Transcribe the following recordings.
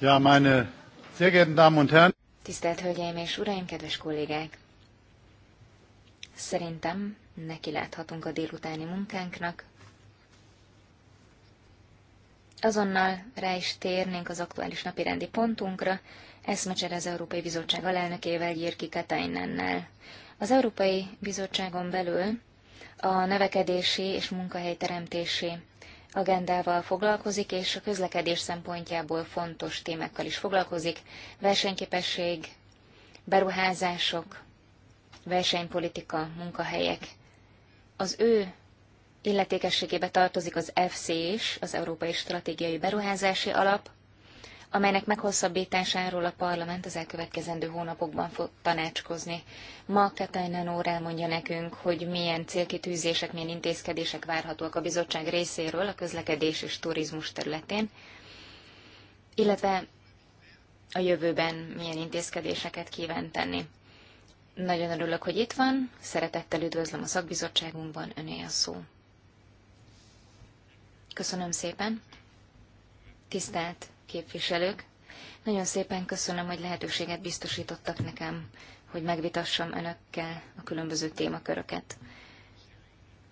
Ja, meine sehr geehrten Damen und Herren. Tisztelt Hölgyeim és Uraim, kedves kollégák! Szerintem neki láthatunk a délutáni munkánknak. Azonnal rá is térnénk az aktuális napirendi pontunkra, eszmecsere az Európai Bizottság alelnökével, Jirki Katainennel. Az Európai Bizottságon belül a növekedési és munkahelyteremtési agendával foglalkozik, és a közlekedés szempontjából fontos témákkal is foglalkozik. Versenyképesség, beruházások, versenypolitika, munkahelyek. Az ő illetékességébe tartozik az FC is, az Európai Stratégiai Beruházási Alap, amelynek meghosszabbításáról a parlament az elkövetkezendő hónapokban fog tanácskozni. Ma Katajnan úr elmondja nekünk, hogy milyen célkitűzések, milyen intézkedések várhatóak a bizottság részéről a közlekedés és turizmus területén, illetve a jövőben milyen intézkedéseket kíván tenni. Nagyon örülök, hogy itt van, szeretettel üdvözlöm a szakbizottságunkban, öné a szó. Köszönöm szépen. Tisztelt képviselők! Nagyon szépen köszönöm, hogy lehetőséget biztosítottak nekem, hogy megvitassam önökkel a különböző témaköröket.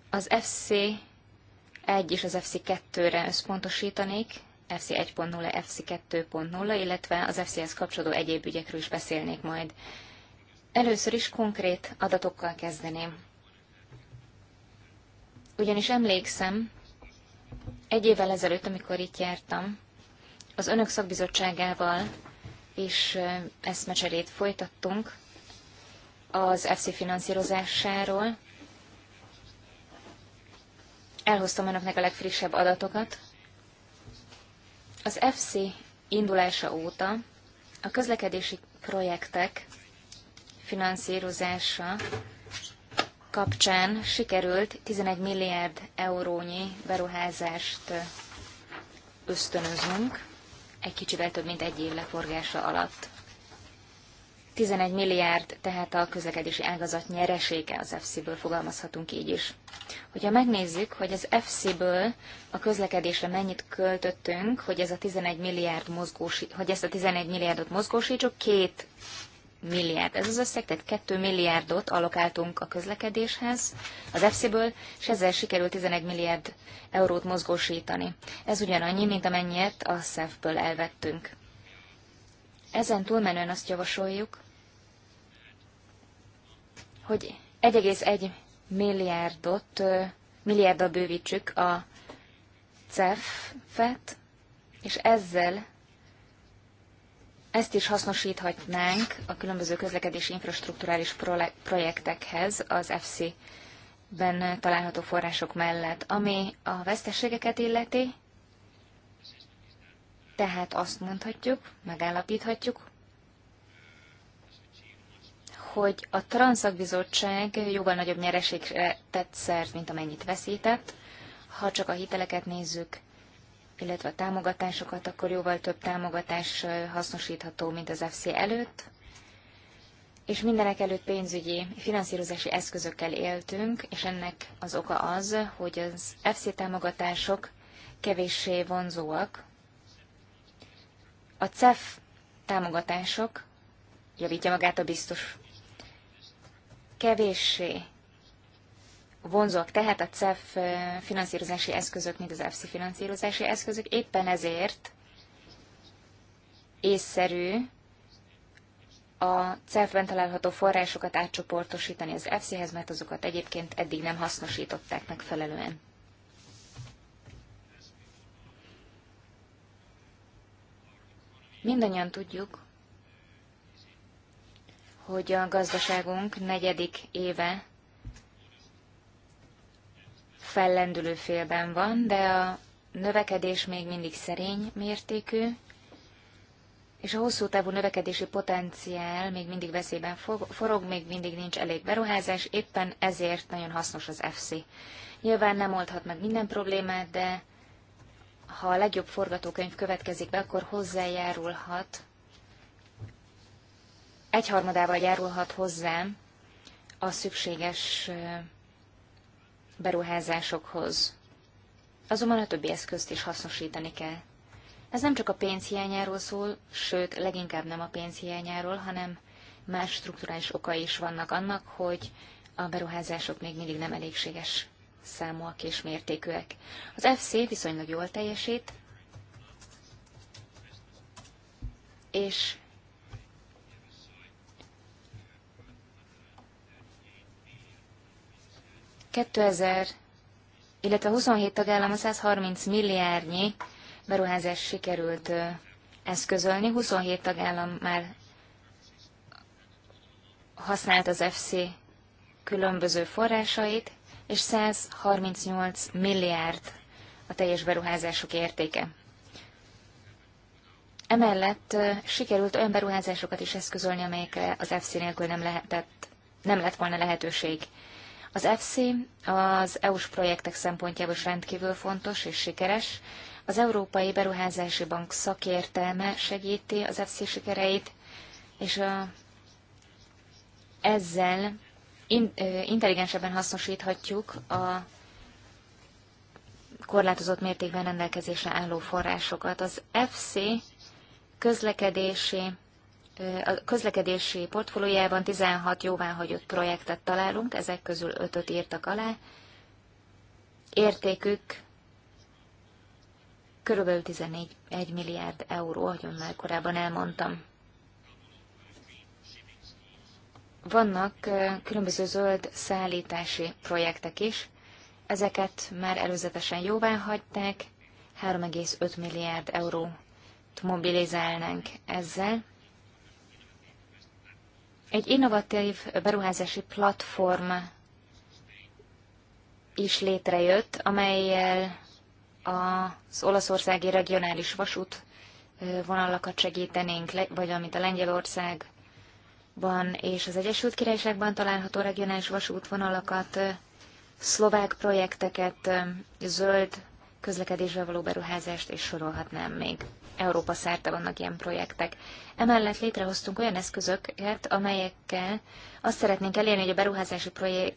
Az FC 1 és az FC 2-re összpontosítanék, FC 1.0, FC 2.0, illetve az FC-hez kapcsolódó egyéb ügyekről is beszélnék majd. Először is konkrét adatokkal kezdeném. Ugyanis emlékszem, egy évvel ezelőtt, amikor itt jártam, az önök szakbizottságával is eszmecserét folytattunk az FC finanszírozásáról. Elhoztam önöknek a legfrissebb adatokat. Az FC indulása óta a közlekedési projektek finanszírozása kapcsán sikerült 11 milliárd eurónyi beruházást ösztönözünk egy kicsivel több mint egy év leforgása alatt. 11 milliárd, tehát a közlekedési ágazat nyeresége az FC-ből fogalmazhatunk így is. Hogyha megnézzük, hogy az FC-ből a közlekedésre mennyit költöttünk, hogy ez a 11 milliárd mozgósi, hogy ezt a 11 milliárdot mozgósítsuk, két milliárd. Ez az összeg, tehát 2 milliárdot alokáltunk a közlekedéshez az EFSZ-ből, és ezzel sikerült 11 milliárd eurót mozgósítani. Ez ugyanannyi, mint amennyit a SZEF-ből elvettünk. Ezen túlmenően azt javasoljuk, hogy 1,1 milliárdot, milliárddal bővítsük a CEF-et, és ezzel ezt is hasznosíthatnánk a különböző közlekedési infrastruktúrális projektekhez az EFSI-ben található források mellett, ami a vesztességeket illeti, tehát azt mondhatjuk, megállapíthatjuk, hogy a Transzakbizottság jóval nagyobb nyereségre tett szert, mint amennyit veszített. Ha csak a hiteleket nézzük, illetve a támogatásokat, akkor jóval több támogatás hasznosítható, mint az FC előtt, és mindenek előtt pénzügyi, finanszírozási eszközökkel éltünk, és ennek az oka az, hogy az FC támogatások kevéssé vonzóak. A CEF támogatások, javítja magát a biztos, kevéssé vonzóak tehát a CEF finanszírozási eszközök, mint az EFSI finanszírozási eszközök. Éppen ezért észszerű a CEF-ben található forrásokat átcsoportosítani az EFSI-hez, mert azokat egyébként eddig nem hasznosították megfelelően. Mindannyian tudjuk, hogy a gazdaságunk negyedik éve fellendülő félben van, de a növekedés még mindig szerény mértékű, és a hosszú távú növekedési potenciál még mindig veszélyben forog, még mindig nincs elég beruházás, éppen ezért nagyon hasznos az FC. Nyilván nem oldhat meg minden problémát, de ha a legjobb forgatókönyv következik be, akkor hozzájárulhat, egyharmadával járulhat hozzám, a szükséges beruházásokhoz. Azonban a többi eszközt is hasznosítani kell. Ez nem csak a pénz hiányáról szól, sőt, leginkább nem a pénz hiányáról, hanem más strukturális okai is vannak annak, hogy a beruházások még mindig nem elégséges számúak és mértékűek. Az FC viszonylag jól teljesít, és 2000, illetve 27 tagállam 130 milliárdnyi beruházás sikerült eszközölni. 27 tagállam már használt az FC különböző forrásait, és 138 milliárd a teljes beruházások értéke. Emellett sikerült olyan beruházásokat is eszközölni, amelyekre az FC nélkül nem lehetett, nem lett volna lehetőség. Az EFSI az EU-s projektek szempontjából is rendkívül fontos és sikeres. Az Európai Beruházási Bank szakértelme segíti az EFSI sikereit, és a, ezzel in, intelligensebben hasznosíthatjuk a korlátozott mértékben rendelkezésre álló forrásokat. Az FC közlekedési a közlekedési portfóliójában 16 jóváhagyott projektet találunk, ezek közül 5-öt írtak alá. Értékük körülbelül 14 milliárd euró, ahogyan már korábban elmondtam. Vannak különböző zöld szállítási projektek is, ezeket már előzetesen jóvá hagyták, 3,5 milliárd eurót mobilizálnánk ezzel. Egy innovatív beruházási platform is létrejött, amelyel az olaszországi regionális vasút vonalakat segítenénk, vagy amit a Lengyelországban és az Egyesült Királyságban található regionális vasútvonalakat, szlovák projekteket, zöld közlekedésbe való beruházást, és sorolhatnám még. Európa szerte vannak ilyen projektek. Emellett létrehoztunk olyan eszközöket, amelyekkel azt szeretnénk elérni, hogy a beruházási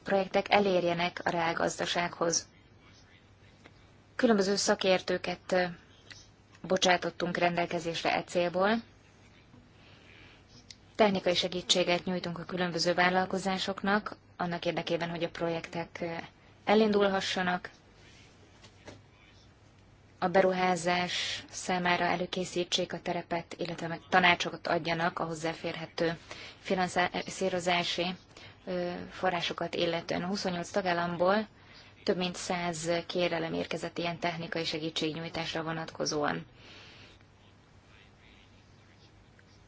projektek elérjenek a reálgazdasághoz. Különböző szakértőket bocsátottunk rendelkezésre e célból. Technikai segítséget nyújtunk a különböző vállalkozásoknak, annak érdekében, hogy a projektek elindulhassanak, a beruházás számára előkészítsék a terepet, illetve meg tanácsokat adjanak a hozzáférhető finanszírozási forrásokat illetően. 28 tagállamból több mint 100 kérelem érkezett ilyen technikai segítségnyújtásra vonatkozóan.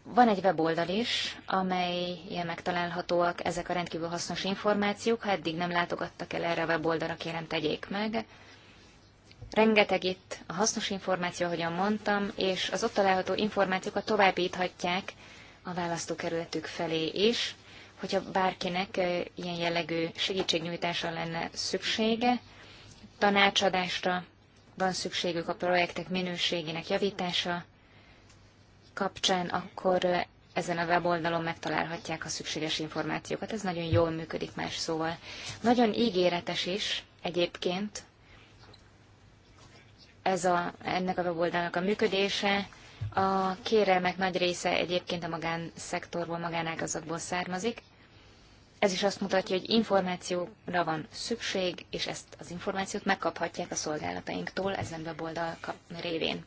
Van egy weboldal is, amelyen megtalálhatóak ezek a rendkívül hasznos információk. Ha eddig nem látogattak el erre a weboldalra, kérem tegyék meg. Rengeteg itt a hasznos információ, ahogyan mondtam, és az ott található információkat továbbíthatják a választókerületük felé is, hogyha bárkinek eh, ilyen jellegű segítségnyújtásra lenne szüksége, tanácsadásra van szükségük a projektek minőségének javítása kapcsán, akkor eh, ezen a weboldalon megtalálhatják a szükséges információkat. Ez nagyon jól működik más szóval. Nagyon ígéretes is egyébként ez a, ennek a weboldalnak a működése. A kérelmek nagy része egyébként a magánszektorból, magánágazatból származik. Ez is azt mutatja, hogy információra van szükség, és ezt az információt megkaphatják a szolgálatainktól ezen weboldal révén.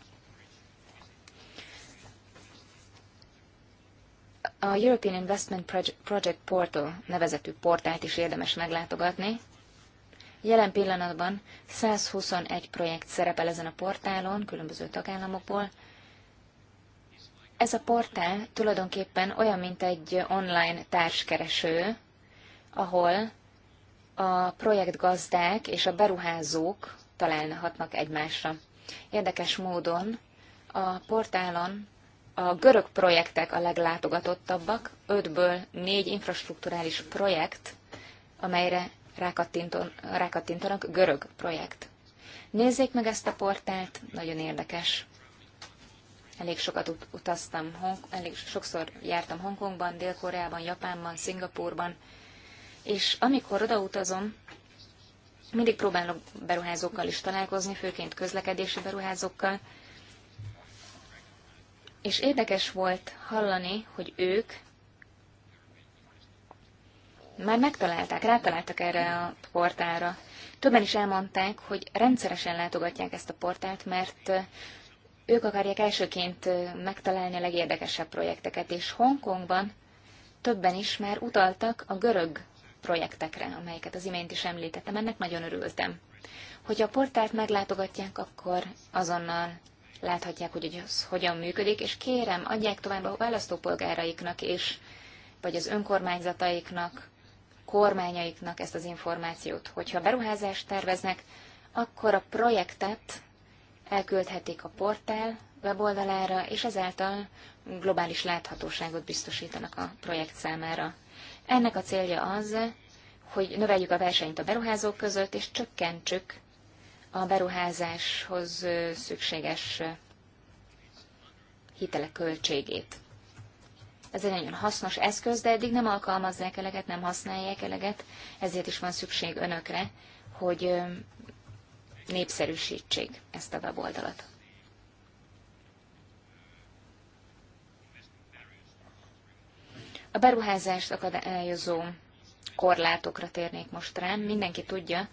A European Investment Project Portal nevezetű portált is érdemes meglátogatni, Jelen pillanatban 121 projekt szerepel ezen a portálon, különböző tagállamokból. Ez a portál tulajdonképpen olyan, mint egy online társkereső, ahol a projektgazdák és a beruházók találhatnak egymásra. Érdekes módon a portálon a görög projektek a leglátogatottabbak, ötből négy infrastruktúrális projekt, amelyre rákattintanak, görög projekt. Nézzék meg ezt a portált, nagyon érdekes. Elég sokat utaztam, elég sokszor jártam Hongkongban, Dél-Koreában, Japánban, Szingapurban, és amikor odautazom, mindig próbálok beruházókkal is találkozni, főként közlekedési beruházókkal, és érdekes volt hallani, hogy ők már megtalálták, rátaláltak erre a portálra. Többen is elmondták, hogy rendszeresen látogatják ezt a portált, mert ők akarják elsőként megtalálni a legérdekesebb projekteket, és Hongkongban többen is már utaltak a görög projektekre, amelyeket az imént is említettem, ennek nagyon örültem. hogy a portált meglátogatják, akkor azonnal láthatják, hogy az hogyan működik, és kérem, adják tovább a választópolgáraiknak és vagy az önkormányzataiknak, kormányaiknak ezt az információt. Hogyha beruházást terveznek, akkor a projektet elküldhetik a portál weboldalára, és ezáltal globális láthatóságot biztosítanak a projekt számára. Ennek a célja az, hogy növeljük a versenyt a beruházók között, és csökkentsük a beruházáshoz szükséges hitelek költségét. Ez egy nagyon hasznos eszköz, de eddig nem alkalmazzák eleget, nem használják eleget, ezért is van szükség önökre, hogy népszerűsítsék ezt a weboldalat. A beruházást akadályozó korlátokra térnék most rám. Mindenki tudja,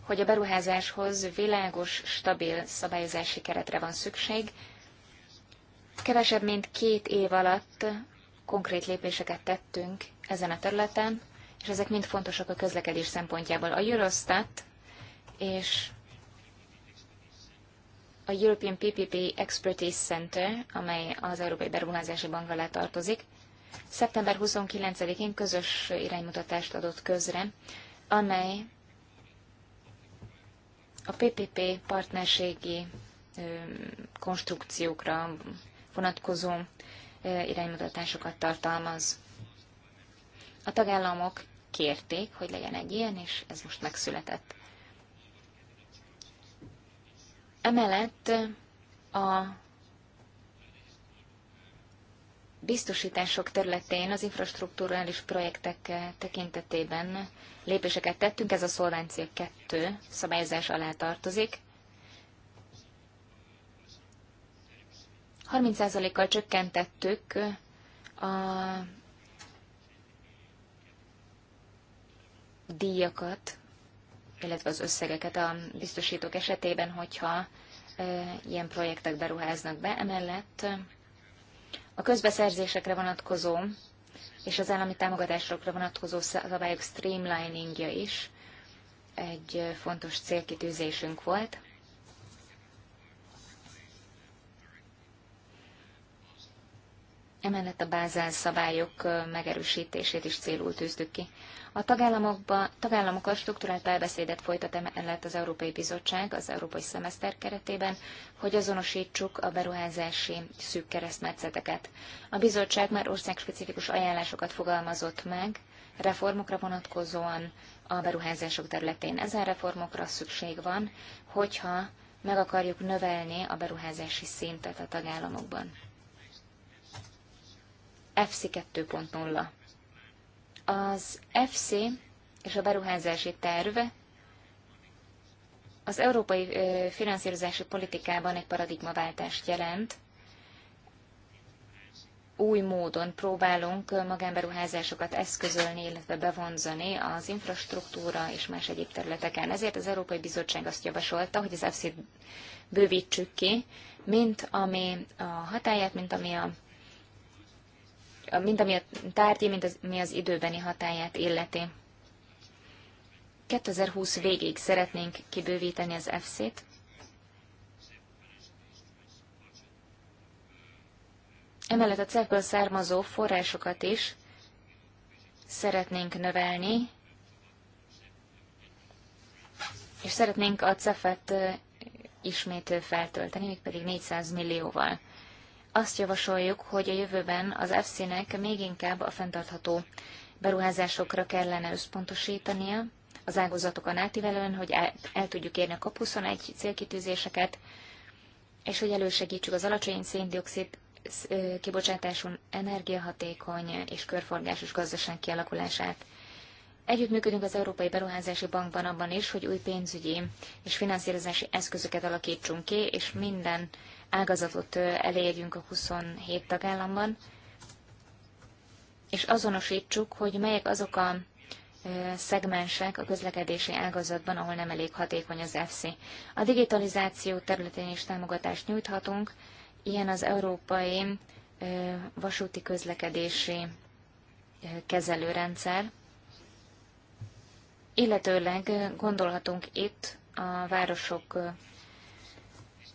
hogy a beruházáshoz világos, stabil szabályozási keretre van szükség. Kevesebb mint két év alatt konkrét lépéseket tettünk ezen a területen, és ezek mind fontosak a közlekedés szempontjából. A Eurostat és a European PPP Expertise Center, amely az Európai Beruházási Bank alá tartozik, szeptember 29-én közös iránymutatást adott közre, amely a PPP partnerségi konstrukciókra vonatkozó iránymutatásokat tartalmaz. A tagállamok kérték, hogy legyen egy ilyen, és ez most megszületett. Emellett a biztosítások területén az infrastruktúrális projektek tekintetében lépéseket tettünk, ez a szolvencia 2 szabályozás alá tartozik. 30%-kal csökkentettük a díjakat, illetve az összegeket a biztosítók esetében, hogyha ilyen projektek beruháznak be. Emellett a közbeszerzésekre vonatkozó és az állami támogatásokra vonatkozó szabályok streamliningja is egy fontos célkitűzésünk volt. Emellett a bázál szabályok megerősítését is célul tűztük ki. A tagállamokkal struktúrált elbeszédet folytat emellett az Európai Bizottság az Európai Szemeszter keretében, hogy azonosítsuk a beruházási szűk keresztmetszeteket. A bizottság már országspecifikus ajánlásokat fogalmazott meg, reformokra vonatkozóan a beruházások területén. Ezen reformokra szükség van, hogyha meg akarjuk növelni a beruházási szintet a tagállamokban. FC 2.0. Az FC és a beruházási terv az európai finanszírozási politikában egy paradigmaváltást jelent. Új módon próbálunk magánberuházásokat eszközölni, illetve bevonzani az infrastruktúra és más egyéb területeken. Ezért az Európai Bizottság azt javasolta, hogy az EFSZ-t bővítsük ki, mint ami a hatáját, mint ami a mind ami a tárgyi, mind az, mi az időbeni hatáját illeti. 2020 végig szeretnénk kibővíteni az fc t Emellett a cef származó forrásokat is szeretnénk növelni, és szeretnénk a cefet ismét feltölteni, mégpedig 400 millióval. Azt javasoljuk, hogy a jövőben az FC-nek még inkább a fenntartható beruházásokra kellene összpontosítania, az ágazatokon átívelően, hogy el, el tudjuk érni a COP21 célkitűzéseket, és hogy elősegítsük az alacsony széndiokszid kibocsátású energiahatékony és körforgásos gazdaság kialakulását. Együttműködünk az Európai Beruházási Bankban abban is, hogy új pénzügyi és finanszírozási eszközöket alakítsunk ki, és minden ágazatot elérjünk a 27 tagállamban, és azonosítsuk, hogy melyek azok a szegmensek a közlekedési ágazatban, ahol nem elég hatékony az EFSI. A digitalizáció területén is támogatást nyújthatunk, ilyen az európai vasúti közlekedési kezelőrendszer, illetőleg gondolhatunk itt a városok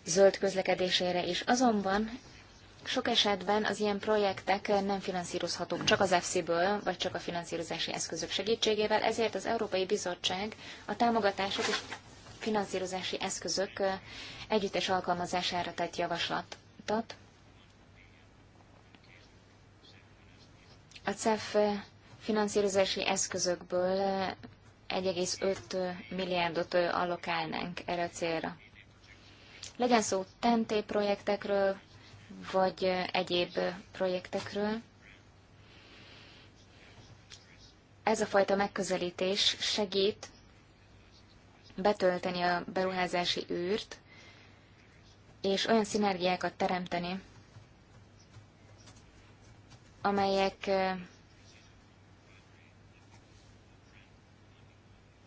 zöld közlekedésére is. Azonban sok esetben az ilyen projektek nem finanszírozhatók csak az EFSI-ből, vagy csak a finanszírozási eszközök segítségével, ezért az Európai Bizottság a támogatások és finanszírozási eszközök együttes alkalmazására tett javaslatot. A CEF finanszírozási eszközökből 1,5 milliárdot allokálnánk erre a célra legyen szó TNT projektekről, vagy egyéb projektekről. Ez a fajta megközelítés segít betölteni a beruházási űrt, és olyan szinergiákat teremteni, amelyek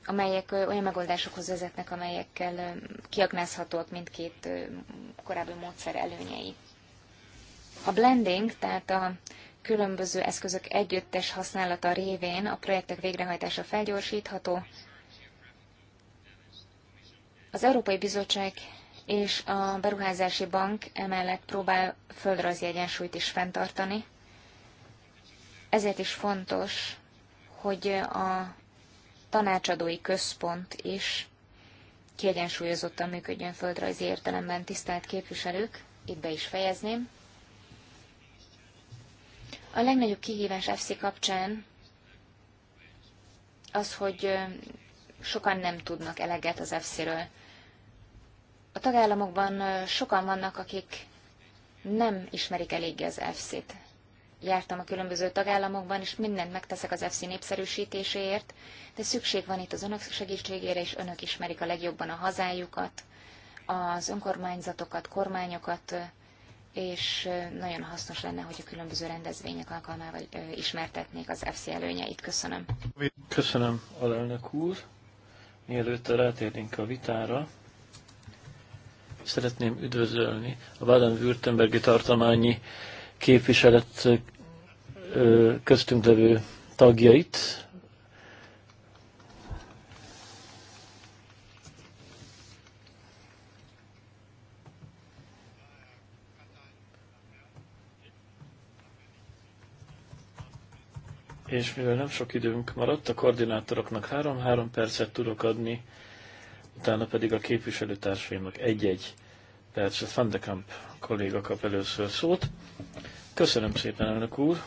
amelyek olyan megoldásokhoz vezetnek, amelyekkel kiaknázhatóak mindkét korábbi módszer előnyei. A blending, tehát a különböző eszközök együttes használata révén a projektek végrehajtása felgyorsítható. Az Európai Bizottság és a Beruházási Bank emellett próbál földrajzi egyensúlyt is fenntartani. Ezért is fontos, hogy a tanácsadói központ is kiegyensúlyozottan működjön földrajzi értelemben, tisztelt képviselők, itt be is fejezném. A legnagyobb kihívás FC kapcsán az, hogy sokan nem tudnak eleget az FC-ről. A tagállamokban sokan vannak, akik nem ismerik eléggé az FC-t jártam a különböző tagállamokban, és mindent megteszek az FC népszerűsítéséért, de szükség van itt az önök segítségére, és önök ismerik a legjobban a hazájukat, az önkormányzatokat, kormányokat, és nagyon hasznos lenne, hogy a különböző rendezvények alkalmával ismertetnék az FC előnyeit. Köszönöm. Köszönöm, alelnök úr. Mielőtt rátérnénk a vitára, szeretném üdvözölni a Baden-Württembergi tartományi képviselet köztünk levő tagjait. És mivel nem sok időnk maradt, a koordinátoroknak 3-3 percet tudok adni, utána pedig a képviselőtársaimnak egy-egy tehát a Van de Kamp kolléga kap először szót. Köszönöm szépen, elnök úr!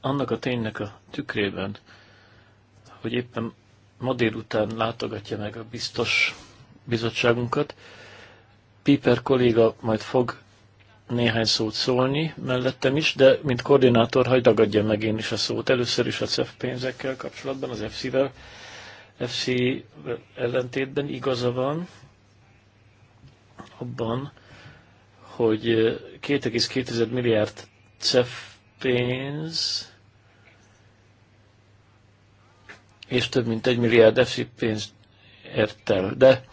Annak a ténynek a tükrében, hogy éppen ma délután látogatja meg a biztos bizottságunkat, Piper kolléga majd fog néhány szót szólni mellettem is, de mint koordinátor hagyd agadjam meg én is a szót. Először is a CEF pénzekkel kapcsolatban, az FC-vel, FC ellentétben igaza van abban, hogy 2,2 milliárd CEF pénz és több mint egy milliárd FC pénz ért el. De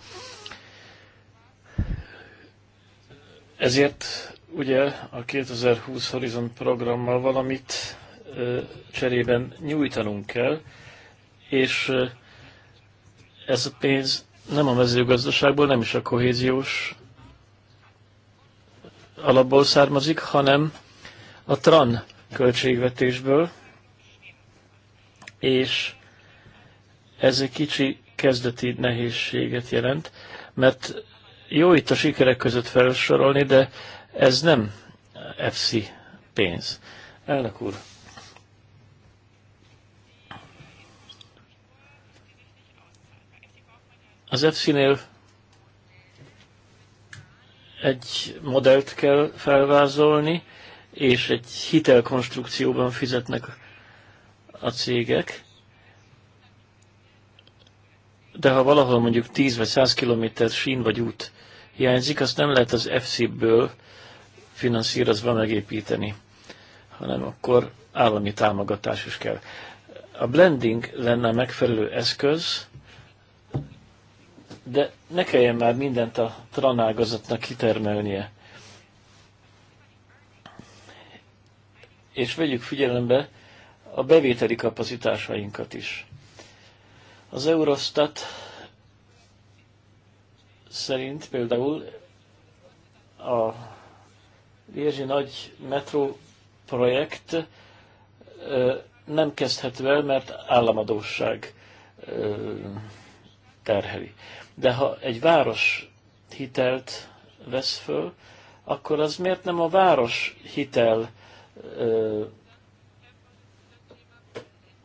ezért ugye a 2020 Horizon programmal valamit cserében nyújtanunk kell, és ez a pénz nem a mezőgazdaságból, nem is a kohéziós alapból származik, hanem a TRAN költségvetésből, és ez egy kicsi kezdeti nehézséget jelent, mert jó itt a sikerek között felsorolni, de ez nem FC pénz. Elnök úr, az FC-nél egy modellt kell felvázolni, és egy hitelkonstrukcióban fizetnek a cégek. De ha valahol mondjuk 10 vagy 100 km sín vagy út hiányzik, azt nem lehet az FC-ből finanszírozva megépíteni, hanem akkor állami támogatás is kell. A blending lenne a megfelelő eszköz, de ne kelljen már mindent a tranágazatnak kitermelnie. És vegyük figyelembe a bevételi kapacitásainkat is. Az Eurostat szerint például a Liézsi nagy metró projekt nem kezdhető el, mert államadóság terheli. De ha egy város hitelt vesz föl, akkor az miért nem a város hitel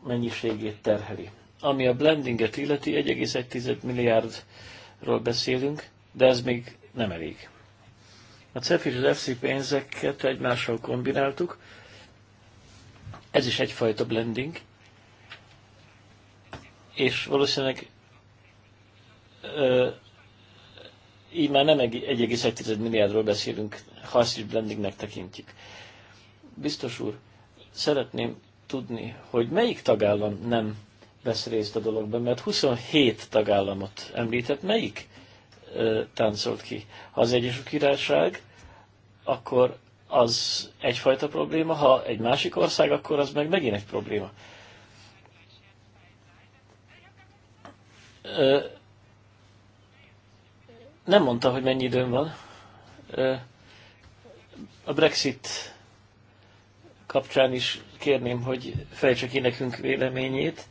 mennyiségét terheli? Ami a blendinget illeti, 1,1 milliárdról beszélünk, de ez még nem elég. A CEF és az FC pénzeket egymással kombináltuk. Ez is egyfajta blending. És valószínűleg ö, így már nem 1,1 milliárdról beszélünk, ha ezt is blendingnek tekintjük. Biztos úr, szeretném tudni, hogy melyik tagállam nem vesz részt a dologban, mert 27 tagállamot említett, melyik? táncolt ki. Ha az Egyesült Királyság, akkor az egyfajta probléma, ha egy másik ország, akkor az meg megint egy probléma. Nem mondta, hogy mennyi időm van. A Brexit kapcsán is kérném, hogy fejtse ki nekünk véleményét,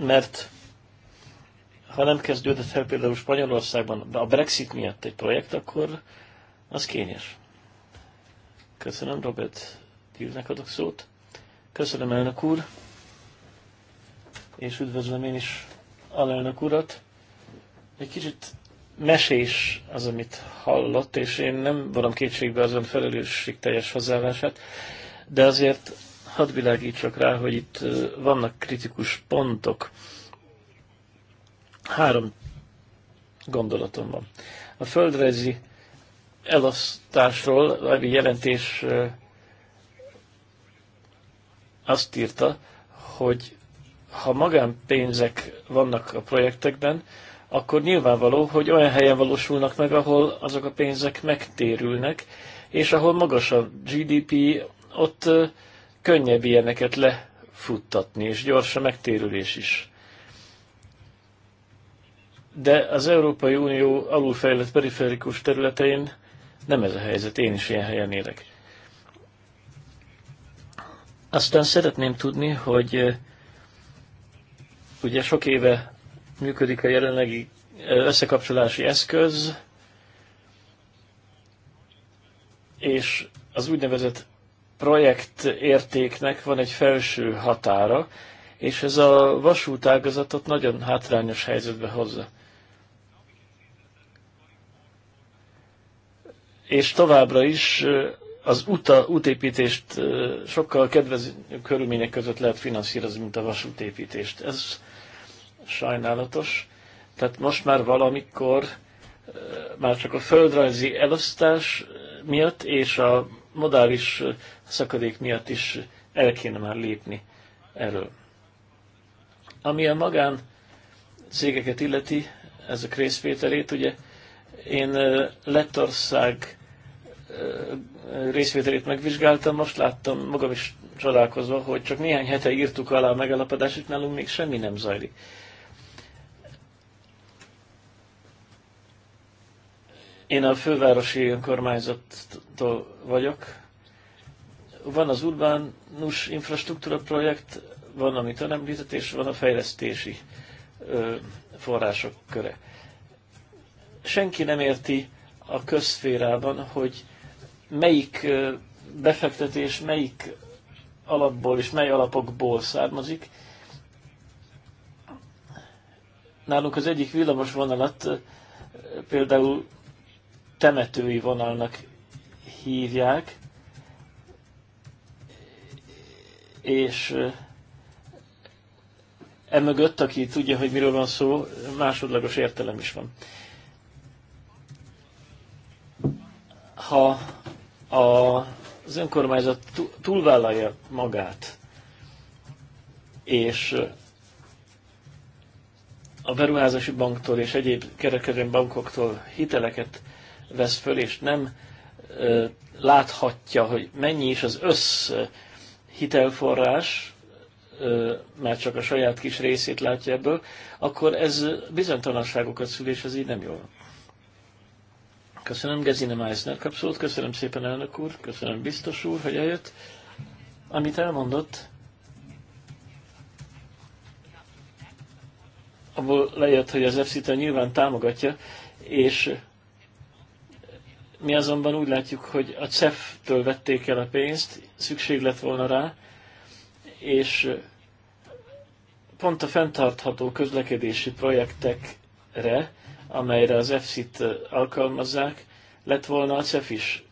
mert ha nem kezdődött fel például Spanyolországban a Brexit miatt egy projekt, akkor az kényes. Köszönöm, Robert Dillnek adok szót. Köszönöm, elnök úr, és üdvözlöm én is alelnök urat. Egy kicsit mesés az, amit hallott, és én nem vonom kétségbe azon felelősség teljes hozzáállását, de azért hadd világítsak rá, hogy itt vannak kritikus pontok Három gondolatom van. A földrajzi elosztásról a jelentés azt írta, hogy ha magánpénzek vannak a projektekben, akkor nyilvánvaló, hogy olyan helyen valósulnak meg, ahol azok a pénzek megtérülnek, és ahol magas a GDP, ott könnyebb ilyeneket lefuttatni, és gyors a megtérülés is de az Európai Unió alulfejlett periférikus területein nem ez a helyzet, én is ilyen helyen élek. Aztán szeretném tudni, hogy eh, ugye sok éve működik a jelenlegi eh, összekapcsolási eszköz, és az úgynevezett projekt értéknek van egy felső határa, és ez a vasútágazatot nagyon hátrányos helyzetbe hozza. és továbbra is az uta, útépítést sokkal kedvező körülmények között lehet finanszírozni, mint a vasútépítést. Ez sajnálatos. Tehát most már valamikor már csak a földrajzi elosztás miatt és a modális szakadék miatt is el kéne már lépni erről. Ami a magán cégeket illeti, ezek részvételét, ugye én Lettország részvételét megvizsgáltam, most láttam magam is csodálkozva, hogy csak néhány hete írtuk alá a megállapodást, és nálunk még semmi nem zajlik. Én a fővárosi önkormányzattól vagyok. Van az urbánus infrastruktúra projekt, van, amit ön említett, és van a fejlesztési ö, források köre. Senki nem érti a közszférában, hogy melyik befektetés melyik alapból és mely alapokból származik. Nálunk az egyik villamos vonalat például temetői vonalnak hívják, és emögött, aki tudja, hogy miről van szó, másodlagos értelem is van. Ha a, az önkormányzat túlvállalja magát, és a beruházási banktól és egyéb kerekedőn bankoktól hiteleket vesz föl, és nem ö, láthatja, hogy mennyi is az össz hitelforrás, ö, már csak a saját kis részét látja ebből, akkor ez bizonytalanságokat szül, és ez így nem jól. Köszönöm Gezine Meissner kapszót, köszönöm szépen elnök úr, köszönöm biztos úr, hogy eljött. Amit elmondott, abból lejött, hogy az efsz nyilván támogatja, és mi azonban úgy látjuk, hogy a CEF-től vették el a pénzt, szükség lett volna rá, és pont a fenntartható közlekedési projektekre amelyre az EFSZ-t alkalmazzák, lett volna a CEF is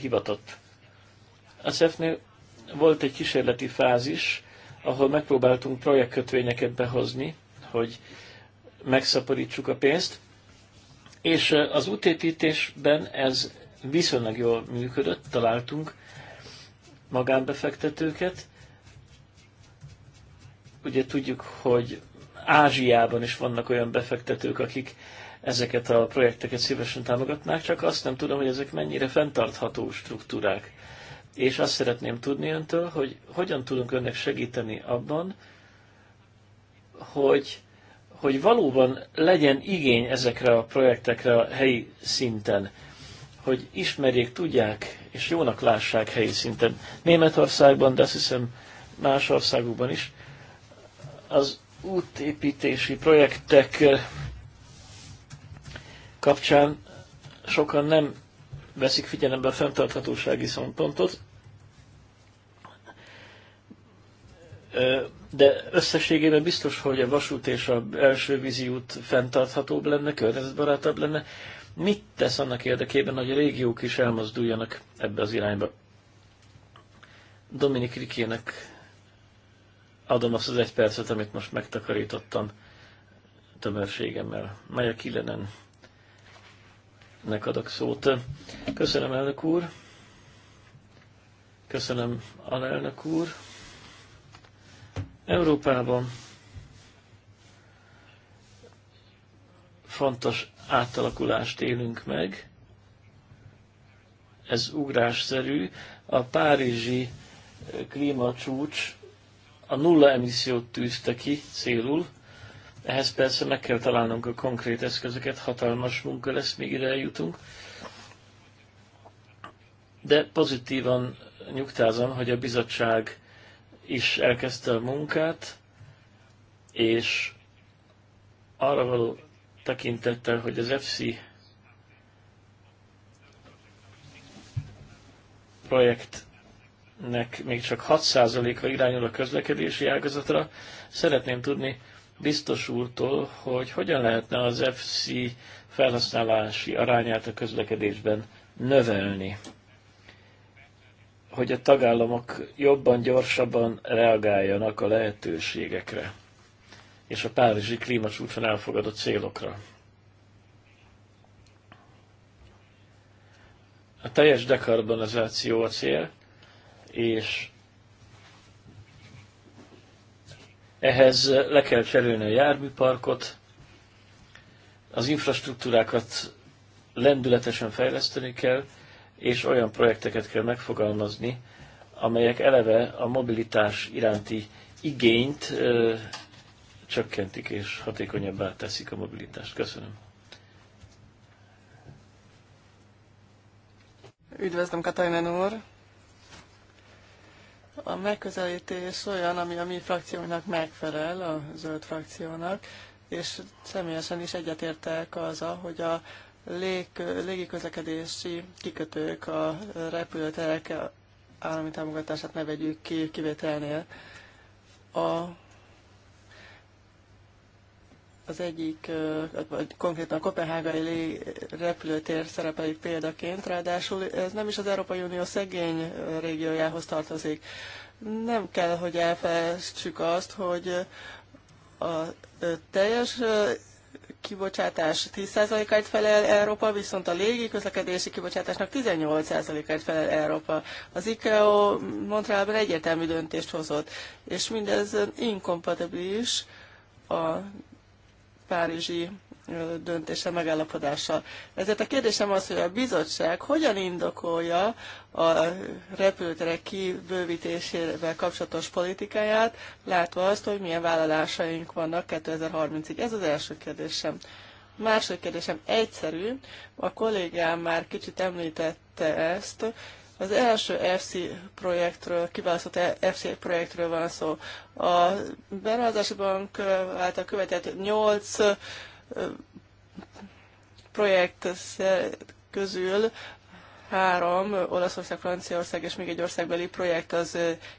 hivatott. A CEF-nél volt egy kísérleti fázis, ahol megpróbáltunk projektkötvényeket behozni, hogy megszaporítsuk a pénzt, és eh, az útépítésben ez viszonylag jól működött, találtunk magánbefektetőket. Ugye tudjuk, hogy Ázsiában is vannak olyan befektetők, akik ezeket a projekteket szívesen támogatnák, csak azt nem tudom, hogy ezek mennyire fenntartható struktúrák. És azt szeretném tudni öntől, hogy hogyan tudunk önnek segíteni abban, hogy, hogy valóban legyen igény ezekre a projektekre a helyi szinten, hogy ismerjék, tudják és jónak lássák helyi szinten. Németországban, de azt hiszem más országokban is, az útépítési projektek kapcsán sokan nem veszik figyelembe a fenntarthatósági szempontot, de összességében biztos, hogy a vasút és a első vízi út fenntarthatóbb lenne, környezetbarátabb lenne. Mit tesz annak érdekében, hogy a régiók is elmozduljanak ebbe az irányba? Dominik Rikének adom azt az egy percet, amit most megtakarítottam tömörségemmel. Maja Kilenen nek adok szót. Köszönöm, elnök úr. Köszönöm, alelnök úr. Európában fontos átalakulást élünk meg. Ez ugrásszerű. A párizsi eh, klímacsúcs a nulla emissziót tűzte ki célul, ehhez persze meg kell találnunk a konkrét eszközöket, hatalmas munka lesz, míg ide eljutunk. De pozitívan nyugtázom, hogy a bizottság is elkezdte a munkát, és arra való tekintettel, hogy az FC projektnek még csak 6%-a irányul a közlekedési ágazatra, szeretném tudni, biztos úrtól, hogy hogyan lehetne az FC felhasználási arányát a közlekedésben növelni, hogy a tagállamok jobban, gyorsabban reagáljanak a lehetőségekre és a Párizsi klímacsúcson elfogadott célokra. A teljes dekarbonizáció a cél, és Ehhez eh, le kell cserélni a járműparkot, az infrastruktúrákat lendületesen fejleszteni kell, és olyan projekteket kell megfogalmazni, amelyek eleve a mobilitás iránti igényt ö, eh, csökkentik és hatékonyabbá teszik a mobilitást. Köszönöm. Üdvözlöm, Katalin úr! A megközelítés olyan, ami a mi frakciónak megfelel, a zöld frakciónak, és személyesen is egyetértek azzal, hogy a lég, légiközlekedési kikötők a repülőterek állami támogatását ne vegyük ki kivételnél. A az egyik, vagy konkrétan a kopenhágai repülőtér szerepeli példaként, ráadásul ez nem is az Európai Unió szegény régiójához tartozik. Nem kell, hogy elfelejtsük azt, hogy a teljes kibocsátás 10%-át felel Európa, viszont a légi közlekedési kibocsátásnak 18%-át felel Európa. Az ICAO Montrealban egyértelmű döntést hozott, és mindez inkompatibilis a párizsi döntése, megállapodása. Ezért a kérdésem az, hogy a bizottság hogyan indokolja a repülőterek kibővítésével kapcsolatos politikáját, látva azt, hogy milyen vállalásaink vannak 2030-ig. Ez az első kérdésem. Második kérdésem egyszerű, a kollégám már kicsit említette ezt, az első FC projektről, kiválasztott FC projektről van szó. A Beruházási Bank által követett 8 projekt közül három Olaszország, Franciaország és még egy országbeli projekt az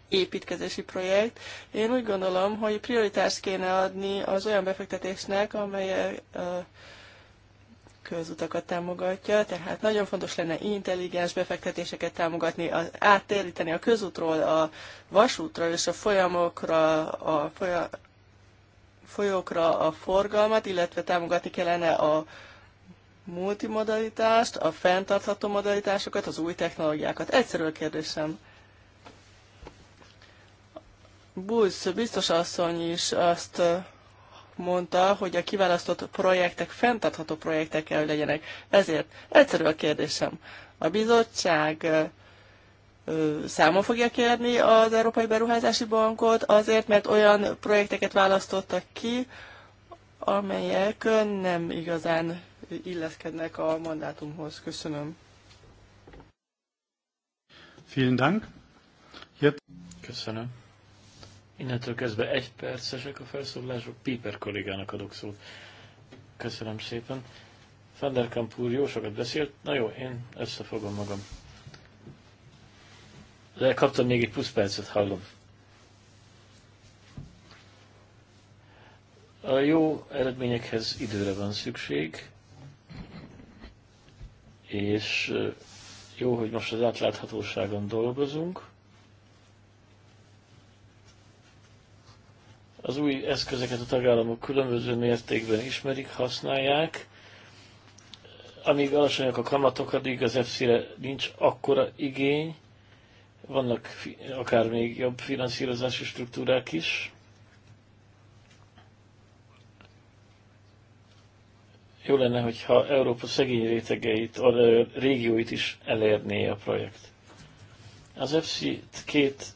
építkezési projekt. Én úgy gondolom, hogy prioritást kéne adni az olyan befektetésnek, amelyek közutakat támogatja, tehát nagyon fontos lenne intelligens befektetéseket támogatni, az, áttéríteni a közútról a vasútra és a folyamokra, a folya, folyókra a forgalmat, illetve támogatni kellene a multimodalitást, a fenntartható modalitásokat, az új technológiákat. Egyszerű a kérdésem. Bulsz biztos asszony is azt mondta, hogy a kiválasztott projektek fenntartható projektek kell, hogy legyenek. Ezért egyszerű a kérdésem. A bizottság számon fogja kérni az Európai Beruházási Bankot azért, mert olyan projekteket választottak ki, amelyek nem igazán illeszkednek a mandátumhoz. Köszönöm. Vielen Dank. Köszönöm. Innentől kezdve egy percesek a felszólalások. Piper kollégának adok szót. Köszönöm szépen. Fenderkamp úr jó sokat beszélt. Na jó, én összefogom magam. De kaptam még egy plusz percet, hallom. A jó eredményekhez időre van szükség, és jó, hogy most az átláthatóságon dolgozunk. Az új eszközeket a tagállamok különböző mértékben ismerik, használják. Amíg alacsonyak a kamatok, addig az EFSZ-re nincs akkora igény. Vannak akár még jobb finanszírozási struktúrák is. Jó lenne, hogyha Európa szegény rétegeit, a régióit is elérné a projekt. Az EFSZ-t két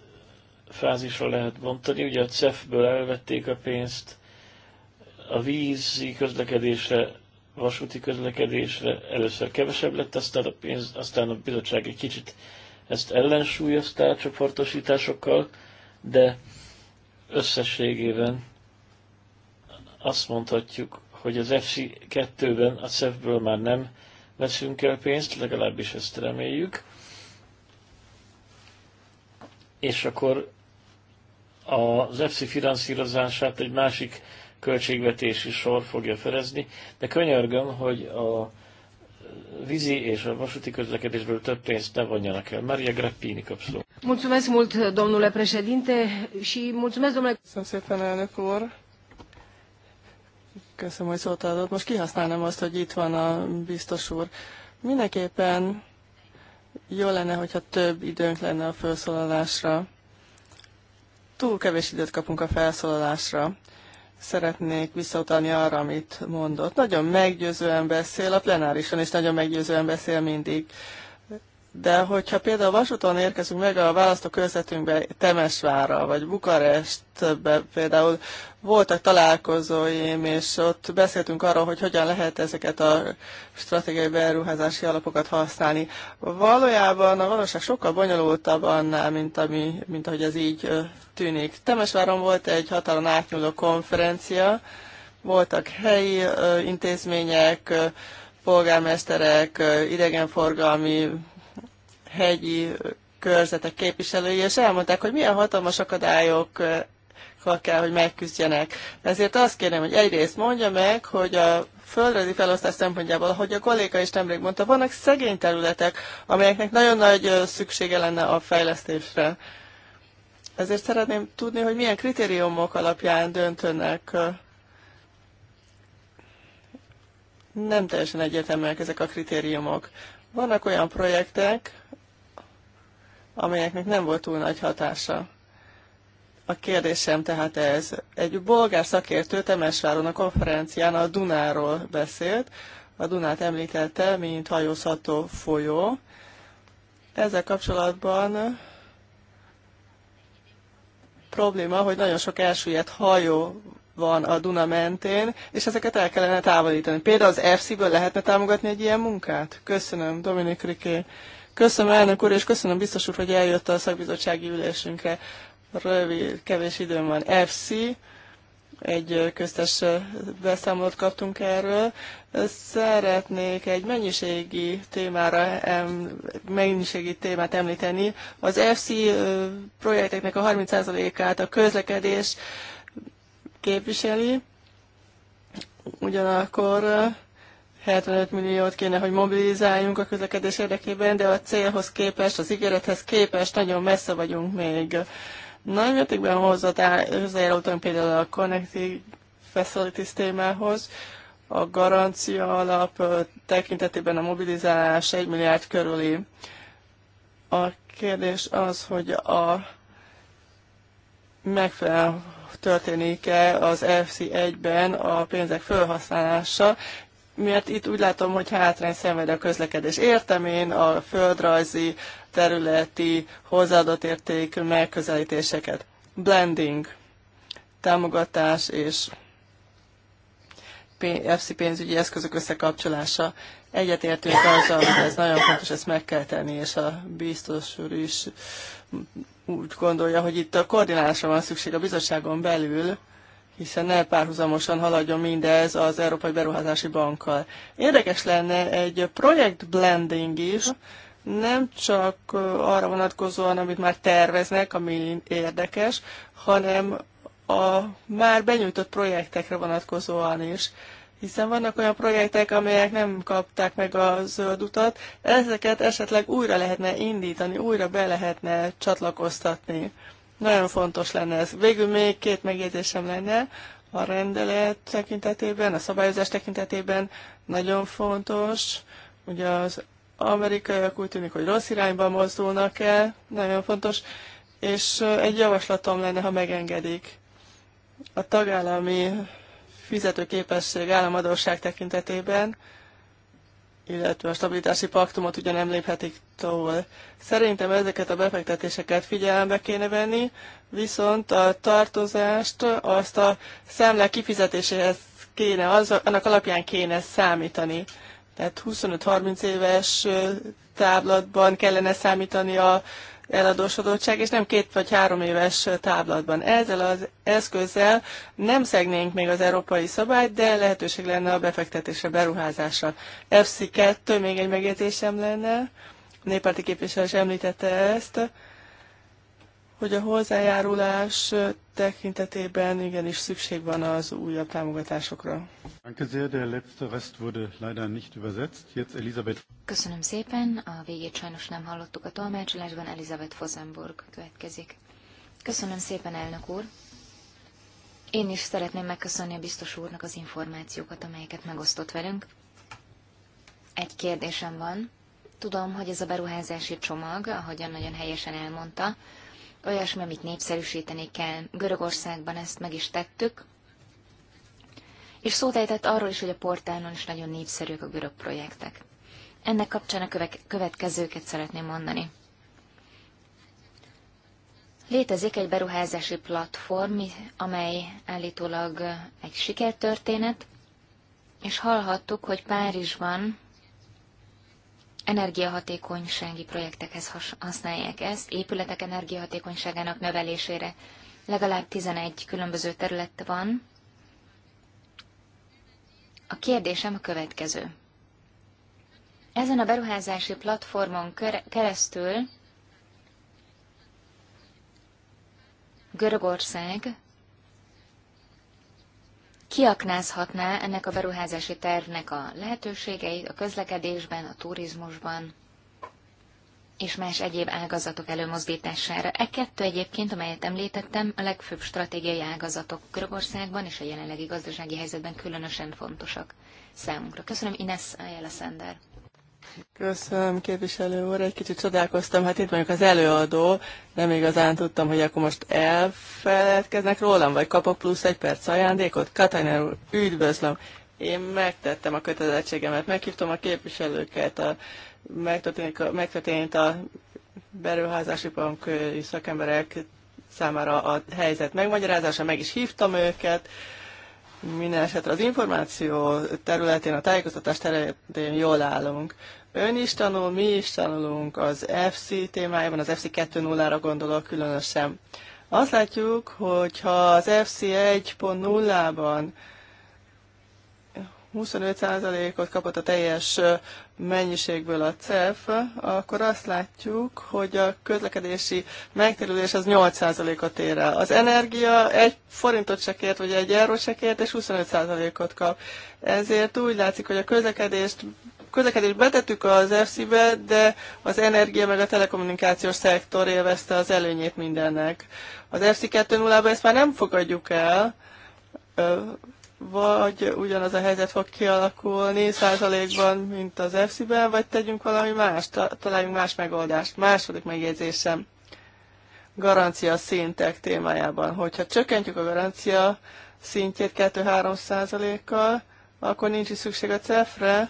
fázisra lehet bontani. Ugye a CEF-ből elvették a pénzt, a vízi közlekedésre, vasúti közlekedésre először kevesebb lett, aztán a, pénz, aztán a bizottság egy kicsit ezt ellensúlyozta csoportosításokkal, de összességében azt mondhatjuk, hogy az FC2-ben a CEF-ből már nem veszünk el pénzt, legalábbis ezt reméljük. És akkor az EFSI finanszírozását egy másik költségvetési sor fogja fedezni, de könyörgöm, hogy a vízi és a vasúti közlekedésből több pénzt ne vonjanak el. Maria Grappini szó. Mulțumesc mult, domnule președinte, și mulțumesc, domnule... Köszönöm szépen, elnök úr. Köszönöm, hogy szót adott. Most kihasználnám azt, hogy itt van a biztos úr. Mindenképpen jó lenne, hogyha több időnk lenne a felszólalásra túl kevés időt kapunk a felszólalásra. Szeretnék visszautalni arra, amit mondott. Nagyon meggyőzően beszél a plenárison, és nagyon meggyőzően beszél mindig. De hogyha például vasúton érkezünk meg a választókörzetünkbe Temesvára, vagy Bukarestbe például voltak találkozóim, és ott beszéltünk arról, hogy hogyan lehet ezeket a stratégiai beruházási alapokat használni. Valójában a valóság sokkal bonyolultabb annál, mint, ami, mint ahogy ez így tűnik. Temesváron volt egy határon átnyúló konferencia, voltak helyi intézmények, polgármesterek, idegenforgalmi hegyi körzetek képviselői, és elmondták, hogy milyen hatalmas akadályok kell, hogy megküzdjenek. Ezért azt kérem, hogy egyrészt mondja meg, hogy a földrajzi felosztás szempontjából, ahogy a kolléga is nemrég mondta, vannak szegény területek, amelyeknek nagyon nagy szüksége lenne a fejlesztésre. Ezért szeretném tudni, hogy milyen kritériumok alapján döntönek? Nem teljesen egyértelműek ezek a kritériumok. Vannak olyan projektek, amelyeknek nem volt túl nagy hatása. A kérdésem tehát ez. Egy bolgár szakértő Temesváron a konferencián a Dunáról beszélt, a Dunát említette, mint hajózható folyó. Ezzel kapcsolatban probléma, hogy nagyon sok elsüllyedt hajó van a Duna mentén, és ezeket el kellene távolítani. Például az FC-ből lehetne támogatni egy ilyen munkát? Köszönöm, Dominik Riké. Köszönöm elnök úr, és köszönöm biztos úr, hogy eljött a szakbizottsági ülésünkre. Rövid, kevés időm van. FC, egy köztes beszámolót kaptunk erről. Szeretnék egy mennyiségi témára, mennyiségi témát említeni. Az FC projekteknek a 30%-át a közlekedés képviseli, ugyanakkor 75 milliót kéne, hogy mobilizáljunk a közlekedés érdekében, de a célhoz képest, az ígérethez képest nagyon messze vagyunk még. Nagy mértékben hozzájárultam például a Connecting Facilities témához, a garancia alap tekintetében a mobilizálás 1 milliárd körüli. A kérdés az, hogy a megfelelően történik-e az FC1-ben a pénzek felhasználása, mert itt úgy látom, hogy hátrány szenved a közlekedés. Értem én a földrajzi, területi, hozzáadott értékű megközelítéseket. Blending, támogatás és FC pénzügyi eszközök összekapcsolása. Egyetértünk azzal, hogy ez nagyon fontos, ezt meg kell tenni, és a biztos úr is úgy gondolja, hogy itt a koordinálásra van szükség a bizottságon belül, hiszen ne párhuzamosan haladjon mindez az Európai Beruházási Bankkal. Érdekes lenne egy projekt blending is, nem csak arra vonatkozóan, amit már terveznek, ami érdekes, hanem a már benyújtott projektekre vonatkozóan is. Hiszen vannak olyan projektek, amelyek nem kapták meg a zöld utat, ezeket esetleg újra lehetne indítani, újra be lehetne csatlakoztatni. Nagyon fontos lenne ez. Végül még két megjegyzésem lenne a rendelet tekintetében, a szabályozás tekintetében. Nagyon fontos, ugye az amerikaiak úgy tűnik, hogy rossz irányba mozdulnak el, nagyon fontos, és egy javaslatom lenne, ha megengedik. A tagállami fizetőképesség államadóság tekintetében illetve a stabilitási paktumot ugye nem léphetik tovább. Szerintem ezeket a befektetéseket figyelembe kéne venni, viszont a tartozást azt a számlák kifizetéséhez kéne, az, annak alapján kéne számítani. Tehát 25-30 éves táblatban kellene számítani a eladósodottság, és nem két vagy három éves táblatban. Ezzel az eszközzel nem szegnénk még az európai szabályt, de lehetőség lenne a befektetésre, beruházásra. FC2 még egy megjegyzésem lenne, a néppárti képviselő is említette ezt, hogy a hozzájárulás tekintetében igenis szükség van az újabb támogatásokra. Köszönöm szépen, a végét sajnos nem hallottuk a tolmácsolásban, Elizabeth Fosenburg következik. Köszönöm szépen, elnök úr! Én is szeretném megköszönni a biztos úrnak az információkat, amelyeket megosztott velünk. Egy kérdésem van. Tudom, hogy ez a beruházási csomag, ahogyan nagyon helyesen elmondta, olyasmi, amit népszerűsíteni kell. Görögországban ezt meg is tettük, és szót ejtett arról is, hogy a portálon is nagyon népszerűek a görög projektek. Ennek kapcsán a következőket szeretném mondani. Létezik egy beruházási platform, amely állítólag egy sikertörténet, és hallhattuk, hogy Párizsban energiahatékonysági projektekhez használják ezt, épületek energiahatékonyságának növelésére. Legalább 11 különböző terület van. A kérdésem a következő. Ezen a beruházási platformon keresztül Görögország kiaknázhatná ennek a beruházási tervnek a lehetőségeit a közlekedésben, a turizmusban és más egyéb ágazatok előmozdítására. E kettő egyébként, amelyet említettem, a legfőbb stratégiai ágazatok Görögországban és a jelenlegi gazdasági helyzetben különösen fontosak számunkra. Köszönöm, Ines Ayala Sander. Köszönöm, képviselő úr. Egy kicsit csodálkoztam, hát itt vagyok az előadó, nem igazán tudtam, hogy akkor most elfeledkeznek rólam, vagy kapok plusz egy perc ajándékot. Katajner úr, üdvözlöm. Én megtettem a kötelezettségemet, meghívtam a képviselőket, a, megtörténik, a, megtörténik a beruházási bank szakemberek számára a helyzet megmagyarázása, meg is hívtam őket, minden esetre az információ területén, a tájékoztatás területén jól állunk. Ön is tanul, mi is tanulunk az FC témájában, az FC 2.0-ra gondolok különösen. Azt látjuk, hogy ha az FC 1.0-ban 25%-ot kapott a teljes mennyiségből a CEF, akkor azt látjuk, hogy a közlekedési megtérülés az 8%-ot ér el. Az energia egy forintot se kért, vagy egy eurót se kért, és 25%-ot kap. Ezért úgy látszik, hogy a közlekedést közlekedést betettük az FC-be, de az energia meg a telekommunikációs szektor élvezte az előnyét mindennek. Az FC 2.0-ban ezt már nem fogadjuk el, vagy ugyanaz a helyzet fog kialakulni százalékban, mint az EFSI-ben, vagy tegyünk valami más, találjunk más megoldást. Második megjegyzésem, garancia szintek témájában. Hogyha csökkentjük a garancia szintjét 2-3 százalékkal, akkor nincs is szükség a CEF-re,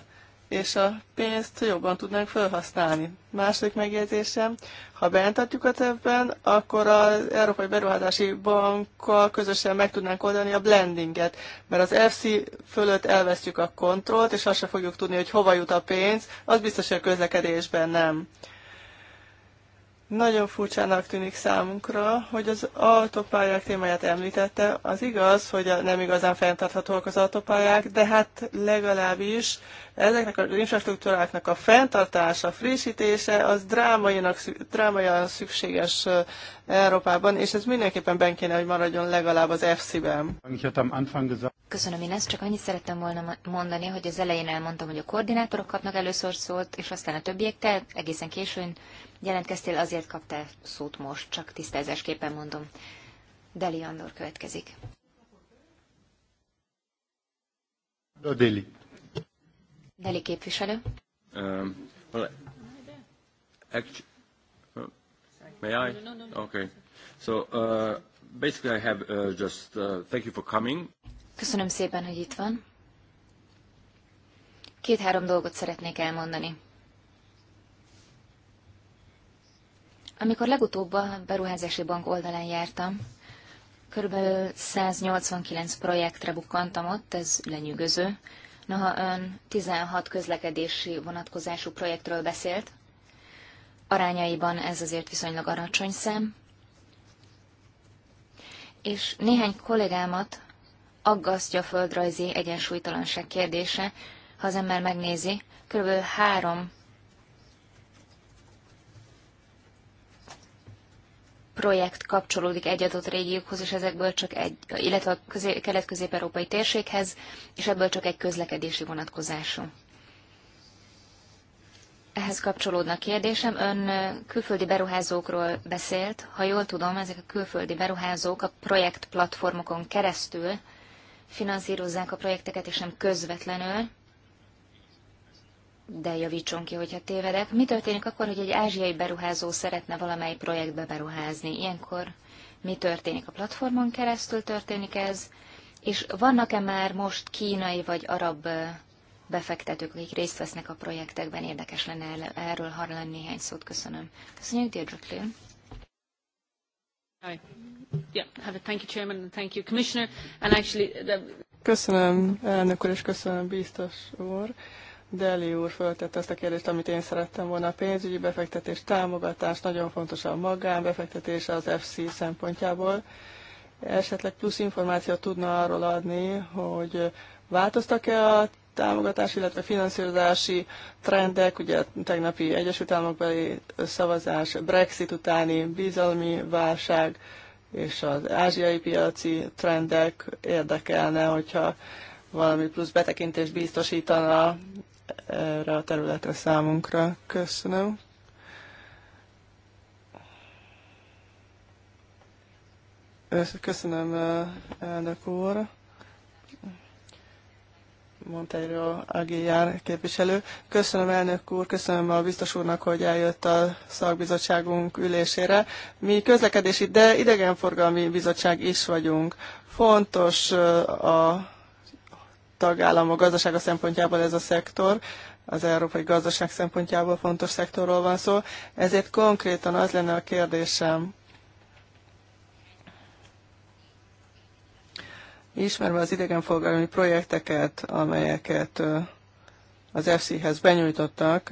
és a pénzt jobban tudnánk felhasználni. Második megjegyzésem, ha beentetjük a tervben, akkor az Európai Beruházási Bankkal közösen meg tudnánk oldani a blendinget, mert az FC fölött elvesztjük a kontrollt, és azt se fogjuk tudni, hogy hova jut a pénz, az biztos, hogy a közlekedésben nem. Nagyon furcsának tűnik számunkra, hogy az autópályák témáját említette. Az igaz, hogy nem igazán fenntarthatóak az autópályák, de hát legalábbis ezeknek az infrastruktúráknak a fenntartása, frissítése az drámaian szükséges Európában, és ez mindenképpen benne, kéne, hogy maradjon legalább az FC-ben. Köszönöm, én ezt csak annyit szerettem volna mondani, hogy az elején elmondtam, hogy a koordinátorok kapnak először szót, és aztán a többiek, tehát egészen későn jelentkeztél, azért kaptál szót most, csak tisztelzésképpen mondom. Deli Andor következik. A Deli. Deli képviselő. Um, well, actually, uh, may I? Okay. So uh, basically I have uh, just uh, thank you for coming. Köszönöm szépen, hogy itt van. Két-három dolgot szeretnék elmondani. Amikor legutóbb a beruházási bank oldalán jártam, körülbelül 189 projektre bukkantam ott, ez lenyűgöző. Noha ön 16 közlekedési vonatkozású projektről beszélt, arányaiban ez azért viszonylag alacsony szem, és néhány kollégámat aggasztja a földrajzi egyensúlytalanság kérdése, ha az ember megnézi, kb. három projekt kapcsolódik egy adott régiókhoz, és ezekből csak egy, illetve a kelet-közép-európai térséghez, és ebből csak egy közlekedési vonatkozású. Ehhez kapcsolódna a kérdésem. Ön külföldi beruházókról beszélt. Ha jól tudom, ezek a külföldi beruházók a projektplatformokon keresztül finanszírozzák a projekteket, és nem közvetlenül de javítson ki, hogyha tévedek. Mi történik akkor, hogy egy ázsiai beruházó szeretne valamely projektbe beruházni? Ilyenkor mi történik? A platformon keresztül történik ez? És vannak-e már most kínai vagy arab befektetők, akik részt vesznek a projektekben? Érdekes lenne erről hallani néhány szót. Köszönöm. Köszönjük, Deirdre Klin. Köszönöm, elnök úr, és köszönöm, biztos úr. Deli úr föltette azt a kérdést, amit én szerettem volna. A pénzügyi befektetés, támogatás nagyon fontos a magánbefektetés az FC szempontjából. Esetleg plusz információt tudna arról adni, hogy változtak-e a támogatás, illetve finanszírozási trendek, ugye tegnapi Egyesült Államokbeli szavazás, Brexit utáni bizalmi válság és az ázsiai piaci trendek érdekelne, hogyha valami plusz betekintést biztosítana erre a területre számunkra. Köszönöm. Köszönöm, elnök úr. Monteiro Aguilar képviselő. Köszönöm elnök úr, köszönöm a biztos úrnak, hogy eljött a szakbizottságunk ülésére. Mi közlekedési, de idegenforgalmi bizottság is vagyunk. Fontos a tagállamok gazdasága szempontjából ez a szektor, az európai gazdaság szempontjából fontos szektorról van szó. Ezért konkrétan az lenne a kérdésem, ismerve az idegenforgalmi projekteket, amelyeket az FC-hez benyújtottak,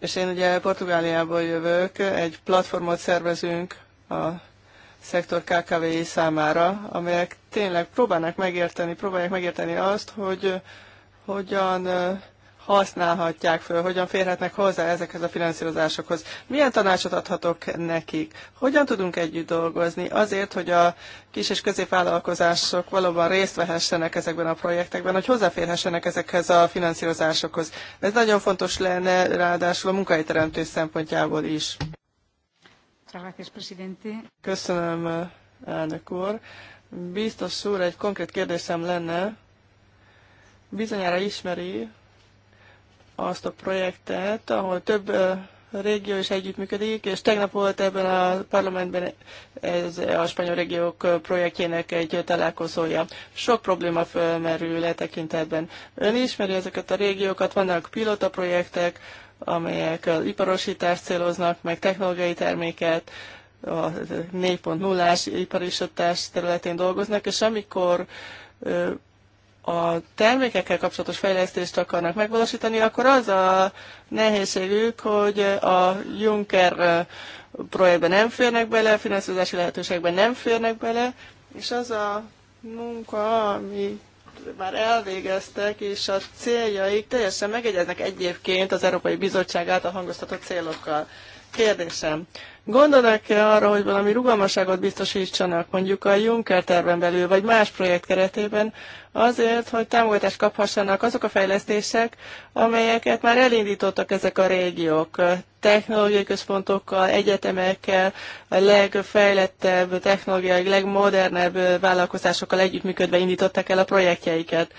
és én ugye Portugáliából jövök, egy platformot szervezünk a szektor KKV-i számára, amelyek tényleg próbálnak megérteni, próbálják megérteni azt, hogy hogyan használhatják föl, hogyan férhetnek hozzá ezekhez a finanszírozásokhoz. Milyen tanácsot adhatok nekik? Hogyan tudunk együtt dolgozni azért, hogy a kis és középvállalkozások valóban részt vehessenek ezekben a projektekben, hogy hozzáférhessenek ezekhez a finanszírozásokhoz? Ez nagyon fontos lenne ráadásul a munkahelyteremtés szempontjából is. Köszönöm, elnök úr. Biztos úr, egy konkrét kérdésem lenne. Bizonyára ismeri azt a projektet, ahol több régió is együttműködik, és tegnap volt ebben a parlamentben ez a spanyol régiók projektjének egy találkozója. Sok probléma felmerül le tekintetben. Ön ismeri ezeket a régiókat, vannak pilota projektek, amelyek iparosítást céloznak, meg technológiai terméket, a 4.0-as iparosítás területén dolgoznak, és amikor a termékekkel kapcsolatos fejlesztést akarnak megvalósítani, akkor az a nehézségük, hogy a Juncker projektben nem férnek bele, a finanszírozási lehetőségben nem férnek bele, és az a munka, ami már elvégeztek, és a céljaik teljesen megegyeznek egyébként az Európai Bizottság által hangoztatott célokkal. Kérdésem, gondolnak-e arra, hogy valami rugalmasságot biztosítsanak mondjuk a Juncker terven belül, vagy más projekt keretében, azért, hogy támogatást kaphassanak azok a fejlesztések, amelyeket már elindítottak ezek a régiók, technológiai központokkal, egyetemekkel, a legfejlettebb, technológiai, legmodernebb vállalkozásokkal együttműködve indították el a projektjeiket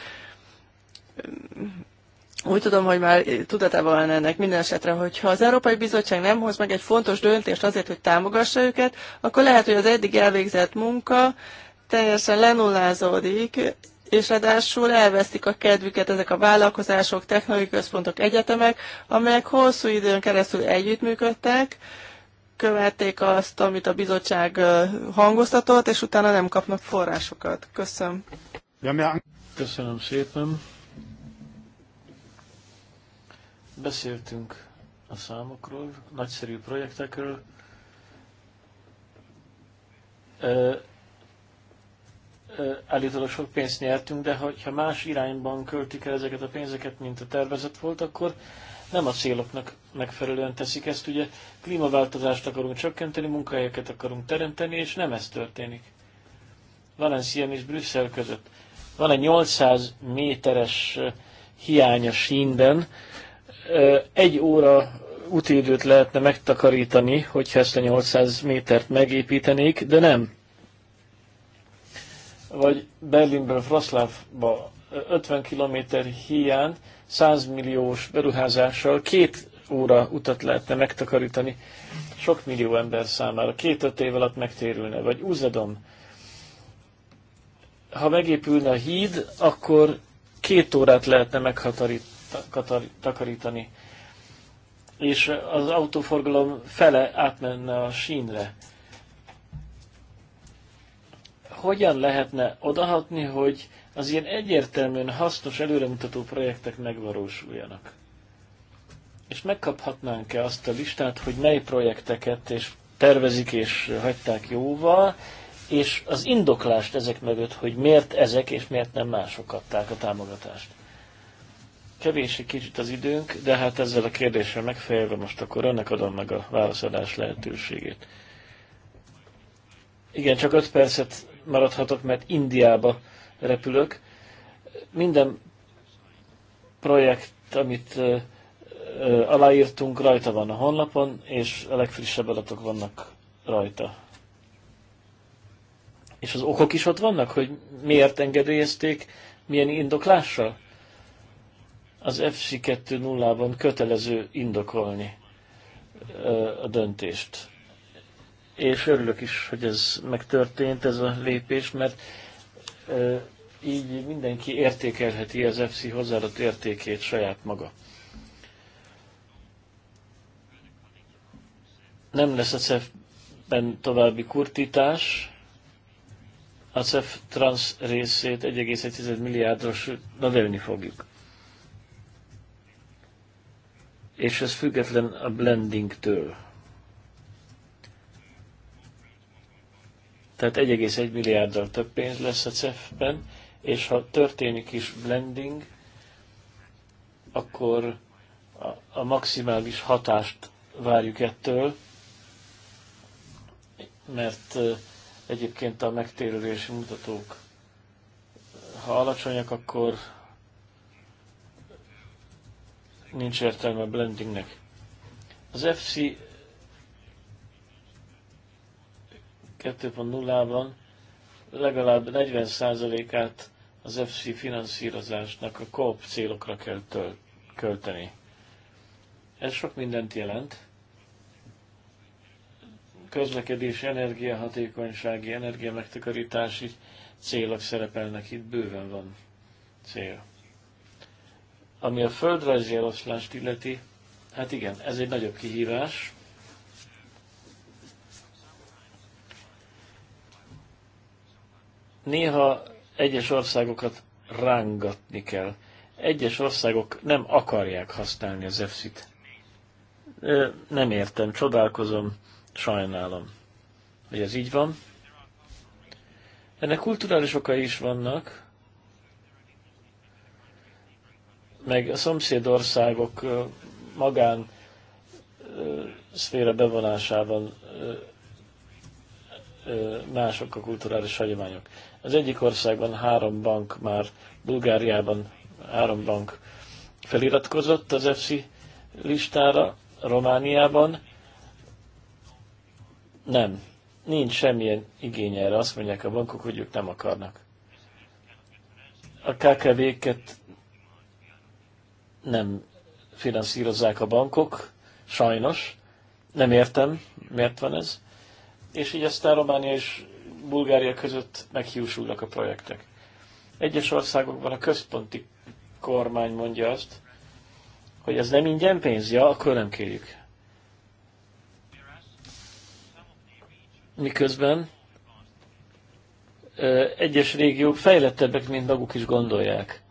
úgy tudom, hogy már tudatában van ennek minden esetre, hogy ha az Európai Bizottság nem hoz meg egy fontos döntést azért, hogy támogassa őket, akkor lehet, hogy az eddig elvégzett munka teljesen lenullázódik, és ráadásul elvesztik a kedvüket ezek a vállalkozások, technológiai központok, egyetemek, amelyek hosszú időn keresztül együttműködtek, követték azt, amit a bizottság hangoztatott, és utána nem kapnak forrásokat. Köszönöm. Köszönöm szépen. Beszéltünk a számokról, nagyszerű projektekről. állítólag sok pénzt nyertünk, de ha más irányban költik el ezeket a pénzeket, mint a tervezet volt, akkor nem a céloknak megfelelően teszik ezt. Ugye klímaváltozást akarunk csökkenteni, munkahelyeket akarunk teremteni, és nem ez történik. Valencia és Brüsszel között. Van egy 800 méteres hiány a sínben, egy óra útidőt lehetne megtakarítani, hogyha ezt a 800 métert megépítenék, de nem. Vagy Berlinből Vraszlávba 50 kilométer hiány 100 milliós beruházással két óra utat lehetne megtakarítani sok millió ember számára. Két-öt év alatt megtérülne, vagy úzadom, Ha megépülne a híd, akkor két órát lehetne takarítani. És az autóforgalom fele átmenne a sínre. Hogyan lehetne odahatni, hogy az ilyen egyértelműen hasznos, előremutató projektek megvalósuljanak? És megkaphatnánk-e azt a listát, hogy mely projekteket és tervezik és hagyták jóval, és az indoklást ezek mögött, hogy miért ezek és miért nem mások adták a támogatást. Kevés egy kicsit az időnk, de hát ezzel a kérdéssel megfejelve most akkor önnek adom meg a válaszadás lehetőségét. Igen, csak öt percet maradhatok, mert Indiába repülök. Minden projekt, amit aláírtunk, rajta van a honlapon, és a legfrissebb adatok vannak rajta. És az okok is ott vannak, hogy miért engedélyezték, milyen indoklással? az FC 2 nullában kötelező indokolni a döntést. És örülök is, hogy ez megtörtént, ez a lépés, mert így mindenki értékelheti az FC hozzáadott értékét saját maga. Nem lesz a CEF-ben további kurtítás, a CEF trans részét 1,1 milliárdos növelni fogjuk. és ez független a blendingtől. Tehát 1,1 milliárddal több pénz lesz a CEF-ben, és ha történik is blending, akkor a, maximális hatást várjuk ettől, mert egyébként a megtérülési mutatók, ha alacsonyak, akkor nincs értelme a blendingnek. Az FC 2.0-ban legalább 40%-át az FC finanszírozásnak a koop célokra kell töl- költeni. Ez sok mindent jelent. Közlekedési, energiahatékonysági, energiamegtakarítási célok szerepelnek itt, bőven van cél. Ami a földrajzi eloszlást illeti, hát igen, ez egy nagyobb kihívás. Néha egyes országokat rángatni kell. Egyes országok nem akarják használni az EFSZ-t. Nem értem, csodálkozom, sajnálom, hogy ez így van. Ennek kulturális okai is vannak, meg a szomszédországok magán szféra bevonásában mások a kulturális hagyományok. Az egyik országban három bank már, Bulgáriában három bank feliratkozott az EFSI listára, Romániában nem. Nincs semmilyen igény erre. Azt mondják a bankok, hogy ők nem akarnak. A KKV-ket nem finanszírozzák a bankok, sajnos. Nem értem, miért van ez. És így aztán Románia és Bulgária között meghiúsulnak a projektek. Egyes országokban a központi kormány mondja azt, hogy ez nem ingyen pénz, ja, akkor nem kérjük. Miközben egyes régiók fejlettebbek, mint maguk is gondolják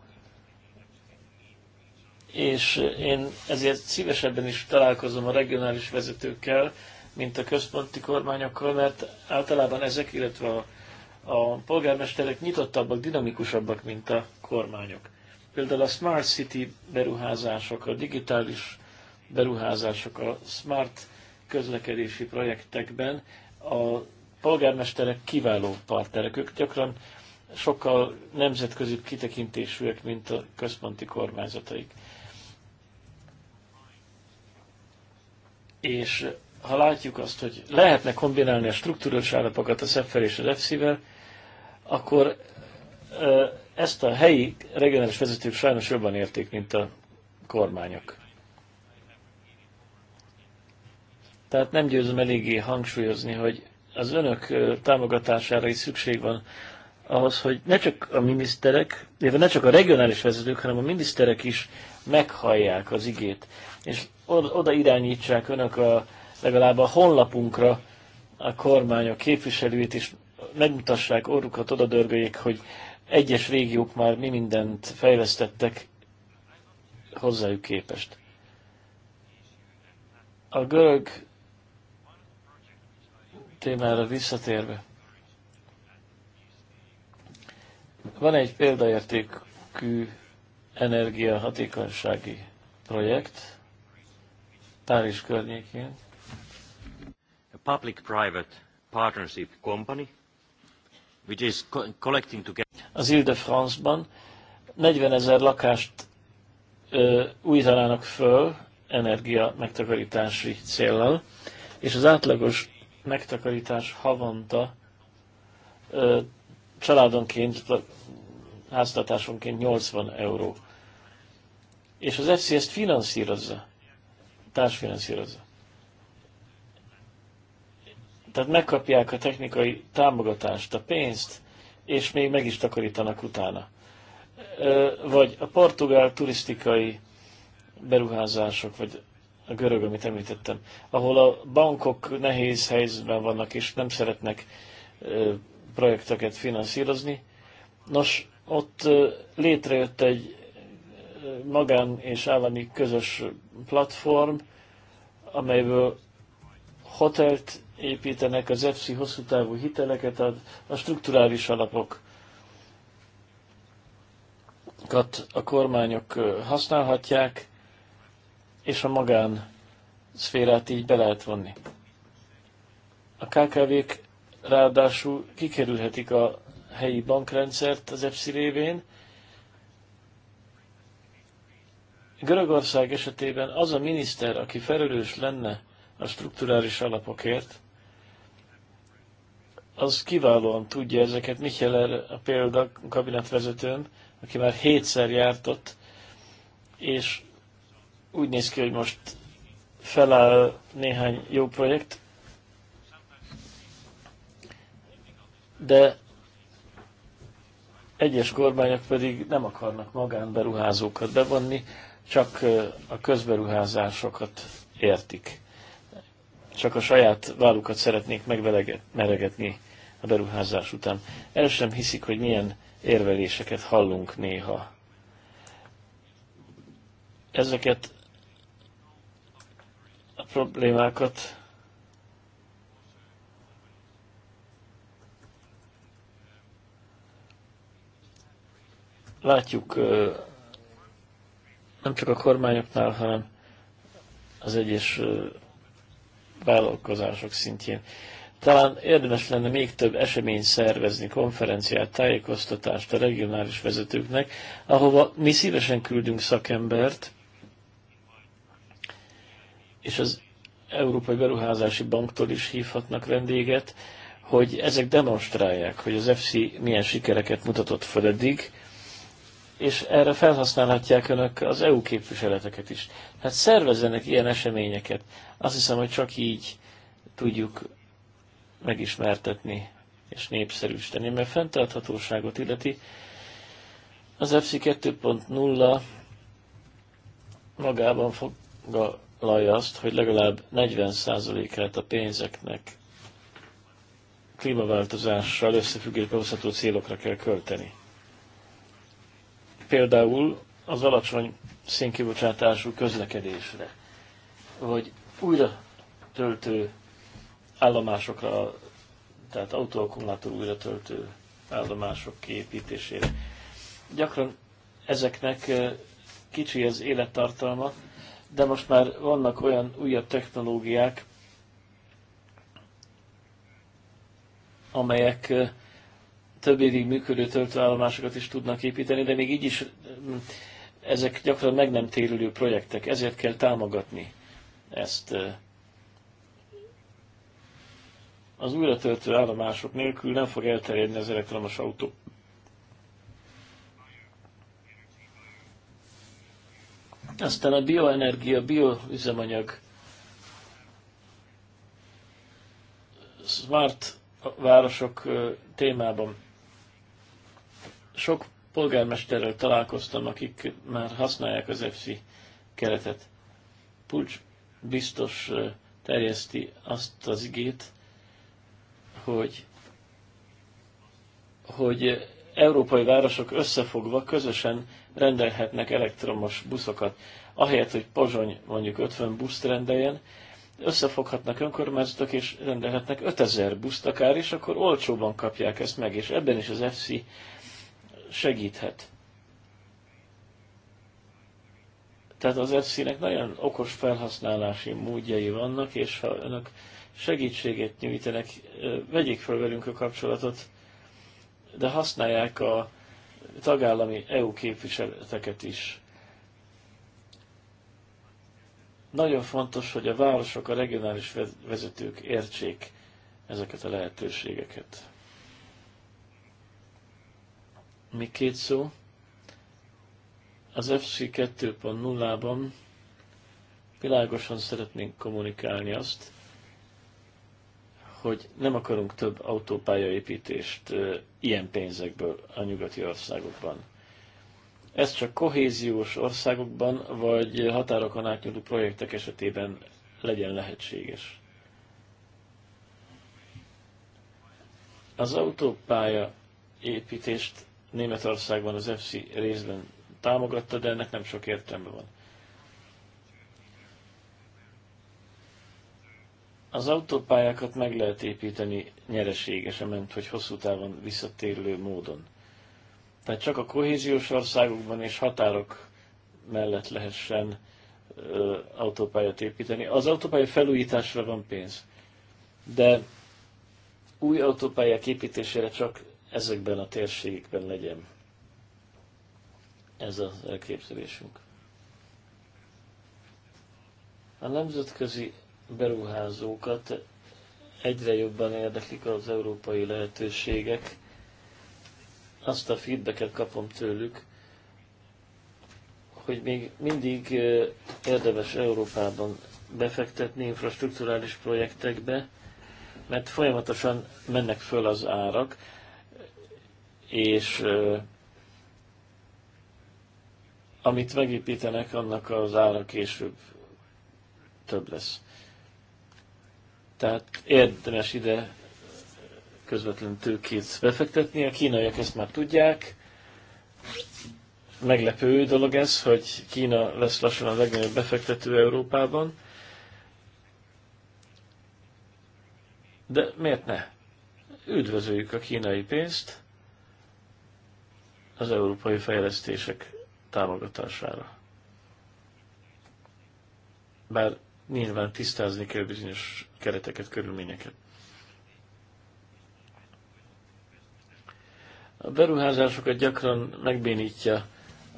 és eh, én ezért szívesebben is találkozom a regionális vezetőkkel, mint a központi kormányokkal, mert általában ezek, illetve a, a polgármesterek nyitottabbak, dinamikusabbak, mint a kormányok. Például a Smart City beruházások, a digitális beruházások, a smart közlekedési projektekben a polgármesterek kiváló partnerek. Ők gyakran sokkal nemzetközi kitekintésűek, mint a központi kormányzataik. és eh, ha látjuk azt, hogy lehetne kombinálni a struktúrális állapokat a SZEFFEL és az EFSZ-vel, akkor eh, ezt a helyi regionális vezetők sajnos jobban érték, mint a kormányok. Tehát nem győzöm eléggé hangsúlyozni, hogy az önök eh, támogatására is szükség van ahhoz, hogy ne csak a miniszterek, illetve ne csak a regionális vezetők, hanem a miniszterek is meghallják az igét, és oda irányítsák önök a, legalább a honlapunkra a kormányok képviselőit, és megmutassák orrukat, oda dörgöljék, hogy egyes régiók már mi mindent fejlesztettek hozzájuk képest. A görög témára visszatérve. Van egy példaértékű energiahatékonysági projekt Párizs környékén. A public-private partnership company, which is collecting together. Az Ile-de-France-ban 40 ezer lakást ö, újítanának föl energia megtakarítási céllal, és az átlagos megtakarítás havonta ö, családonként, háztartásonként 80 euró és az FC ezt finanszírozza, társfinanszírozza. Tehát megkapják a technikai támogatást, a pénzt, és még meg is takarítanak utána. Vagy a portugál turisztikai beruházások, vagy a görög, amit említettem, ahol a bankok nehéz helyzetben vannak, és nem szeretnek projekteket finanszírozni. Nos, ott létrejött egy magán és állami közös platform, amelyből hotelt építenek, az EFSI hosszú távú hiteleket ad, a strukturális alapokat a kormányok használhatják, és a magán szférát így be lehet vonni. A KKV-k ráadásul kikerülhetik a helyi bankrendszert az EFSI révén, Görögország esetében az a miniszter, aki felelős lenne a strukturális alapokért, az kiválóan tudja ezeket. Micheler a példa kabinetvezetőm, aki már hétszer jártott, és úgy néz ki, hogy most feláll néhány jó projekt, de egyes kormányok pedig nem akarnak magánberuházókat bevonni, csak a közberuházásokat értik. Csak a saját vállukat szeretnék megveregetni a beruházás után. El sem hiszik, hogy milyen érveléseket hallunk néha. Ezeket a problémákat látjuk nem csak a kormányoknál, hanem az egyes vállalkozások szintjén. Talán érdemes lenne még több eseményt szervezni, konferenciát, tájékoztatást a regionális vezetőknek, ahova mi szívesen küldünk szakembert, és az Európai Beruházási Banktól is hívhatnak vendéget, hogy ezek demonstrálják, hogy az FC milyen sikereket mutatott föl eddig, és erre felhasználhatják önök az EU képviseleteket is. Hát szervezzenek ilyen eseményeket. Azt hiszem, hogy csak így tudjuk megismertetni és népszerűsíteni, mert fenntarthatóságot illeti az FC 2.0 magában foglalja azt, hogy legalább 40%-át a pénzeknek klímaváltozással összefüggésbe hozható célokra kell költeni például az alacsony szénkibocsátású közlekedésre, vagy újra töltő állomásokra, tehát autóakkumulátor újra töltő állomások kiépítésére. Gyakran ezeknek eh, kicsi az élettartalma, de most már vannak olyan újabb technológiák, amelyek eh, több évig működő töltőállomásokat is tudnak építeni, de még így is mm, ezek gyakran meg nem térülő projektek, ezért kell támogatni ezt. Az töltő állomások nélkül nem fog elterjedni az elektromos autó. Aztán a bioenergia, bioüzemanyag, smart városok témában sok polgármesterrel találkoztam, akik már használják az EFSI keretet. Pulcs biztos terjeszti azt az igét, hogy, hogy európai városok összefogva közösen rendelhetnek elektromos buszokat. Ahelyett, hogy Pozsony mondjuk 50 buszt rendeljen, összefoghatnak önkormányzatok és rendelhetnek 5000 buszt akár, és akkor olcsóban kapják ezt meg, és ebben is az FC segíthet. Tehát az EFSZ-nek nagyon okos felhasználási módjai vannak, és ha önök segítséget nyújtanak, vegyék fel velünk a kapcsolatot, de használják a tagállami EU képviseleteket is. Nagyon fontos, hogy a városok, a regionális vezetők értsék ezeket a lehetőségeket. Még két szó. Az FC 2.0-ban világosan szeretnénk kommunikálni azt, hogy nem akarunk több autópályaépítést ilyen pénzekből a nyugati országokban. Ez csak kohéziós országokban vagy határokon átnyúló projektek esetében legyen lehetséges. Az autópálya építést Németországban az FC részben támogatta, de ennek nem sok értelme van. Az autópályákat meg lehet építeni nyereségesen, ment, hogy hosszú távon visszatérlő módon. Tehát csak a kohéziós országokban és határok mellett lehessen ö, autópályát építeni. Az autópálya felújításra van pénz, de új autópályák építésére csak ezekben a térségekben legyen. Ez az elképzelésünk. A nemzetközi beruházókat egyre jobban érdeklik az európai lehetőségek. Azt a feedbacket kapom tőlük, hogy még mindig érdemes Európában befektetni infrastruktúrális projektekbe, mert folyamatosan mennek föl az árak, és amit megépítenek, annak az ára később több lesz. Tehát érdemes ide közvetlen tőkét befektetni. A kínaiak ezt már tudják. Meglepő dolog ez, hogy Kína lesz lassan a legnagyobb befektető Európában. De miért ne? Üdvözöljük a kínai pénzt, az európai fejlesztések támogatására. Bár nyilván tisztázni kell bizonyos kereteket, körülményeket. A beruházásokat gyakran megbénítja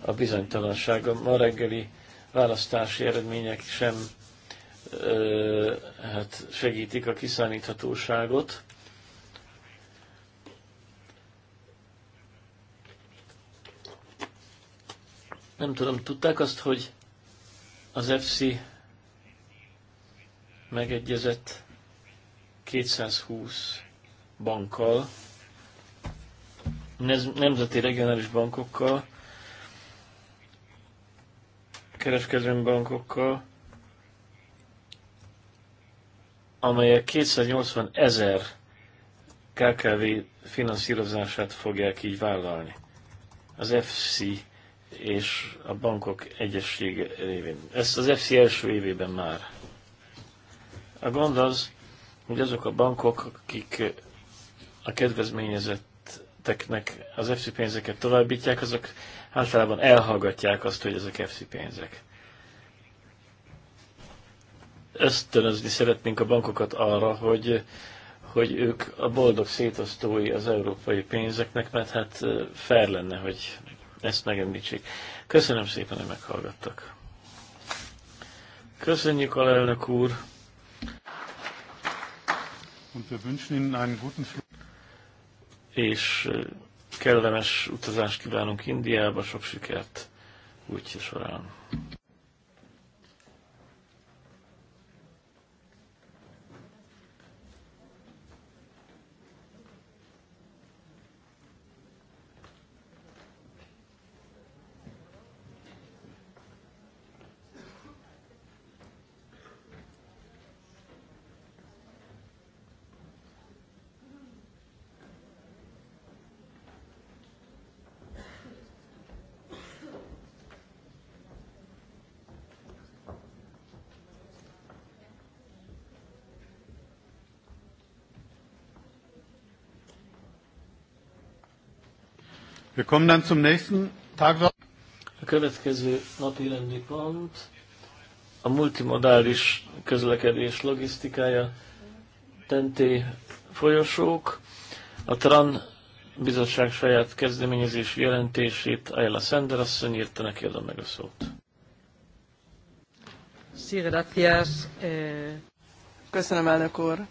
a bizonytalansága. A ma reggeli választási eredmények sem ö, hát segítik a kiszámíthatóságot. Nem tudom, tudták azt, hogy az FC megegyezett 220 bankkal, nemzeti regionális bankokkal, kereskedelmi bankokkal, amelyek 280 ezer KKV finanszírozását fogják így vállalni. Az FC és a bankok egyessége révén. Ezt az FC első évében már. A gond az, hogy azok a bankok, akik a kedvezményezetteknek az FC pénzeket továbbítják, azok általában elhallgatják azt, hogy ezek FC pénzek. Ösztönözni szeretnénk a bankokat arra, hogy, hogy ők a boldog szétosztói az európai pénzeknek, mert hát fel lenne, hogy ezt megemlítsék. Köszönöm szépen, hogy meghallgattak. Köszönjük, lelnök úr! És kellemes utazást kívánunk Indiába, sok sikert útja során. Wir kommen dann zum nächsten Tagesordnungspunkt. A következő napi rendi pont a multimodális közlekedés logisztikája, TNT folyosók, a TRAN bizottság saját kezdeményezési jelentését Ayla Sender asszony írta neki, adom meg a szót. Eh. Köszönöm, elnök úr.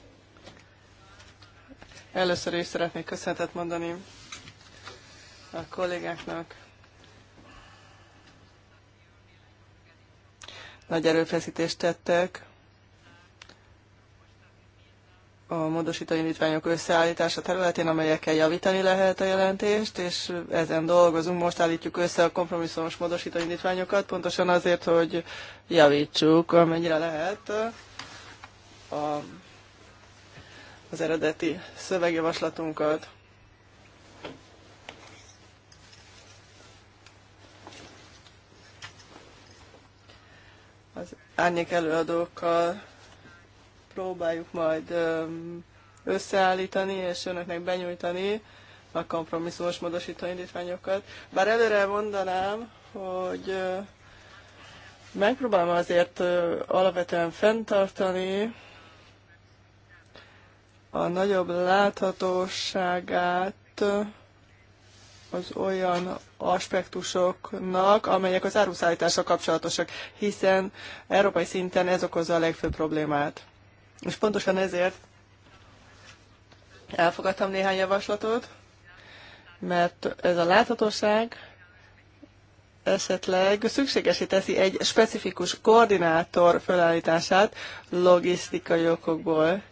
Először is szeretnék köszönetet mondani a kollégáknak. Nagy erőfeszítést tettek a módosító indítványok összeállítása területén, amelyekkel javítani lehet a jelentést, és ezen dolgozunk. Most állítjuk össze a kompromisszumos módosító indítványokat, pontosan azért, hogy javítsuk amennyire lehet a, az eredeti szövegjavaslatunkat. árnyék előadókkal próbáljuk majd összeállítani és önöknek benyújtani a kompromisszumos módosító indítványokat. Bár előre mondanám, hogy megpróbálom azért alapvetően fenntartani a nagyobb láthatóságát az olyan aspektusoknak, amelyek az áruszállítással kapcsolatosak, hiszen európai szinten ez okozza a legfőbb problémát. És pontosan ezért elfogadtam néhány javaslatot, mert ez a láthatóság esetleg szükségesé teszi egy specifikus koordinátor felállítását logisztikai okokból.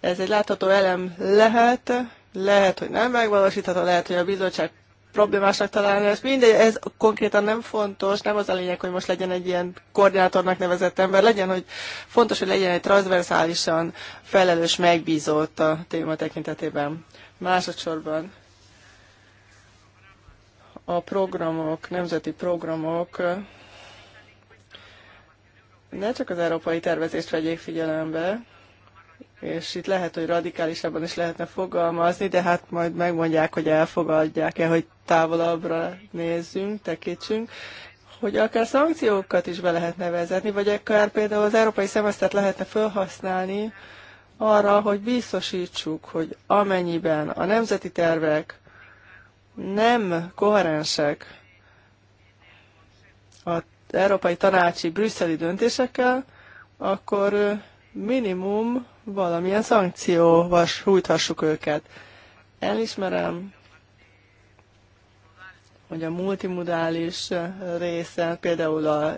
Ez egy látható elem lehet, lehet, hogy nem megvalósítható, lehet, hogy a bizottság problémásnak találni ez Mindegy, ez konkrétan nem fontos, nem az a lényeg, hogy most legyen egy ilyen koordinátornak nevezett ember, legyen, hogy fontos, hogy legyen egy transversálisan felelős megbízott a téma tekintetében. Másodszorban a programok, nemzeti programok ne csak az európai tervezést vegyék figyelembe, és itt lehet, hogy radikálisabban is lehetne fogalmazni, de hát majd megmondják, hogy elfogadják-e, hogy távolabbra nézzünk, tekintsünk, hogy akár szankciókat is be lehetne vezetni, vagy akár például az európai szemesztert lehetne felhasználni arra, hogy biztosítsuk, hogy amennyiben a nemzeti tervek nem koherensek az európai tanácsi brüsszeli döntésekkel, akkor minimum valamilyen szankcióval sújthassuk őket. Elismerem, hogy a multimodális részen például a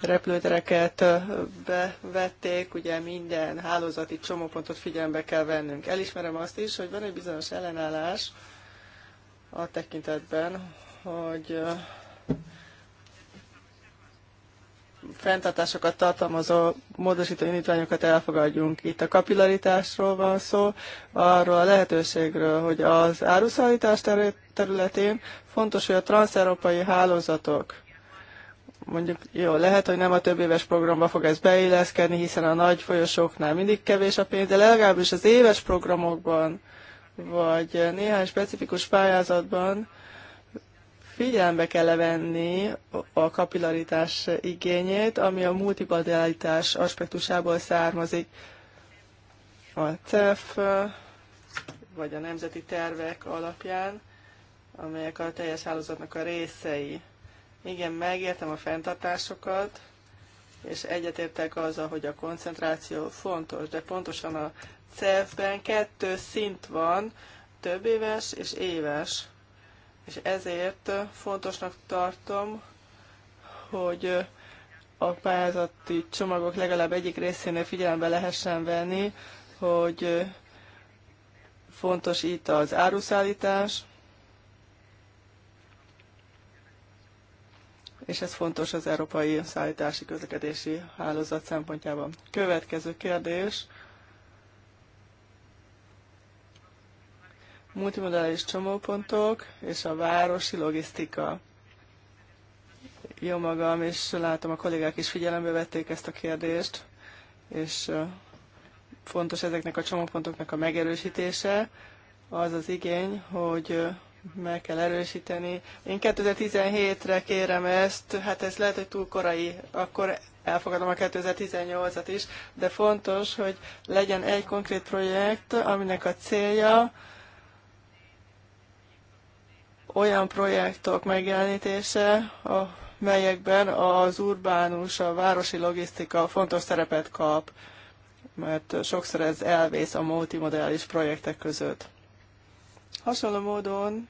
repülőtereket bevették, ugye minden hálózati csomópontot figyelembe kell vennünk. Elismerem azt is, hogy van egy bizonyos ellenállás a tekintetben, hogy fenntartásokat tartalmazó módosító indítványokat elfogadjunk. Itt a kapillaritásról van szó, arról a lehetőségről, hogy az áruszállítás területén fontos, hogy a transzeurópai hálózatok, mondjuk jó, lehet, hogy nem a több éves programba fog ez beilleszkedni, hiszen a nagy folyosóknál mindig kevés a pénz, de legalábbis az éves programokban, vagy néhány specifikus pályázatban figyelembe kell venni a kapillaritás igényét, ami a multipadelitás aspektusából származik. A CEF vagy a nemzeti tervek alapján, amelyek a teljes hálózatnak a részei. Igen, megértem a fenntartásokat, és egyetértek azzal, hogy a koncentráció fontos, de pontosan a CEF-ben kettő szint van, több éves és éves és ezért fontosnak tartom, hogy a pályázati csomagok legalább egyik részénél figyelembe lehessen venni, hogy fontos itt az áruszállítás, és ez fontos az európai szállítási közlekedési hálózat szempontjában. Következő kérdés multimodális csomópontok és a városi logisztika. Jó magam, és látom a kollégák is figyelembe vették ezt a kérdést, és fontos ezeknek a csomópontoknak a megerősítése. Az az igény, hogy meg kell erősíteni. Én 2017-re kérem ezt, hát ez lehet, hogy túl korai, akkor elfogadom a 2018-at is, de fontos, hogy legyen egy konkrét projekt, aminek a célja, olyan projektok megjelenítése, a melyekben az urbánus, a városi logisztika fontos szerepet kap, mert sokszor ez elvész a multimodális projektek között. Hasonló módon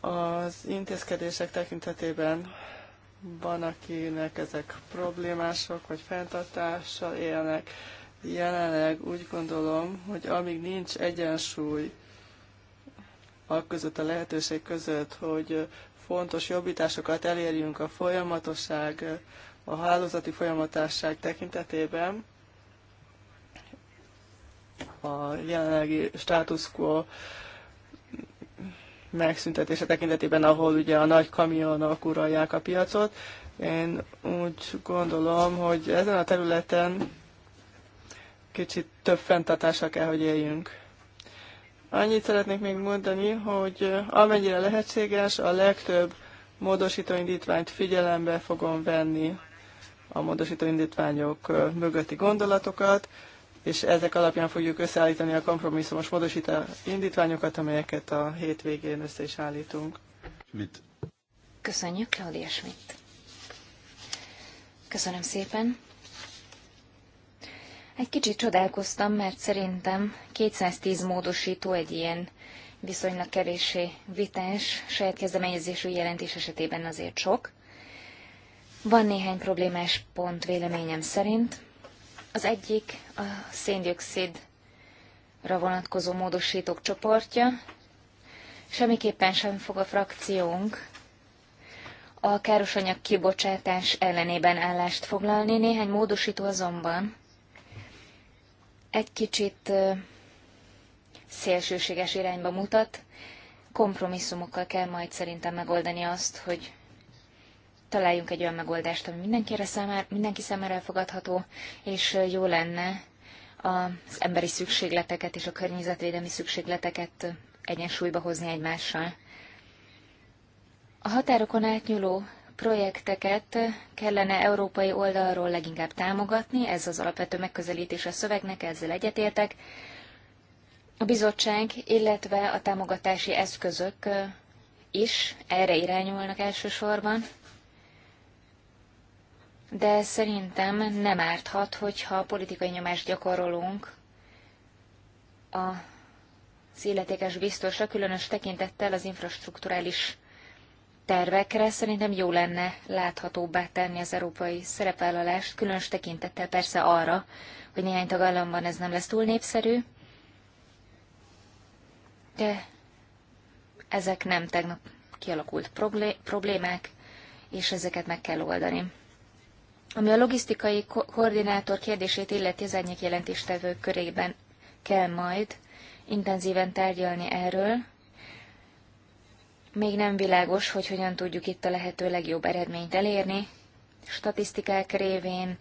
az intézkedések tekintetében van, akinek ezek problémások, vagy fenntartással élnek. Jelenleg úgy gondolom, hogy amíg nincs egyensúly a között a lehetőség között, hogy fontos jobbításokat elérjünk a folyamatosság, a hálózati folyamatosság tekintetében, a jelenlegi status quo megszüntetése tekintetében, ahol ugye a nagy kamionok uralják a piacot. Én úgy gondolom, hogy ezen a területen kicsit több fenntartással kell, hogy éljünk. Annyit szeretnék még mondani, hogy amennyire lehetséges, a legtöbb módosítóindítványt figyelembe fogom venni a módosítóindítványok mögötti gondolatokat, és ezek alapján fogjuk összeállítani a kompromisszumos módosítóindítványokat, indítványokat, amelyeket a hétvégén össze is állítunk. Mit? Köszönjük, Claudia Schmidt. Köszönöm szépen. Egy kicsit csodálkoztam, mert szerintem 210 módosító egy ilyen viszonylag kevéssé vitás, saját kezdeményezésű jelentés esetében azért sok. Van néhány problémás pont véleményem szerint. Az egyik a széndiokszidra vonatkozó módosítók csoportja. Semmiképpen sem fog a frakciónk a károsanyag kibocsátás ellenében állást foglalni, néhány módosító azonban egy kicsit szélsőséges irányba mutat. Kompromisszumokkal kell majd szerintem megoldani azt, hogy találjunk egy olyan megoldást, ami mindenkire számára, mindenki számára elfogadható, és jó lenne az emberi szükségleteket és a környezetvédelmi szükségleteket egyensúlyba hozni egymással. A határokon átnyúló projekteket kellene európai oldalról leginkább támogatni, ez az alapvető megközelítés a szövegnek, ezzel egyetértek. A bizottság, illetve a támogatási eszközök is erre irányulnak elsősorban, de szerintem nem árthat, hogyha politikai nyomást gyakorolunk a az illetékes biztosra, különös tekintettel az infrastruktúrális tervekre szerintem jó lenne láthatóbbá tenni az európai szerepvállalást, különös tekintettel persze arra, hogy néhány tagállamban ez nem lesz túl népszerű, de ezek nem tegnap kialakult problémák, és ezeket meg kell oldani. Ami a logisztikai ko- koordinátor kérdését illeti az egyik jelentéstevők körében kell majd intenzíven tárgyalni erről, még nem világos, hogy hogyan tudjuk itt a lehető legjobb eredményt elérni, statisztikák révén,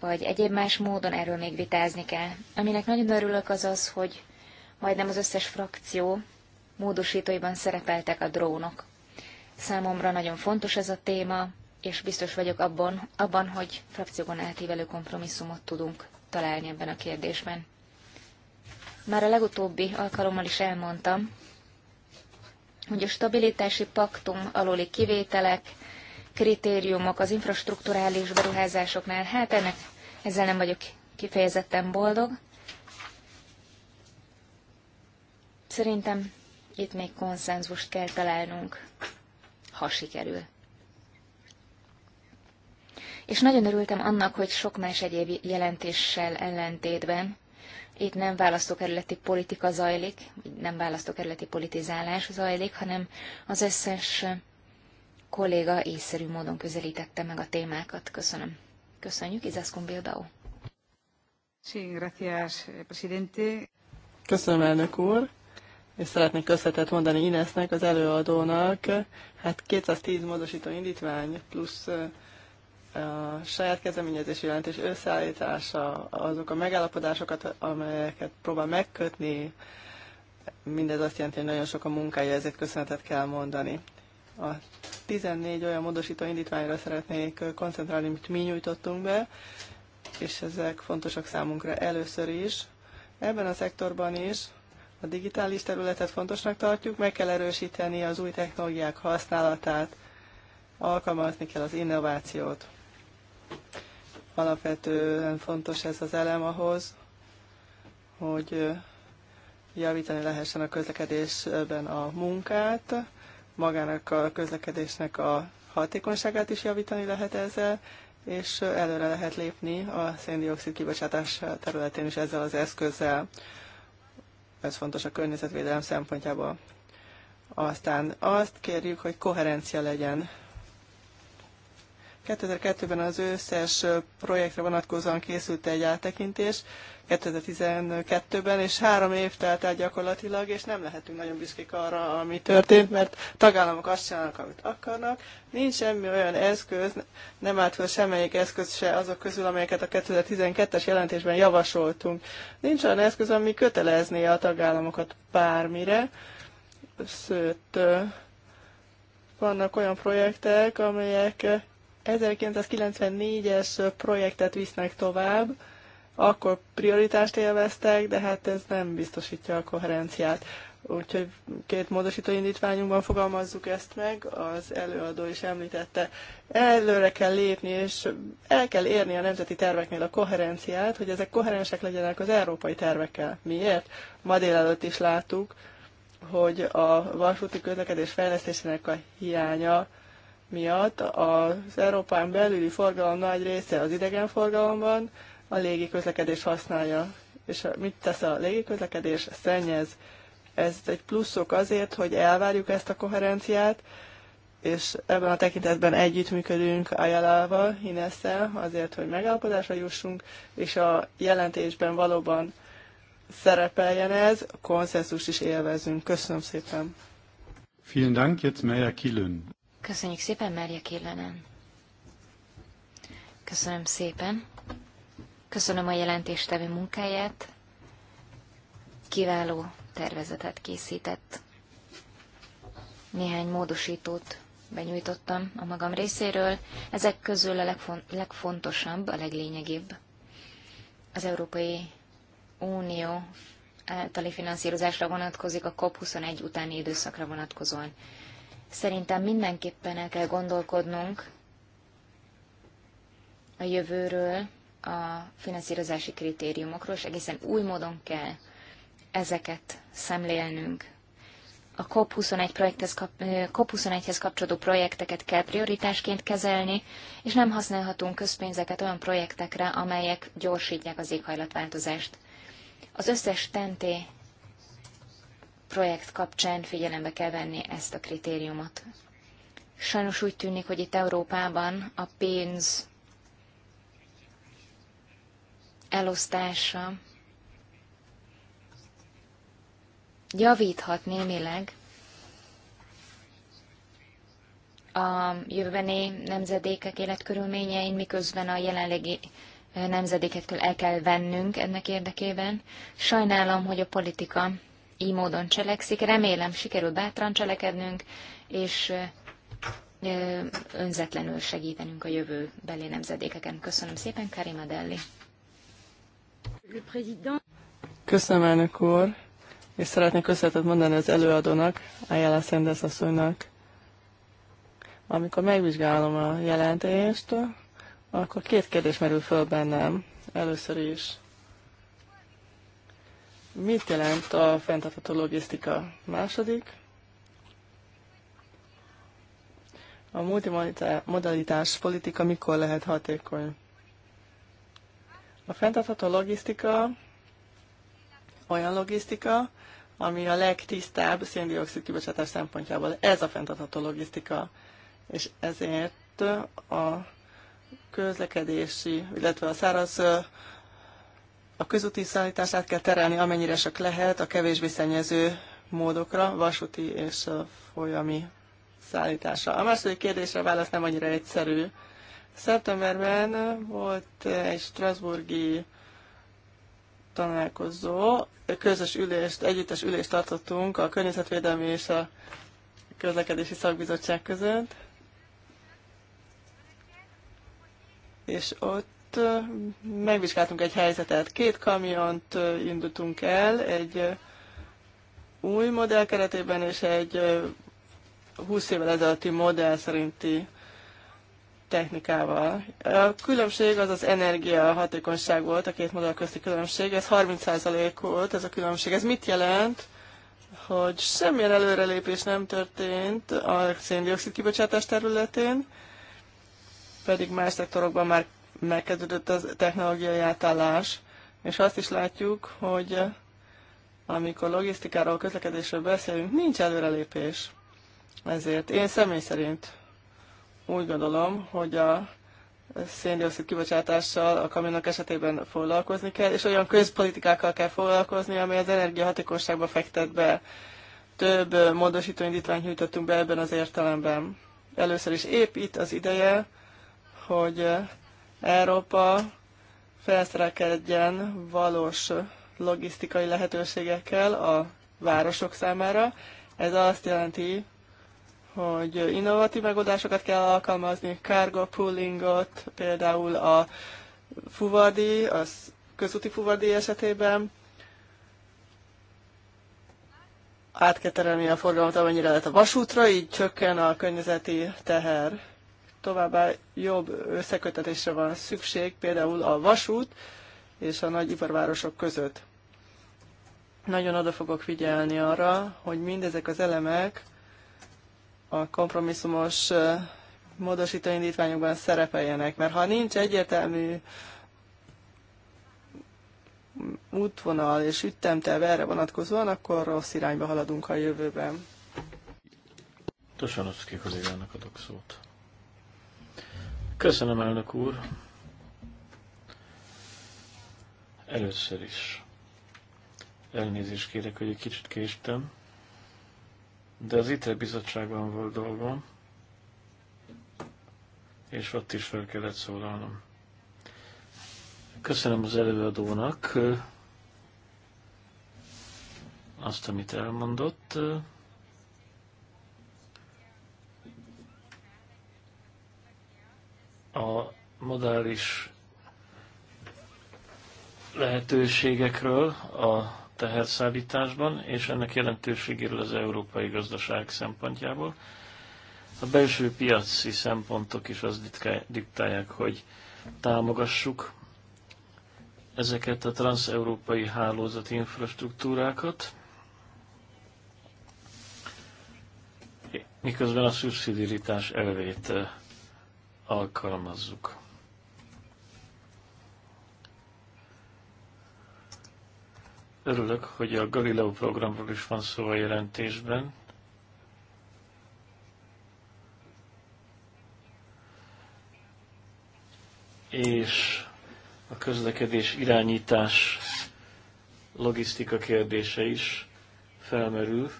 vagy egyéb más módon erről még vitázni kell. Aminek nagyon örülök az az, hogy majdnem az összes frakció módosítóiban szerepeltek a drónok. Számomra nagyon fontos ez a téma, és biztos vagyok abban, abban hogy frakciókon átívelő kompromisszumot tudunk találni ebben a kérdésben. Már a legutóbbi alkalommal is elmondtam, hogy a stabilitási paktum aluli kivételek, kritériumok az infrastruktúrális beruházásoknál, hát ennek ezzel nem vagyok kifejezetten boldog. Szerintem itt még konszenzust kell találnunk, ha sikerül. És nagyon örültem annak, hogy sok más egyéb jelentéssel ellentétben itt nem választókerületi politika zajlik, nem választókerületi politizálás zajlik, hanem az összes kolléga észszerű módon közelítette meg a témákat. Köszönöm. Köszönjük, Izaskun Bilbao. presidente. Köszönöm, elnök úr és szeretnék köszönetet mondani Inesnek, az előadónak. Hát 210 módosító indítvány plusz a saját kezdeményezési jelentés összeállítása, azok a megállapodásokat, amelyeket próbál megkötni, mindez azt jelenti, hogy nagyon sok a munkája, ezért köszönetet kell mondani. A 14 olyan módosító indítványra szeretnék koncentrálni, amit mi nyújtottunk be, és ezek fontosak számunkra először is. Ebben a szektorban is a digitális területet fontosnak tartjuk, meg kell erősíteni az új technológiák használatát, alkalmazni kell az innovációt. Alapvetően fontos ez az elem ahhoz, hogy javítani lehessen a közlekedésben a munkát, magának a közlekedésnek a hatékonyságát is javítani lehet ezzel, és előre lehet lépni a széndiokszid kibocsátás területén is ezzel az eszközzel. Ez fontos a környezetvédelem szempontjából. Aztán azt kérjük, hogy koherencia legyen 2002-ben az összes projektre vonatkozóan készült egy áttekintés, 2012-ben, és három év telt el gyakorlatilag, és nem lehetünk nagyon büszkék arra, ami történt, mert tagállamok azt csinálnak, amit akarnak. Nincs semmi olyan eszköz, nem állt fel semmelyik eszköz se azok közül, amelyeket a 2012-es jelentésben javasoltunk. Nincs olyan eszköz, ami kötelezné a tagállamokat bármire, sőt, vannak olyan projektek, amelyek 1994-es projektet visznek tovább, akkor prioritást élveztek, de hát ez nem biztosítja a koherenciát. Úgyhogy két módosító indítványunkban fogalmazzuk ezt meg, az előadó is említette. Előre kell lépni, és el kell érni a nemzeti terveknél a koherenciát, hogy ezek koherensek legyenek az európai tervekkel. Miért? Ma délelőtt is láttuk, hogy a vasúti közlekedés fejlesztésének a hiánya miatt az Európán belüli forgalom nagy része az idegenforgalomban a közlekedés használja. És mit tesz a közlekedés? Szennyez. Ez egy pluszok azért, hogy elvárjuk ezt a koherenciát, és ebben a tekintetben együttműködünk Ajalával, Ineszel, azért, hogy megállapodásra jussunk, és a jelentésben valóban szerepeljen ez, konszenzus is élvezünk. Köszönöm szépen. Vielen Dank, jetzt Meyer Kilön. Köszönjük szépen, Merje Killenen. Köszönöm szépen. Köszönöm a jelentéstevő munkáját. Kiváló tervezetet készített. Néhány módosítót benyújtottam a magam részéről. Ezek közül a legfon- legfontosabb, a leglényegibb az Európai Unió általi finanszírozásra vonatkozik a COP21 utáni időszakra vonatkozóan. Szerintem mindenképpen el kell gondolkodnunk a jövőről, a finanszírozási kritériumokról, és egészen új módon kell ezeket szemlélnünk. A COP21-hez eh, COP21 kapcsolódó projekteket kell prioritásként kezelni, és nem használhatunk közpénzeket olyan projektekre, amelyek gyorsítják az éghajlatváltozást. Az összes tenté projekt kapcsán figyelembe kell venni ezt a kritériumot. Sajnos úgy tűnik, hogy itt Európában a pénz elosztása javíthat némileg a jövőbeni nemzedékek életkörülményein, miközben a jelenlegi nemzedékektől el kell vennünk ennek érdekében. Sajnálom, hogy a politika így módon cselekszik. Remélem sikerül bátran cselekednünk, és önzetlenül segítenünk a jövő belé nemzedékeken. Köszönöm szépen, Karima Delli. Köszönöm, elnök úr, és szeretnék köszönetet mondani az előadónak, Ayala Szendes asszonynak. Amikor megvizsgálom a jelentést, akkor két kérdés merül föl bennem. Először is, Mit jelent a fenntartható logisztika? Második. A multimodalitás politika mikor lehet hatékony? A fenntartható logisztika olyan logisztika, ami a legtisztább széndiokszid kibocsátás szempontjából. Ez a fenntartható logisztika, és ezért a közlekedési, illetve a száraz a közúti szállítását kell terelni amennyire csak lehet a kevésbé szennyező módokra, vasúti és folyami szállítása. A második kérdésre válasz nem annyira egyszerű. Szeptemberben volt egy Strasburgi tanálkozó, közös ülést, együttes ülést tartottunk a Környezetvédelmi és a Közlekedési Szakbizottság között, és ott megvizsgáltunk egy helyzetet. Két kamiont indultunk el, egy új modell keretében és egy 20 évvel ezelőtti modell szerinti technikával. A különbség az az energia hatékonyság volt, a két modell közti különbség, ez 30% volt ez a különbség. Ez mit jelent? Hogy semmilyen előrelépés nem történt a széndiokszid kibocsátás területén, pedig más szektorokban már megkezdődött a technológiai átállás, és azt is látjuk, hogy amikor logisztikáról, közlekedésről beszélünk, nincs előrelépés. Ezért én személy szerint úgy gondolom, hogy a széndiokszid kibocsátással a kamionok esetében foglalkozni kell, és olyan közpolitikákkal kell foglalkozni, ami az energiahatékonyságba fektet be. Több módosító indítványt nyújtottunk be ebben az értelemben. Először is épít az ideje, hogy Európa felszerelkedjen valós logisztikai lehetőségekkel a városok számára. Ez azt jelenti, hogy innovatív megoldásokat kell alkalmazni, cargo poolingot, például a fuvardi, a közúti fuvardi esetében, át kell terelni a forgalmat, amennyire lehet a vasútra, így csökken a környezeti teher továbbá jobb összekötetésre van szükség, például a vasút és a nagy iparvárosok között. Nagyon oda fogok figyelni arra, hogy mindezek az elemek a kompromisszumos módosító indítványokban szerepeljenek, mert ha nincs egyértelmű útvonal és ütemterv erre vonatkozóan, akkor rossz irányba haladunk a jövőben. Tosanovszki kollégának adok szót. Köszönöm, elnök úr. Először is elnézést kérek, hogy egy kicsit késtem, de az ITRE bizottságban volt dolgom, és ott is fel kellett szólalnom. Köszönöm az előadónak azt, amit elmondott. a modális lehetőségekről a teherszállításban, és ennek jelentőségéről az európai gazdaság szempontjából. A belső piaci szempontok is azt diktálják, hogy támogassuk ezeket a transeurópai hálózati infrastruktúrákat, miközben a szubszidiritás elvét alkalmazzuk. Örülök, hogy a Galileo programról is van szó a jelentésben. És a közlekedés irányítás logisztika kérdése is felmerül.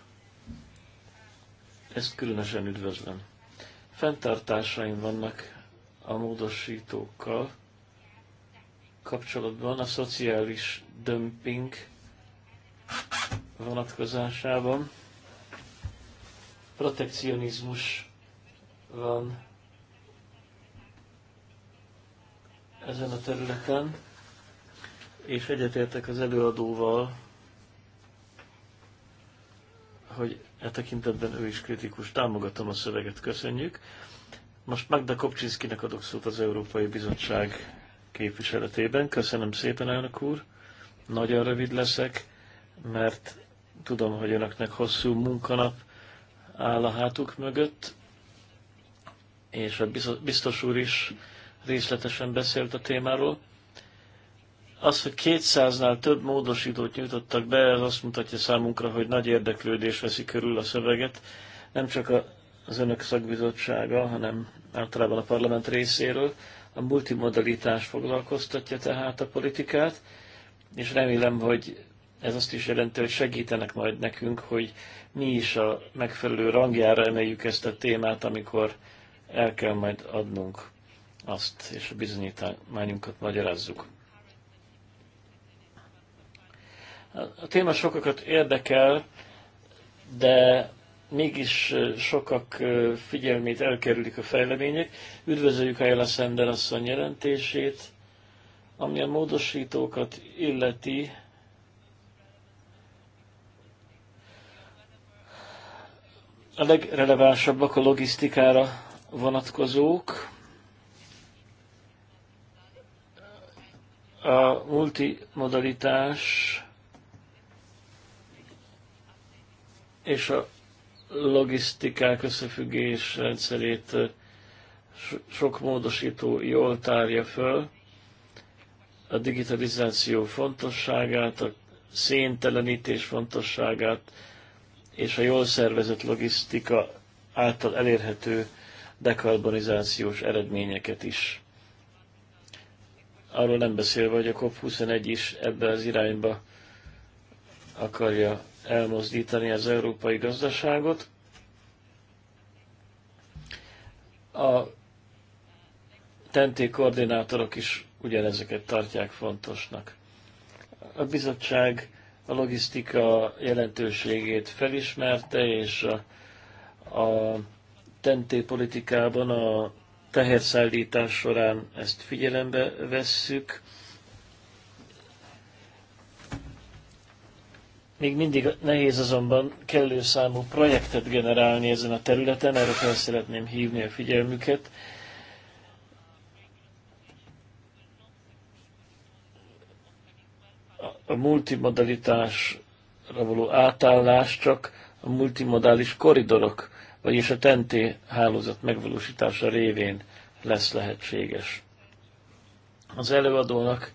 Ezt különösen üdvözlöm. Fentartásaim vannak a módosítókkal kapcsolatban, a szociális dömping vonatkozásában. Protekcionizmus van ezen a területen, és egyetértek az előadóval, hogy e tekintetben ő is kritikus. Támogatom a szöveget, köszönjük. Most Magda Kopcsinszkinek adok szót az Európai Bizottság képviseletében. Köszönöm szépen, elnök úr. Nagyon rövid leszek, mert tudom, hogy önöknek hosszú munkanap áll a hátuk mögött, és a biztos úr is részletesen beszélt a témáról. Az, hogy 200-nál több módosítót nyújtottak be, az azt mutatja számunkra, hogy nagy érdeklődés veszi körül a szöveget, nem csak a az önök szakbizottsága, hanem általában a parlament részéről. A multimodalitás foglalkoztatja tehát a politikát, és remélem, hogy ez azt is jelenti, hogy segítenek majd nekünk, hogy mi is a megfelelő rangjára emeljük ezt a témát, amikor el kell majd adnunk azt, és a bizonyítványunkat magyarázzuk. A téma sokakat érdekel, de mégis sokak figyelmét elkerülik a fejlemények. Üdvözöljük Ayala Szender asszony jelentését, ami a módosítókat illeti. A legrelevánsabbak a logisztikára vonatkozók. A multimodalitás és a logisztikák összefüggés rendszerét sok módosító jól tárja föl, a digitalizáció fontosságát, a széntelenítés fontosságát és a jól szervezett logisztika által elérhető dekarbonizációs eredményeket is. Arról nem beszélve, hogy a COP21 is ebbe az irányba akarja elmozdítani az európai gazdaságot. A tenté koordinátorok is ugyanezeket tartják fontosnak. A bizottság a logisztika jelentőségét felismerte, és a, a tenté politikában a teherszállítás során ezt figyelembe vesszük Még mindig nehéz azonban kellő számú projektet generálni ezen a területen, erre fel szeretném hívni a figyelmüket. A multimodalitásra való átállás csak a multimodális koridorok, vagyis a TNT hálózat megvalósítása révén lesz lehetséges. Az előadónak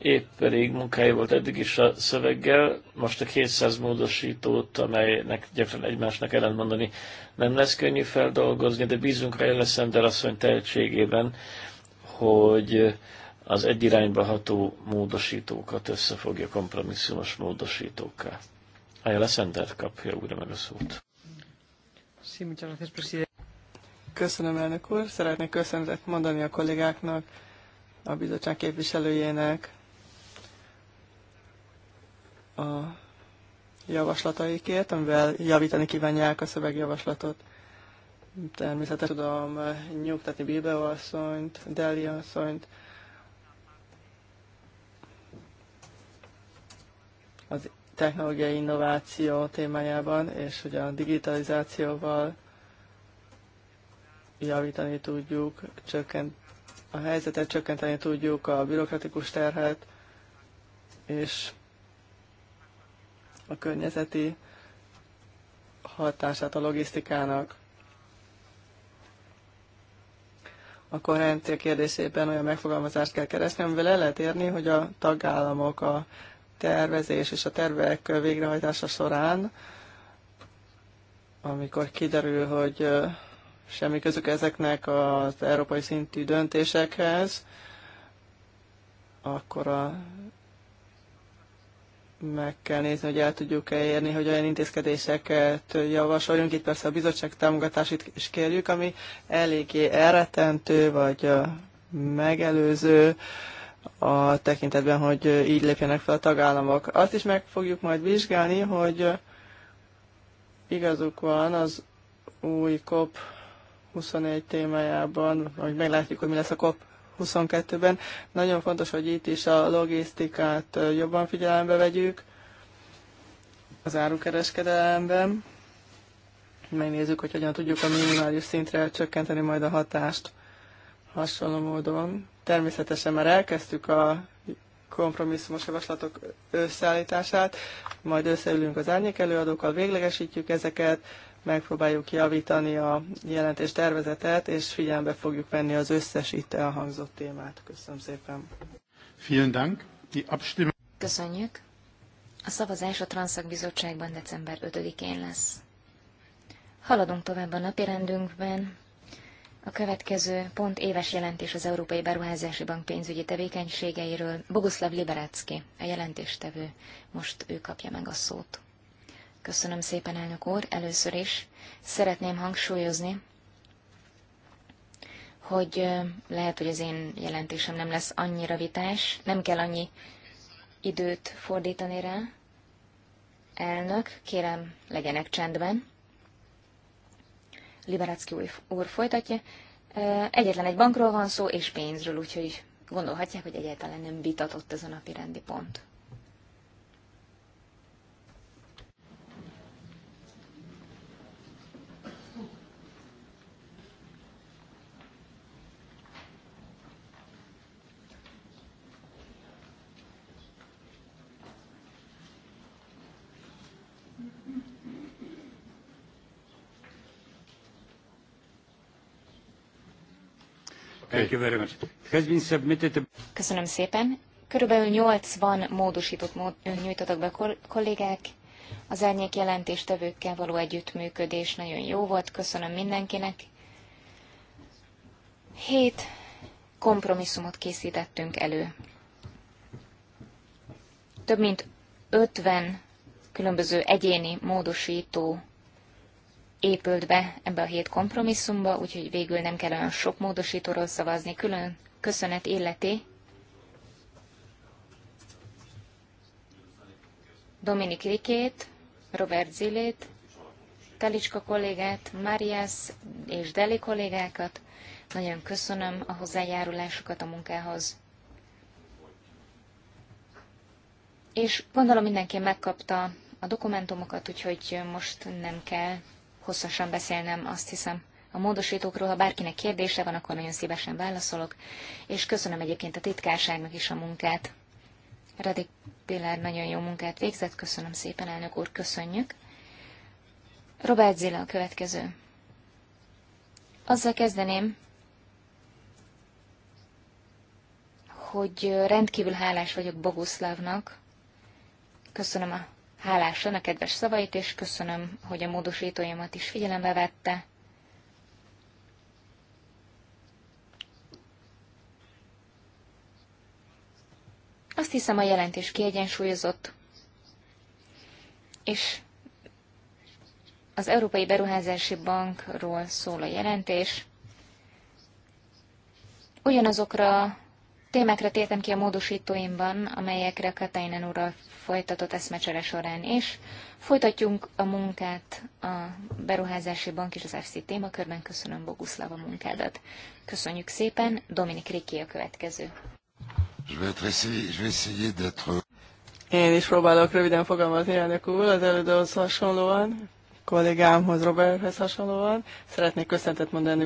épp elég munkája volt eddig is a szöveggel, most a 200 módosítót, amelynek gyakran egymásnak ellentmondani nem lesz könnyű feldolgozni, de bízunk rá Elleszender asszony tehetségében, hogy az egy irányba ható módosítókat összefogja kompromisszumos módosítókká. Elleszender kapja újra meg a szót. Köszönöm, elnök úr. Szeretnék köszönetet mondani a kollégáknak, a bizottság képviselőjének, a javaslataikért, amivel javítani kívánják a szövegjavaslatot. Természetesen tudom nyugtatni Bilbao asszonyt, Deli asszonyt, az technológiai innováció témájában, és ugye a digitalizációval javítani tudjuk, csökkent, a helyzetet csökkenteni tudjuk, a bürokratikus terhet, és a környezeti hatását a logisztikának. A koherencia kérdésében olyan megfogalmazást kell keresni, amivel el lehet érni, hogy a tagállamok a tervezés és a tervek végrehajtása során, amikor kiderül, hogy semmi közük ezeknek az európai szintű döntésekhez, akkor a meg kell nézni, hogy el tudjuk -e érni, hogy olyan intézkedéseket javasoljunk. Itt persze a bizottság támogatását is kérjük, ami eléggé elretentő, vagy megelőző a tekintetben, hogy így lépjenek fel a tagállamok. Azt is meg fogjuk majd vizsgálni, hogy igazuk van az új COP 21 témájában, hogy meglátjuk, hogy mi lesz a COP 22-ben. Nagyon fontos, hogy itt is a logisztikát jobban figyelembe vegyük az árukereskedelemben. Megnézzük, hogy hogyan tudjuk a minimális szintre csökkenteni majd a hatást hasonló módon. Természetesen már elkezdtük a kompromisszumos javaslatok összeállítását, majd összeülünk az árnyék előadókkal, véglegesítjük ezeket, megpróbáljuk javítani a jelentés tervezetet, és figyelembe fogjuk venni az összes itt elhangzott témát. Köszönöm szépen. Vielen Dank. Die Abstimmung... Köszönjük. A szavazás a bizottságban december 5-én lesz. Haladunk tovább a napirendünkben. A következő pont éves jelentés az Európai Beruházási Bank pénzügyi tevékenységeiről. Boguszlav Liberecki, a jelentéstevő. Most ő kapja meg a szót. Köszönöm szépen, elnök úr. Először is szeretném hangsúlyozni, hogy lehet, hogy az én jelentésem nem lesz annyira vitás, nem kell annyi időt fordítani rá. Elnök, kérem, legyenek csendben. Liberácki úr folytatja. Egyetlen egy bankról van szó, és pénzről, úgyhogy gondolhatják, hogy egyáltalán nem vitatott ez a napi rendi pont. Thank you very much. Has been submitted Köszönöm szépen. Körülbelül 80 módosított mód, nyújtottak be kol kollégák. Az árnyék jelentéstevőkkel való együttműködés nagyon jó volt. Köszönöm mindenkinek. Hét kompromisszumot készítettünk elő. Több mint 50 különböző egyéni módosító épült be ebbe a hét kompromisszumba, úgyhogy végül nem kell olyan sok módosítóról szavazni, külön köszönet illeti. Dominik Rikét, Robert Zilét, Talicska kollégát, Marias és Deli kollégákat. Nagyon köszönöm a hozzájárulásukat a munkához. És gondolom mindenki megkapta a dokumentumokat, úgyhogy most nem kell hosszasan beszélnem, azt hiszem. A módosítókról, ha bárkinek kérdése van, akkor nagyon szívesen válaszolok, és köszönöm egyébként a titkárságnak is a munkát. Radik Pillár nagyon jó munkát végzett, köszönöm szépen, elnök úr, köszönjük. Robert Zilla a következő. Azzal kezdeném, hogy rendkívül hálás vagyok Boguszlavnak. Köszönöm a hálásan a kedves szavait, és köszönöm, hogy a módosítóimat is figyelembe vette. Azt hiszem, a jelentés kiegyensúlyozott, és az Európai Beruházási Bankról szól a jelentés. Ugyanazokra témákra tértem ki a módosítóimban, amelyekre Katainen úrral folytatott eszmecsere során is. Folytatjunk a munkát a Beruházási Bank és az FC témakörben. Köszönöm Boguszlav a munkádat. Köszönjük szépen. Dominik Riki a következő. Én is próbálok röviden fogalmazni, elnök úr, az elődőhöz hasonlóan, kollégámhoz, Roberthez hasonlóan. Szeretnék köszöntet mondani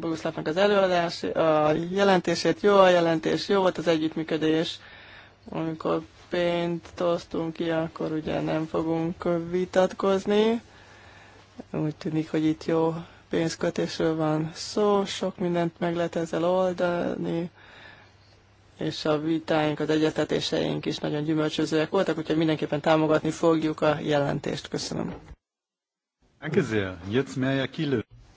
Boguszlávnak az előadás, a jelentését, jó a jelentés, jó volt az együttműködés, amikor pénzt osztunk ki, akkor ugye nem fogunk vitatkozni. Úgy tűnik, hogy itt jó pénzkötésről van szó, sok mindent meg lehet ezzel oldani, és a vitáink, az egyetetéseink is nagyon gyümölcsözőek voltak, úgyhogy mindenképpen támogatni fogjuk a jelentést. Köszönöm.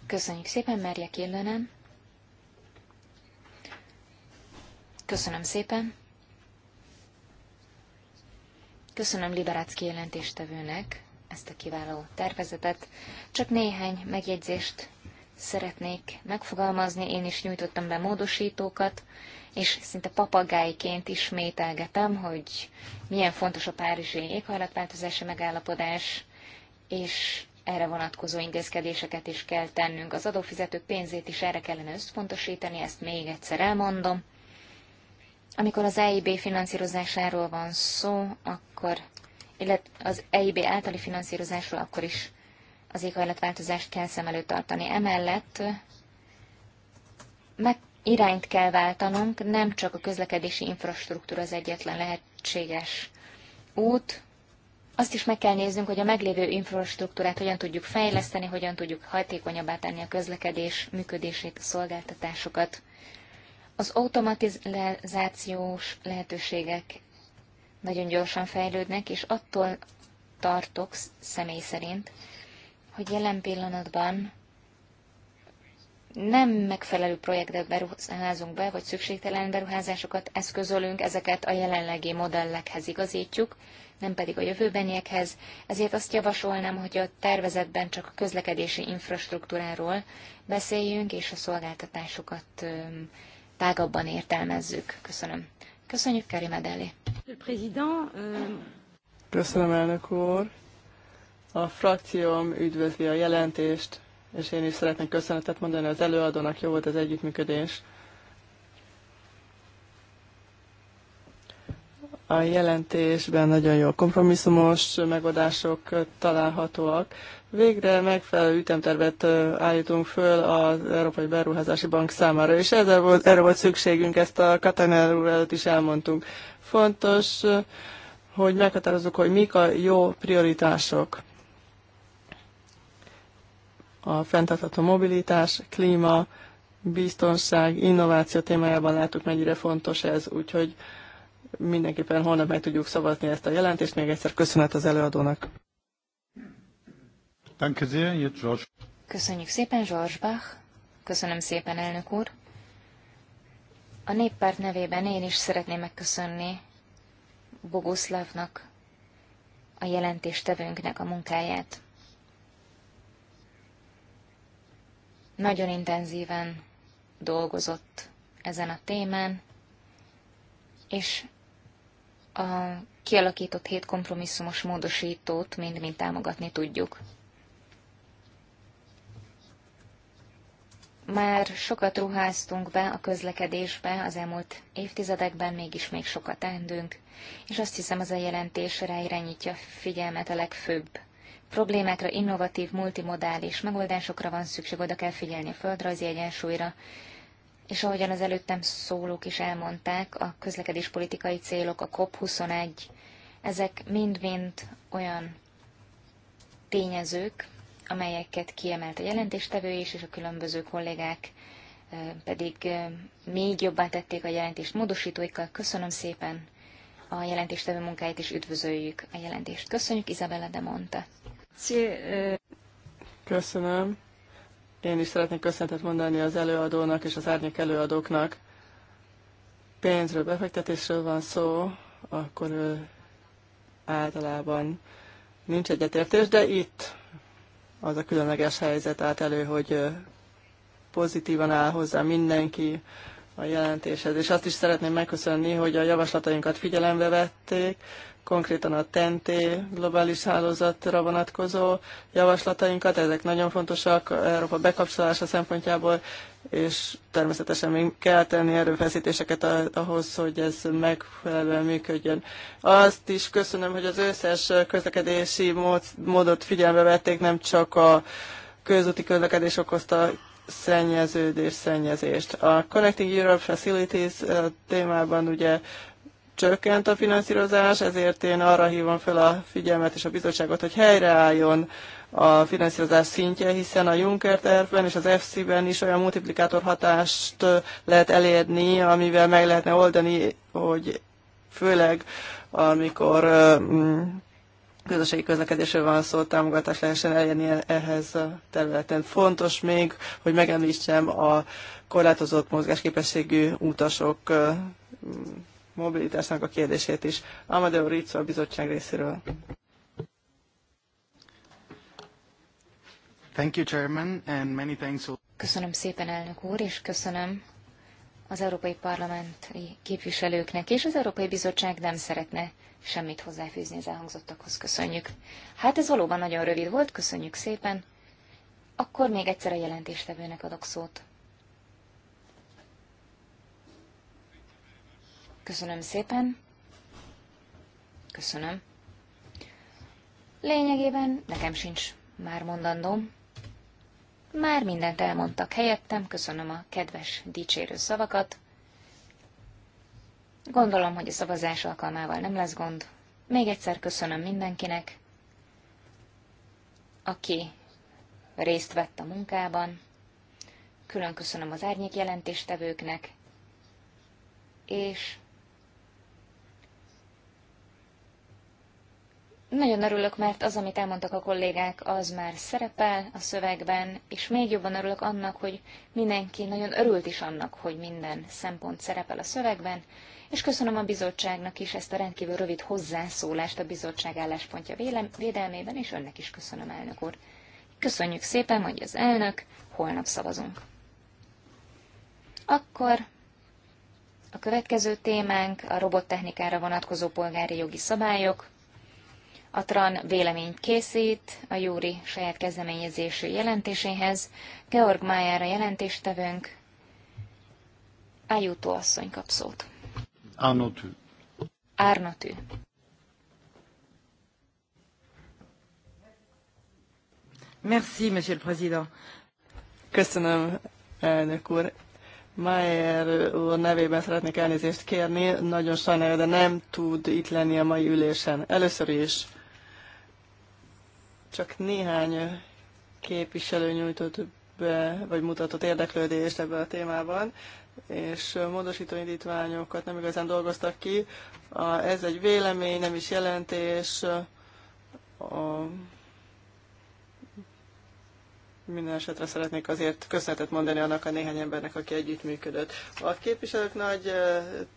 Köszönjük szépen, Merje Killönen. Köszönöm szépen. Köszönöm Liberácki jelentéstevőnek ezt a kiváló tervezetet. Csak néhány megjegyzést szeretnék megfogalmazni. Én is nyújtottam be módosítókat, és szinte papagáiként ismételgetem, hogy milyen fontos a Párizsi éghajlatváltozási megállapodás, és erre vonatkozó intézkedéseket is kell tennünk. Az adófizetők pénzét is erre kellene összpontosítani, ezt még egyszer elmondom. Amikor az EIB finanszírozásáról van szó, akkor, illetve az EIB általi finanszírozásról, akkor is az éghajlatváltozást kell szem előtt tartani. Emellett meg irányt kell váltanunk, nem csak a közlekedési infrastruktúra az egyetlen lehetséges út, azt is meg kell néznünk, hogy a meglévő infrastruktúrát hogyan tudjuk fejleszteni, hogyan tudjuk hatékonyabbá tenni a közlekedés működését, a szolgáltatásokat. Az automatizációs lehetőségek nagyon gyorsan fejlődnek, és attól tartok személy szerint, hogy jelen pillanatban nem megfelelő projektet beruházunk be, vagy szükségtelen beruházásokat eszközölünk, ezeket a jelenlegi modellekhez igazítjuk, nem pedig a jövőbeniekhez, ezért azt javasolnám, hogy a tervezetben csak a közlekedési infrastruktúráról beszéljünk, és a szolgáltatásokat tágabban értelmezzük. Köszönöm. Köszönjük, Keri Adeli. Köszönöm, elnök úr. A frakcióm üdvözli a jelentést, és én is szeretnék köszönetet mondani az előadónak, jó volt az együttműködés. A jelentésben nagyon jó kompromisszumos megoldások találhatóak. Végre megfelelő ütemtervet állítunk föl az Európai Beruházási Bank számára, és erre volt, erre volt szükségünk, ezt a Katajnál úr előtt is elmondtunk. Fontos, hogy meghatározzuk, hogy mik a jó prioritások. A fenntartható mobilitás, klíma, biztonság, innováció témájában láttuk, mennyire fontos ez, úgyhogy mindenképpen holnap meg tudjuk szavazni ezt a jelentést. Még egyszer köszönet az előadónak. Köszönjük szépen, George Bach. Köszönöm szépen, elnök úr. A néppárt nevében én is szeretném megköszönni Boguszlavnak, a jelentéstevőnknek a munkáját. Nagyon intenzíven dolgozott ezen a témán, és a kialakított hét kompromisszumos módosítót mind-mind támogatni tudjuk. Már sokat ruháztunk be a közlekedésbe az elmúlt évtizedekben, mégis még sokat teendünk, és azt hiszem az a jelentés ráirányítja figyelmet a legfőbb problémákra, innovatív, multimodális megoldásokra van szükség, oda kell figyelni a földrajzi egyensúlyra, és ahogyan az előttem szólók is elmondták, a közlekedéspolitikai célok, a COP21, ezek mind-mind olyan tényezők, amelyeket kiemelt a jelentéstevő is, és a különböző kollégák pedig még jobban tették a jelentést módosítóikkal. Köszönöm szépen a jelentéstevő munkáit, és üdvözöljük a jelentést. Köszönjük, Izabella de monta Köszönöm. Én is szeretnék köszöntet mondani az előadónak és az árnyék előadóknak. Pénzről, befektetésről van szó, akkor általában nincs egyetértés, de itt az a különleges helyzet állt elő, hogy pozitívan áll hozzá mindenki a jelentéshez. És azt is szeretném megköszönni, hogy a javaslatainkat figyelembe vették, konkrétan a TNT globális hálózatra vonatkozó javaslatainkat. Ezek nagyon fontosak Európa bekapcsolása szempontjából, és természetesen még kell tenni erőfeszítéseket ahhoz, hogy ez megfelelően működjön. Azt is köszönöm, hogy az összes közlekedési módot figyelembe vették, nem csak a közúti közlekedés okozta szennyeződés, szennyezést. A Connecting Europe Facilities témában ugye csökkent a finanszírozás, ezért én arra hívom fel a figyelmet és a bizottságot, hogy helyreálljon a finanszírozás szintje, hiszen a Juncker tervben és az FC-ben is olyan multiplikátor hatást lehet elérni, amivel meg lehetne oldani, hogy főleg amikor közösségi mm, közlekedésről van szó, támogatás lehessen elérni ehhez a területen. Fontos még, hogy megemlítsem a korlátozott mozgásképességű utasok mm, mobilitásnak a kérdését is. Amadeo Rizzo a bizottság részéről. Thank you, Chairman, and many thanks. Köszönöm szépen, elnök úr, és köszönöm az Európai Parlamenti képviselőknek, és az Európai Bizottság nem szeretne semmit hozzáfűzni az elhangzottakhoz. Köszönjük. Hát ez valóban nagyon rövid volt, köszönjük szépen. Akkor még egyszer a jelentéstevőnek adok szót. Köszönöm szépen. Köszönöm. Lényegében nekem sincs már mondandóm. Már mindent elmondtak helyettem, köszönöm a kedves, dicsérő szavakat. Gondolom, hogy a szavazás alkalmával nem lesz gond. Még egyszer köszönöm mindenkinek, aki részt vett a munkában. Külön köszönöm az árnyék jelentéstevőknek, és Nagyon örülök, mert az, amit elmondtak a kollégák, az már szerepel a szövegben, és még jobban örülök annak, hogy mindenki nagyon örült is annak, hogy minden szempont szerepel a szövegben, és köszönöm a bizottságnak is ezt a rendkívül rövid hozzászólást a bizottság álláspontja védelmében, és önnek is köszönöm, elnök úr. Köszönjük szépen, mondja az elnök, holnap szavazunk. Akkor a következő témánk a robottechnikára vonatkozó polgári jogi szabályok, a TRAN véleményt készít a Júri saját kezdeményezésű jelentéséhez. Georg Májára jelentéstevőnk. Ájútó asszony kap szót. Árnotű. Árnotű. Merci, Monsieur le Président. Köszönöm, elnök úr. Mayer úr nevében szeretnék elnézést kérni. Nagyon sajnálja, de nem tud itt lenni a mai ülésen. Először is csak néhány képviselő nyújtott be, vagy mutatott érdeklődést ebben a témában, és módosító indítványokat nem igazán dolgoztak ki. Ez egy vélemény, nem is jelentés. A minden esetre szeretnék azért köszönetet mondani annak a néhány embernek, aki együttműködött. A képviselők nagy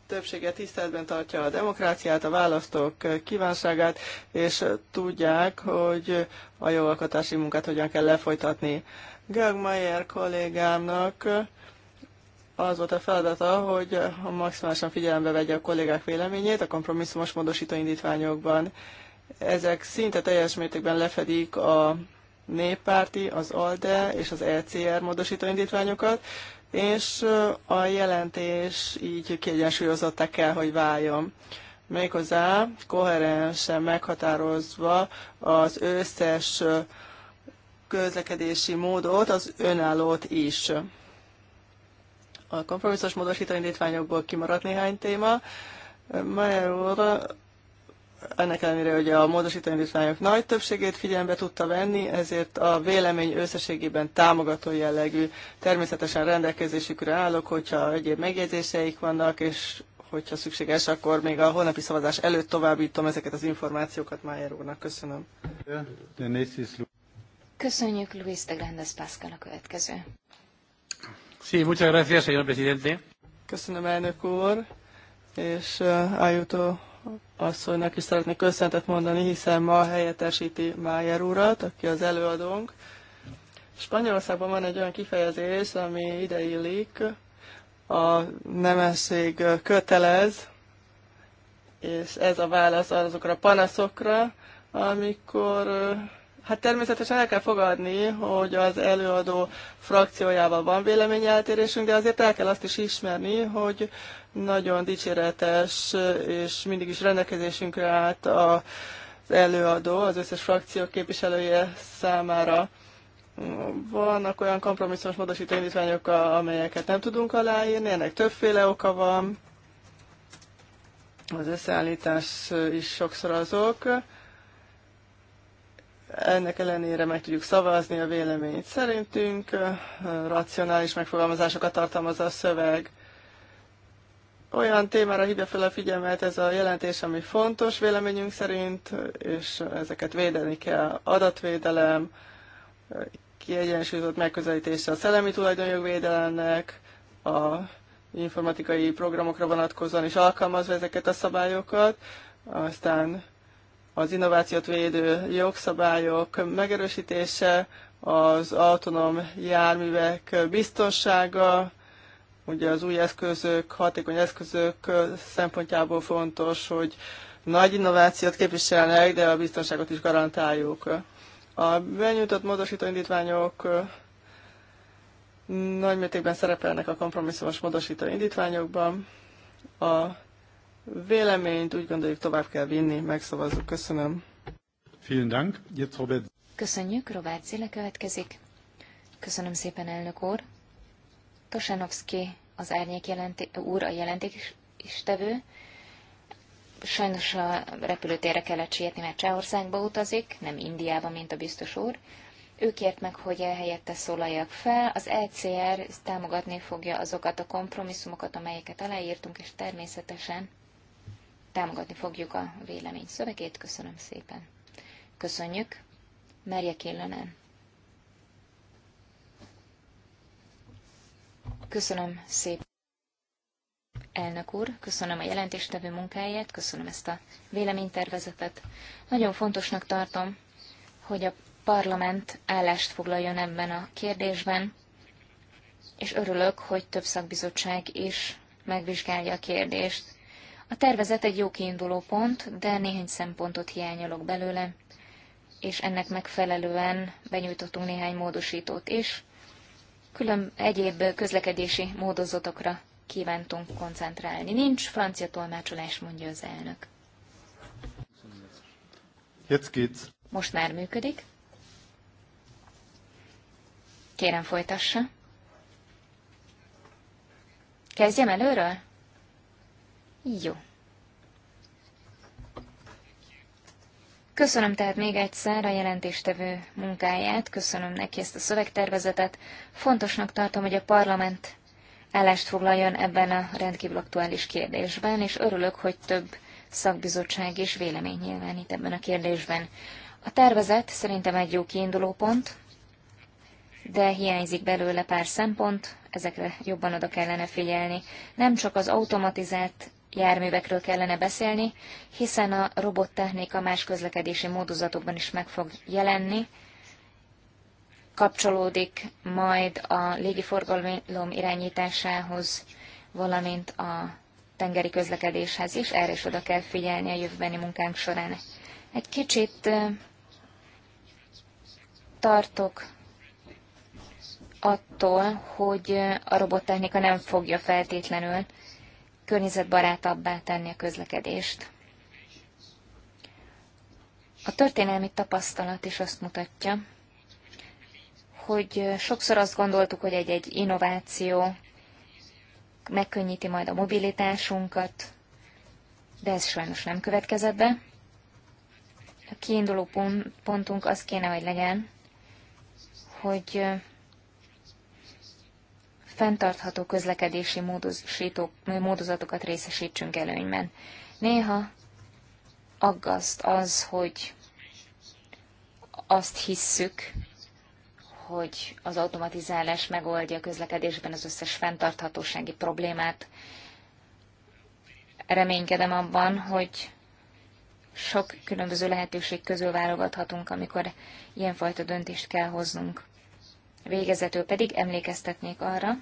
többsége tiszteletben tartja a demokráciát, a választók kívánságát, és tudják, hogy a jogalkotási munkát hogyan kell lefolytatni. Georg Mayer kollégámnak az volt a feladata, hogy maximálisan figyelembe vegye a kollégák véleményét a kompromisszumos módosító indítványokban. Ezek szinte teljes mértékben lefedik a néppárti, az ALDE és az ECR módosító indítványokat, és a jelentés így kiegyensúlyozottak kell, hogy váljon. Méghozzá koherensen meghatározva az összes közlekedési módot, az önállót is. A kompromisszos módosító indítványokból kimaradt néhány téma. Mayer ennek ellenére, hogy a módosítani indítványok nagy többségét figyelembe tudta venni, ezért a vélemény összességében támogató jellegű. Természetesen rendelkezésükre állok, hogyha egyéb megjegyzéseik vannak, és hogyha szükséges, akkor még a holnapi szavazás előtt továbbítom ezeket az információkat Májer úrnak. Köszönöm. Köszönjük Luis de Grandes Pascal a következő. Sí, muchas gracias, señor presidente. Köszönöm, elnök úr, és uh, Ayuto asszonynak is szeretnék köszöntet mondani, hiszen ma helyettesíti Májer urat, aki az előadónk. Spanyolországban van egy olyan kifejezés, ami ideillik, a nemesség kötelez, és ez a válasz azokra a panaszokra, amikor Hát természetesen el kell fogadni, hogy az előadó frakciójával van véleményeltérésünk, de azért el kell azt is ismerni, hogy nagyon dicséretes, és mindig is rendelkezésünkre állt az előadó, az összes frakció képviselője számára. Vannak olyan kompromisszumos módosító indítványok, amelyeket nem tudunk aláírni, ennek többféle oka van. Az összeállítás is sokszor azok. Ennek ellenére meg tudjuk szavazni a véleményt. Szerintünk racionális megfogalmazásokat tartalmaz a szöveg. Olyan témára hívja fel a figyelmet ez a jelentés, ami fontos véleményünk szerint, és ezeket védeni kell. Adatvédelem, kiegyensúlyozott megközelítése a szellemi tulajdonjogvédelemnek, a informatikai programokra vonatkozóan is alkalmazva ezeket a szabályokat, aztán az innovációt védő jogszabályok megerősítése, az autonóm járművek biztonsága, Ugye az új eszközök, hatékony eszközök szempontjából fontos, hogy nagy innovációt képviselnek, de a biztonságot is garantáljuk. A benyújtott módosító indítványok nagy mértékben szerepelnek a kompromisszumos módosító indítványokban. A véleményt úgy gondoljuk tovább kell vinni, megszavazzuk. Köszönöm. Vielen Dank. Jetzt Robert. Köszönjük, Robert Zille következik. Köszönöm szépen, elnök úr. Tosanovszki az árnyék jelenti, úr a jelentéstevő. Sajnos a repülőtérre kellett sietni, mert Csehországba utazik, nem Indiába, mint a biztos úr. Ő kért meg, hogy helyette szólaljak fel. Az ECR támogatni fogja azokat a kompromisszumokat, amelyeket aláírtunk, és természetesen támogatni fogjuk a vélemény szövegét. Köszönöm szépen. Köszönjük. Merje Killenen. Köszönöm szép Elnök úr, köszönöm a jelentéstevő munkáját, köszönöm ezt a véleménytervezetet. Nagyon fontosnak tartom, hogy a parlament állást foglaljon ebben a kérdésben, és örülök, hogy több szakbizottság is megvizsgálja a kérdést. A tervezet egy jó kiinduló pont, de néhány szempontot hiányolok belőle, és ennek megfelelően benyújtottunk néhány módosítót is külön egyéb közlekedési módozatokra kívántunk koncentrálni. Nincs francia tolmácsolás, mondja az elnök. Most már működik. Kérem folytassa. Kezdjem előről? Jó. Köszönöm tehát még egyszer a jelentéstevő munkáját, köszönöm neki ezt a szövegtervezetet. Fontosnak tartom, hogy a parlament állást foglaljon ebben a rendkívül aktuális kérdésben, és örülök, hogy több szakbizottság is vélemény nyilvánít ebben a kérdésben. A tervezet szerintem egy jó kiindulópont, de hiányzik belőle pár szempont, ezekre jobban oda kellene figyelni. Nem csak az automatizált járművekről kellene beszélni, hiszen a robottechnika más közlekedési módozatokban is meg fog jelenni, kapcsolódik majd a légiforgalom irányításához, valamint a tengeri közlekedéshez is, erre is oda kell figyelni a jövőbeni munkánk során. Egy kicsit tartok attól, hogy a robottechnika nem fogja feltétlenül környezetbarátabbá tenni a közlekedést. A történelmi tapasztalat is azt mutatja, hogy sokszor azt gondoltuk, hogy egy-egy innováció megkönnyíti majd a mobilitásunkat, de ez sajnos nem következett be. A kiinduló pontunk az kéne, hogy legyen, hogy fenntartható közlekedési módosító, módozatokat részesítsünk előnyben. Néha aggaszt az, hogy azt hisszük, hogy az automatizálás megoldja a közlekedésben az összes fenntarthatósági problémát. Reménykedem abban, hogy sok különböző lehetőség közül válogathatunk, amikor ilyenfajta döntést kell hoznunk. Végezetül pedig emlékeztetnék arra,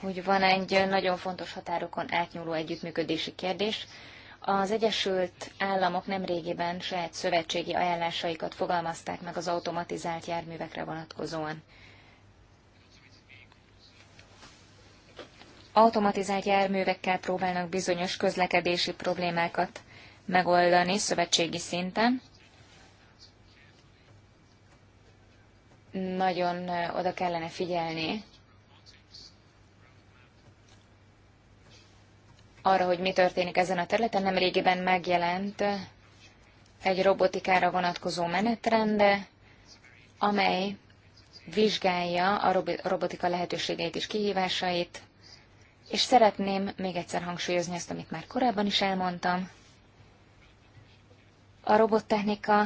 hogy van egy nagyon fontos határokon átnyúló együttműködési kérdés. Az Egyesült Államok nemrégiben saját szövetségi ajánlásaikat fogalmazták meg az automatizált járművekre vonatkozóan. Automatizált járművekkel próbálnak bizonyos közlekedési problémákat megoldani szövetségi szinten, nagyon oda kellene figyelni arra, hogy mi történik ezen a területen. Nem régiben megjelent egy robotikára vonatkozó menetrende, amely vizsgálja a robotika lehetőségeit és kihívásait, és szeretném még egyszer hangsúlyozni azt, amit már korábban is elmondtam. A robottechnika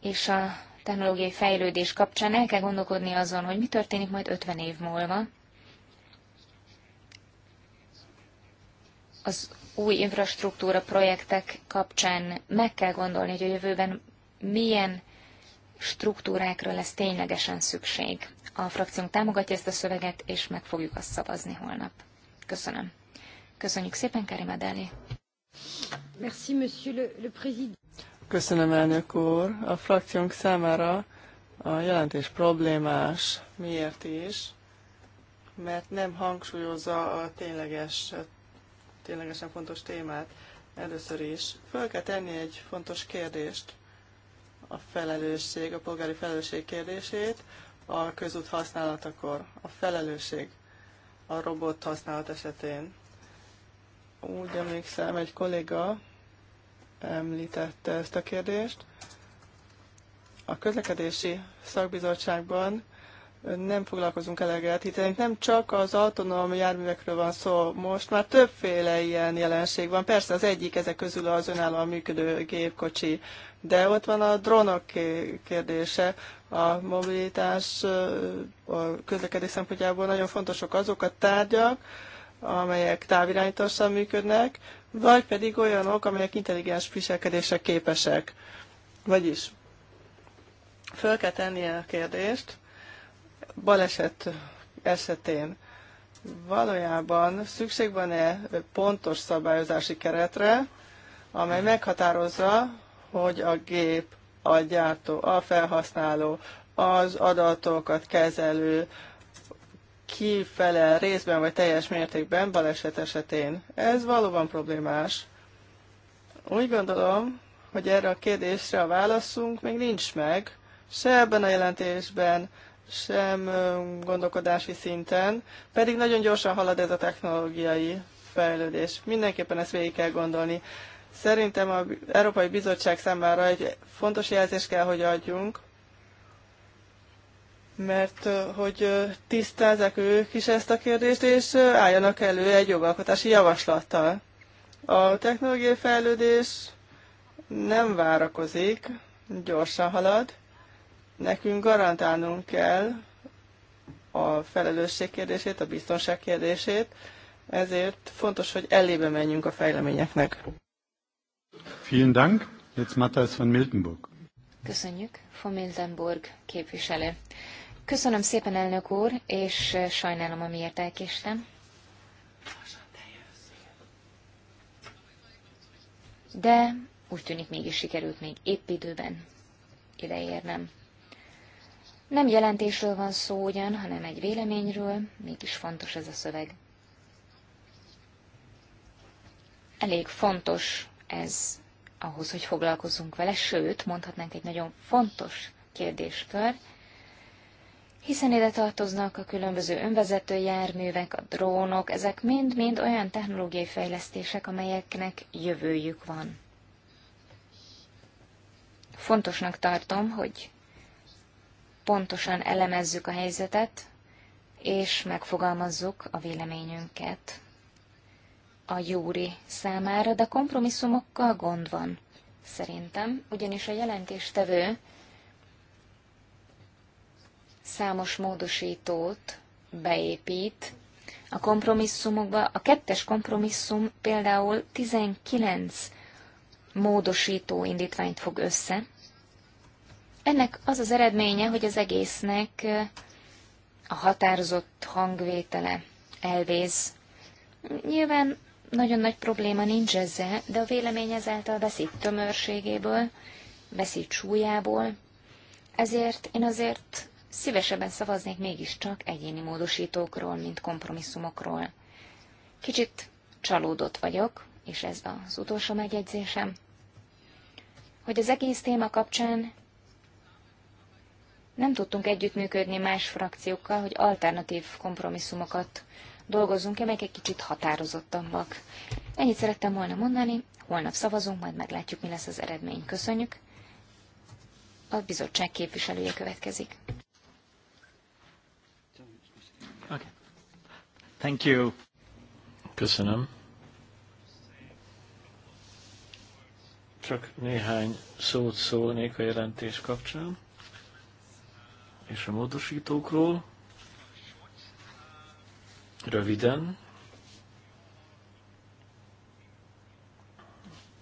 és a technológiai fejlődés kapcsán el kell gondolkodni azon, hogy mi történik majd 50 év múlva. Az új infrastruktúra projektek kapcsán meg kell gondolni, hogy a jövőben milyen struktúrákra lesz ténylegesen szükség. A frakciónk támogatja ezt a szöveget, és meg fogjuk azt szavazni holnap. Köszönöm. Köszönjük szépen, Karim Adeli. Merci, monsieur le, le président. Köszönöm, elnök úr. A frakciónk számára a jelentés problémás. Miért is? Mert nem hangsúlyozza a tényleges, ténylegesen fontos témát először is. Föl kell tenni egy fontos kérdést, a felelősség, a polgári felelősség kérdését a közút használatakor. A felelősség a robot használat esetén. Úgy emlékszem, egy kolléga említette ezt a kérdést. A közlekedési szakbizottságban nem foglalkozunk eleget, hiszen nem csak az autonóm járművekről van szó, most már többféle ilyen jelenség van. Persze az egyik ezek közül az önállóan működő gépkocsi, de ott van a drónok kérdése. A mobilitás a közlekedés szempontjából nagyon fontosok azok a tárgyak, amelyek távirányítással működnek, vagy pedig olyanok, amelyek intelligens viselkedésre képesek. Vagyis föl kell tennie a kérdést baleset esetén valójában szükség van-e pontos szabályozási keretre, amely meghatározza, hogy a gép, a gyártó, a felhasználó, az adatokat kezelő, ki részben vagy teljes mértékben baleset esetén. Ez valóban problémás. Úgy gondolom, hogy erre a kérdésre a válaszunk még nincs meg, se ebben a jelentésben, sem gondolkodási szinten, pedig nagyon gyorsan halad ez a technológiai fejlődés. Mindenképpen ezt végig kell gondolni. Szerintem az Európai Bizottság számára egy fontos jelzést kell, hogy adjunk, mert hogy tisztázzák ők is ezt a kérdést, és álljanak elő egy jogalkotási javaslattal. A technológiai fejlődés nem várakozik, gyorsan halad. Nekünk garantálnunk kell a felelősség kérdését, a biztonság kérdését, ezért fontos, hogy elébe menjünk a fejleményeknek. Vielen Dank. Jetzt Matthias von Miltenburg. Köszönjük. Von Miltenburg képviselő. Köszönöm szépen, elnök úr, és eh, sajnálom, amiért elkéstem. De úgy tűnik, mégis sikerült még épp időben ideérnem. Nem jelentésről van szó ugyan, hanem egy véleményről, mégis fontos ez a szöveg. Elég fontos ez ahhoz, hogy foglalkozunk vele, sőt, mondhatnánk egy nagyon fontos kérdéskör, hiszen ide tartoznak a különböző önvezető járművek, a drónok, ezek mind-mind olyan technológiai fejlesztések, amelyeknek jövőjük van. Fontosnak tartom, hogy pontosan elemezzük a helyzetet, és megfogalmazzuk a véleményünket a Júri számára, de kompromisszumokkal gond van, szerintem, ugyanis a jelentéstevő számos módosítót beépít a kompromisszumokba. A kettes kompromisszum például 19 módosító indítványt fog össze. Ennek az az eredménye, hogy az egésznek eh, a határozott hangvétele elvész. Nyilván nagyon nagy probléma nincs ezzel, de a vélemény ezáltal veszít tömörségéből, veszít súlyából, ezért én azért szívesebben szavaznék mégiscsak egyéni módosítókról, mint kompromisszumokról. Kicsit csalódott vagyok, és ez az utolsó megjegyzésem, hogy az egész téma kapcsán nem tudtunk együttműködni más frakciókkal, hogy alternatív kompromisszumokat dolgozzunk ki, amelyek egy kicsit határozottabbak. Ennyit szerettem volna mondani, holnap szavazunk, majd meglátjuk, mi lesz az eredmény. Köszönjük! A bizottság képviselője következik. Thank you. Köszönöm. Csak néhány szót szólnék a jelentés kapcsán és a módosítókról. Röviden.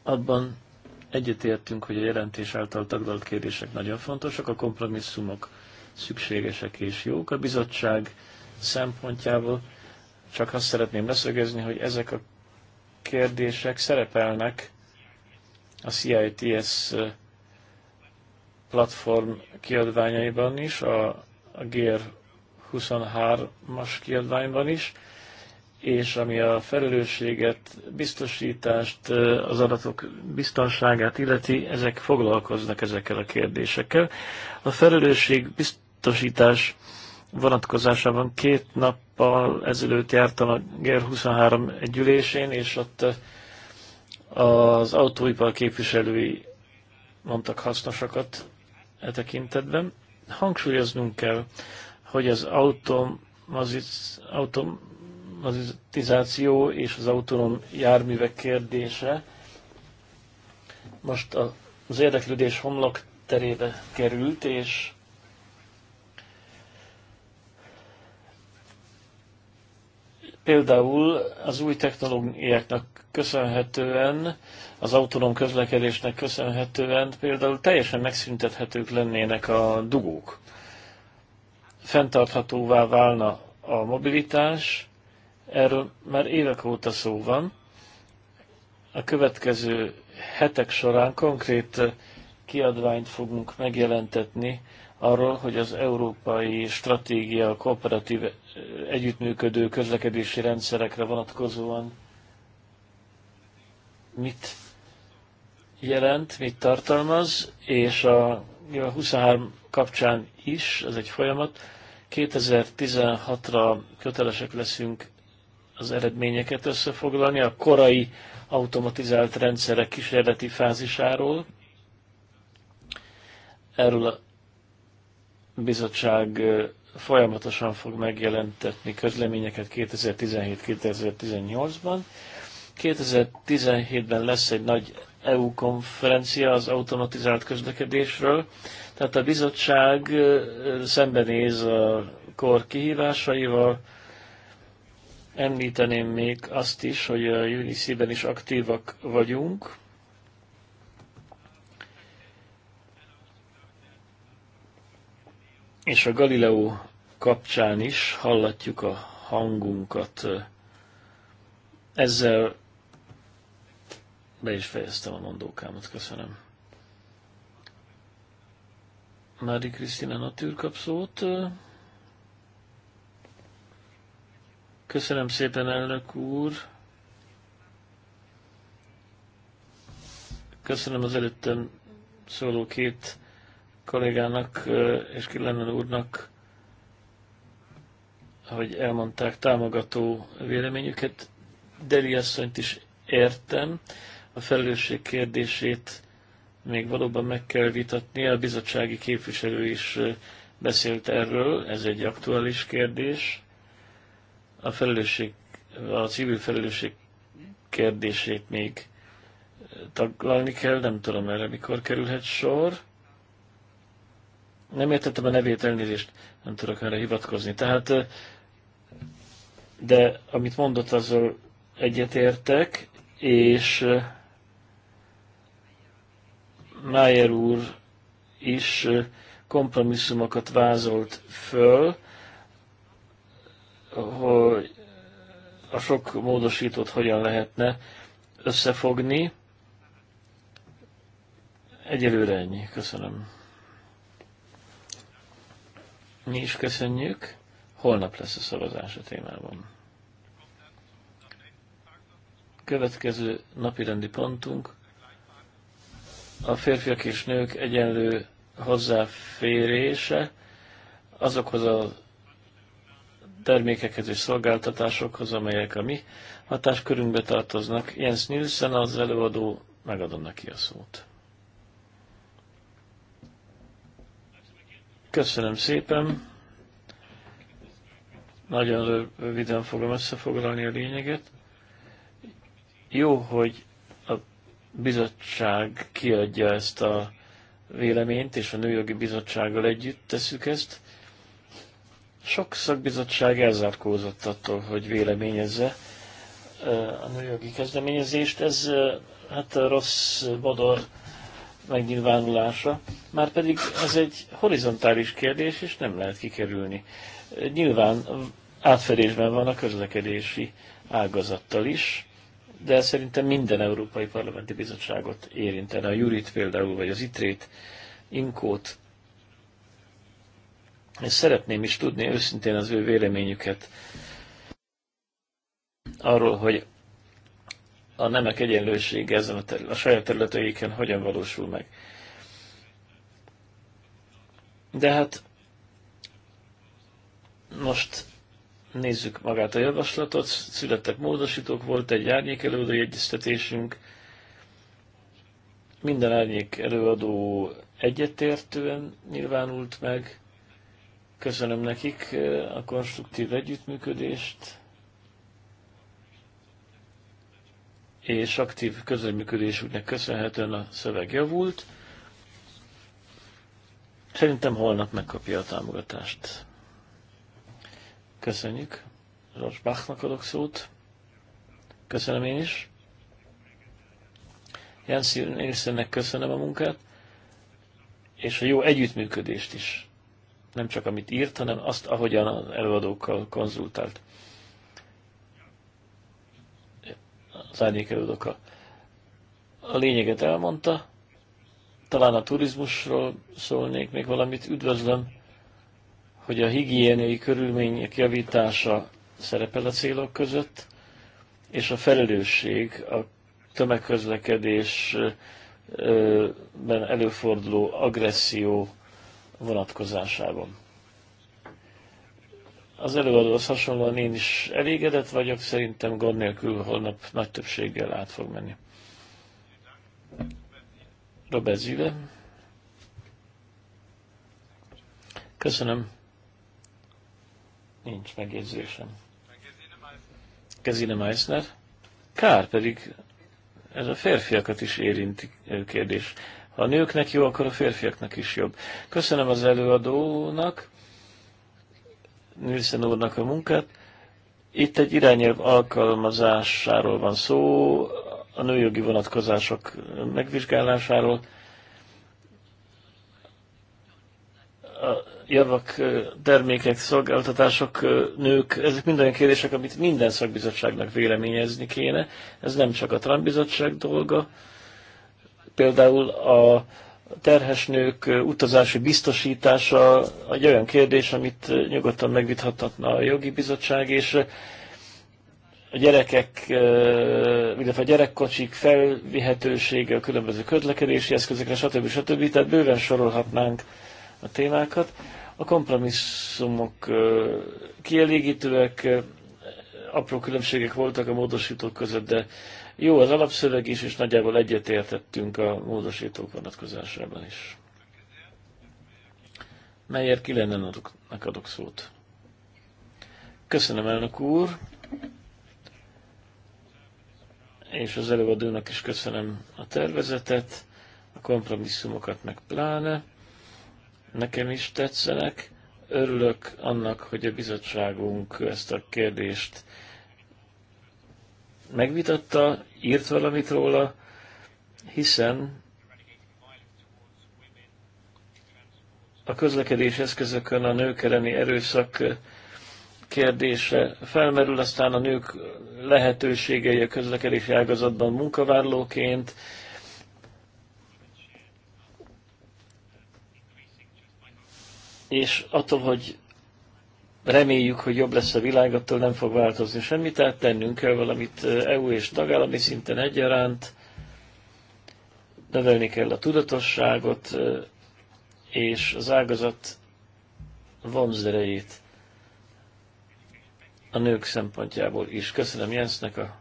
Abban egyetértünk, hogy a jelentés által taglalt kérdések nagyon fontosak, a kompromisszumok szükségesek és jók. A bizottság szempontjából csak azt szeretném leszögezni, hogy ezek a kérdések szerepelnek a CITS platform kiadványaiban is, a, GR 23-as kiadványban is, és ami a felelősséget, biztosítást, az adatok biztonságát illeti, ezek foglalkoznak ezekkel a kérdésekkel. A felelősség biztosítás vonatkozásában két nappal ezelőtt jártam a GER23 egy és ott az autóipar képviselői mondtak hasznosakat e tekintetben. Hangsúlyoznunk kell, hogy az automatizáció és az autonóm járművek kérdése most az érdeklődés homlok terébe került, és Például az új technológiáknak köszönhetően, az autonóm közlekedésnek köszönhetően például teljesen megszüntethetők lennének a dugók. Fentarthatóvá válna a mobilitás, erről már évek óta szó van. A következő hetek során konkrét kiadványt fogunk megjelentetni arról, hogy az európai stratégia a kooperatív együttműködő közlekedési rendszerekre vonatkozóan mit jelent, mit tartalmaz, és a 23 kapcsán is, ez egy folyamat, 2016-ra kötelesek leszünk az eredményeket összefoglalni, a korai automatizált rendszerek kísérleti fázisáról. Erről a bizottság folyamatosan fog megjelentetni közleményeket 2017-2018-ban. 2017-ben lesz egy nagy EU konferencia az automatizált közlekedésről, tehát a bizottság szembenéz a kor kihívásaival. Említeném még azt is, hogy a UNICE-ben is aktívak vagyunk, és a Galileo kapcsán is hallatjuk a hangunkat. Ezzel be is fejeztem a mondókámat, köszönöm. Mári Krisztina Natűr kap szót. Köszönöm szépen, elnök úr. Köszönöm az előttem szóló két kollégának eh, és Killenen úrnak ahogy elmondták, támogató véleményüket. Deli asszonyt is értem, a felelősség kérdését még valóban meg kell vitatni, a bizottsági képviselő is beszélt erről, ez egy aktuális kérdés. A felelősség, a civil felelősség kérdését még taglalni kell, nem tudom erre mikor kerülhet sor. Nem értettem a nevét, elnézést, nem tudok erre hivatkozni. Tehát de amit mondott, azzal egyetértek, és Mayer úr is kompromisszumokat vázolt föl, hogy a sok módosítót hogyan lehetne összefogni. Egyelőre ennyi. Köszönöm. Mi is köszönjük. Holnap lesz a szavazás a témában. Következő napirendi pontunk a férfiak és nők egyenlő hozzáférése azokhoz a termékekhez és szolgáltatásokhoz, amelyek a mi hatáskörünkbe tartoznak. Jens Nielsen az előadó, megadom neki a szót. Köszönöm szépen! Nagyon röviden fogom összefoglalni a lényeget. Jó, hogy a bizottság kiadja ezt a véleményt, és a Nőjogi Bizottsággal együtt tesszük ezt. Sok szakbizottság elzárkózott attól, hogy véleményezze a nőjogi kezdeményezést. Ez hát a rossz bodor megnyilvánulása, már pedig ez egy horizontális kérdés, és nem lehet kikerülni nyilván átfedésben van a közlekedési ágazattal is, de szerintem minden Európai Parlamenti Bizottságot érintene, a Jurit például, vagy az Itrét, Inkót. És szeretném is tudni őszintén az ő véleményüket arról, hogy a nemek egyenlősége ezen a, terület, a saját területeiken hogyan valósul meg. De hát most nézzük magát a javaslatot. Születtek módosítók, volt egy árnyék előadói egyeztetésünk. Minden árnyék előadó egyetértően nyilvánult meg. Köszönöm nekik eh, a konstruktív együttműködést és aktív közreműködésüknek köszönhetően a szöveg javult. Szerintem holnap megkapja a támogatást. Köszönjük. George Bachnak adok szót. Köszönöm én is. Jens Nielsennek köszönöm a munkát, és a jó együttműködést is. Nem csak amit írt, hanem azt, ahogyan az előadókkal konzultált. Az árnyék előadókkal. A lényeget elmondta, talán a turizmusról szólnék még valamit. Üdvözlöm hogy a higiéniai körülmények javítása szerepel a célok között, és a felelősség a tömegközlekedésben előforduló agresszió vonatkozásában. Az előadóhoz hasonlóan én is elégedett vagyok, szerintem gond nélkül holnap nagy többséggel át fog menni. Robert Zile. Köszönöm. Nincs megjegyzésem. Kezine Meissner. Kár pedig ez a férfiakat is érinti kérdés. Ha a nőknek jó, akkor a férfiaknak is jobb. Köszönöm az előadónak, Nilsen úrnak a munkát. Itt egy irányelv alkalmazásáról van szó, a nőjogi vonatkozások megvizsgálásáról. A javak, termékek, szolgáltatások, nők, ezek mind olyan kérdések, amit minden szakbizottságnak véleményezni kéne. Ez nem csak a Trump bizottság dolga. Például a terhes nők utazási biztosítása egy olyan kérdés, amit nyugodtan megvithatna a jogi bizottság, és a gyerekek, illetve a gyerekkocsik felvihetősége, a különböző közlekedési eszközökre, stb. stb. Tehát bőven sorolhatnánk a témákat. A kompromisszumok kielégítőek, apró különbségek voltak a módosítók között, de jó az alapszöveg is, és nagyjából egyetértettünk a módosítók vonatkozásában is. Melyért ki lenne adok, adok szót? Köszönöm, elnök úr! És az előadónak is köszönöm a tervezetet, a kompromisszumokat meg pláne nekem is tetszenek. Örülök annak, hogy a bizottságunk ezt a kérdést megvitatta, írt valamit róla, hiszen a közlekedés eszközökön a nők elleni erőszak kérdése felmerül, aztán a nők lehetőségei a közlekedési ágazatban munkavállalóként, és attól, hogy reméljük, hogy jobb lesz a világ, attól nem fog változni semmi, tehát tennünk kell valamit EU és tagállami szinten egyaránt, növelni kell a tudatosságot és az ágazat vonzerejét a nők szempontjából is. Köszönöm Jensznek a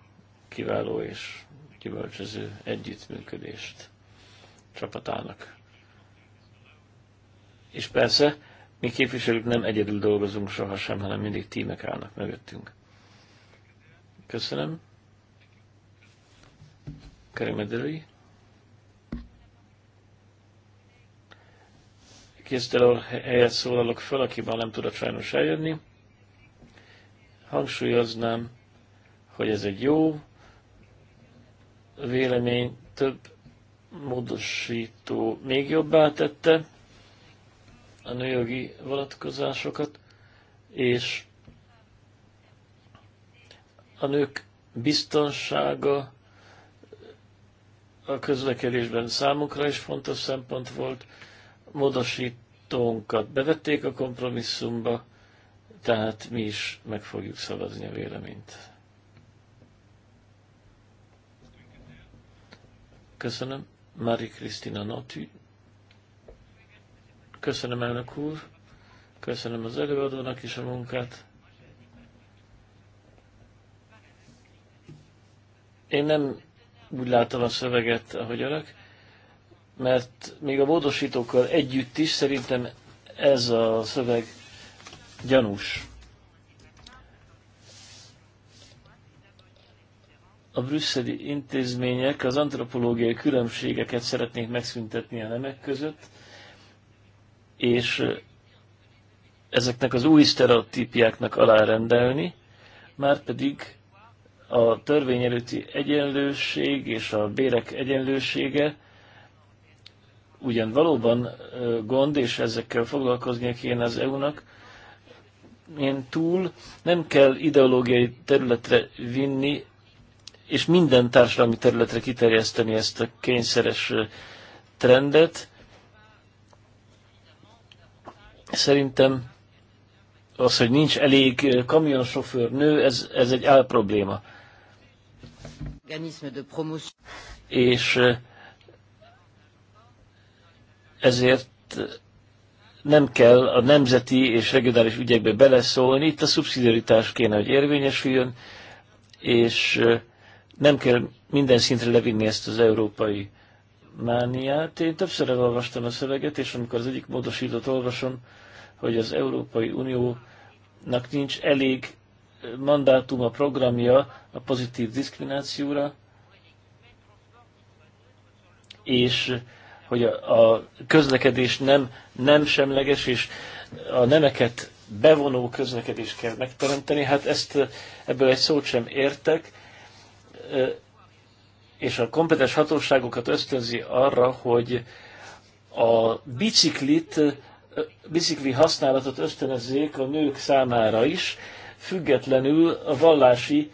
kiváló és kibölcsöző együttműködést csapatának. És persze, mi képviselők nem egyedül dolgozunk sohasem, hanem mindig tímek állnak mögöttünk. Köszönöm. Keremedelői. Késztelor helyet szólalok fel, aki már nem tudott sajnos eljönni. Hangsúlyoznám, hogy ez egy jó vélemény, több módosító még jobbá tette a nőjogi vonatkozásokat, és a nők biztonsága a közlekedésben számukra is fontos szempont volt. Módosítónkat bevették a kompromisszumba, tehát mi is meg fogjuk szavazni a véleményt. Köszönöm. Marie christina Notű. Köszönöm elnök úr, köszönöm az előadónak is a munkát. Én nem úgy látom a szöveget, ahogy önök, mert még a módosítókkal együtt is szerintem ez a szöveg gyanús. a brüsszeli intézmények az antropológiai különbségeket szeretnék megszüntetni a nemek között, és ezeknek az új sztereotípiáknak alárendelni, már pedig a törvény előtti egyenlőség és a bérek egyenlősége ugyan valóban gond, és ezekkel foglalkoznia kéne az EU-nak, én túl nem kell ideológiai területre vinni, és minden társadalmi területre kiterjeszteni ezt a kényszeres trendet, Szerintem az, hogy nincs elég eh, kamionsofőr nő, ez, ez egy álprobléma. És eh, ezért eh, nem kell a nemzeti és regionális ügyekbe beleszólni, itt a szubszidiaritás kéne, hogy érvényesüljön, és nem kell minden szintre levinni ezt az európai Mániát. Én többször elolvastam a szöveget, és amikor az egyik módosított olvasom, hogy az Európai Uniónak nincs elég mandátuma, programja a pozitív diszkriminációra, és hogy a, a közlekedés nem, nem semleges, és a nemeket bevonó közlekedést kell megteremteni. Hát ezt ebből egy szót sem értek és a kompetens hatóságokat ösztönzi arra, hogy a biciklit, bicikli használatot ösztönözzék a nők számára is, függetlenül a vallási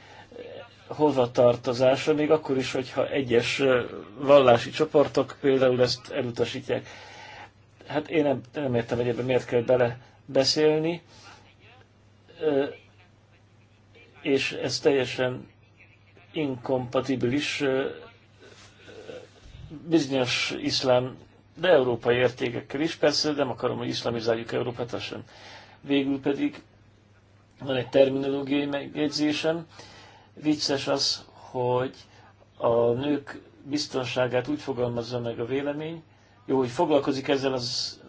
hozatartozása még akkor is, hogyha egyes vallási csoportok például ezt elutasítják. Hát én nem, nem értem, hogy ebben miért kell bele beszélni, és ez teljesen inkompatibilis bizonyos iszlám, de európai értékekkel is. Persze nem akarom, hogy iszlamizáljuk Európát, sem. Végül pedig van egy terminológiai megjegyzésem. Vicces az, hogy a nők biztonságát úgy fogalmazza meg a vélemény, jó, hogy foglalkozik ezzel, az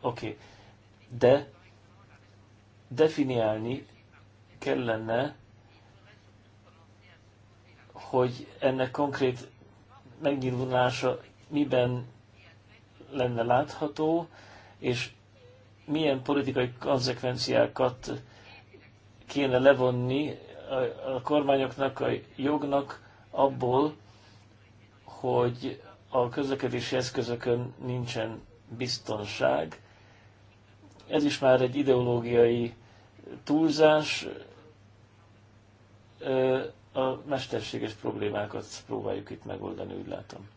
oké. Okay. De definiálni kellene hogy ennek konkrét megnyilvánulása miben lenne látható, és milyen politikai konzekvenciákat kéne levonni a kormányoknak, a jognak abból, hogy a közlekedési eszközökön nincsen biztonság. Ez is már egy ideológiai túlzás, a mesterséges problémákat próbáljuk itt megoldani, úgy látom.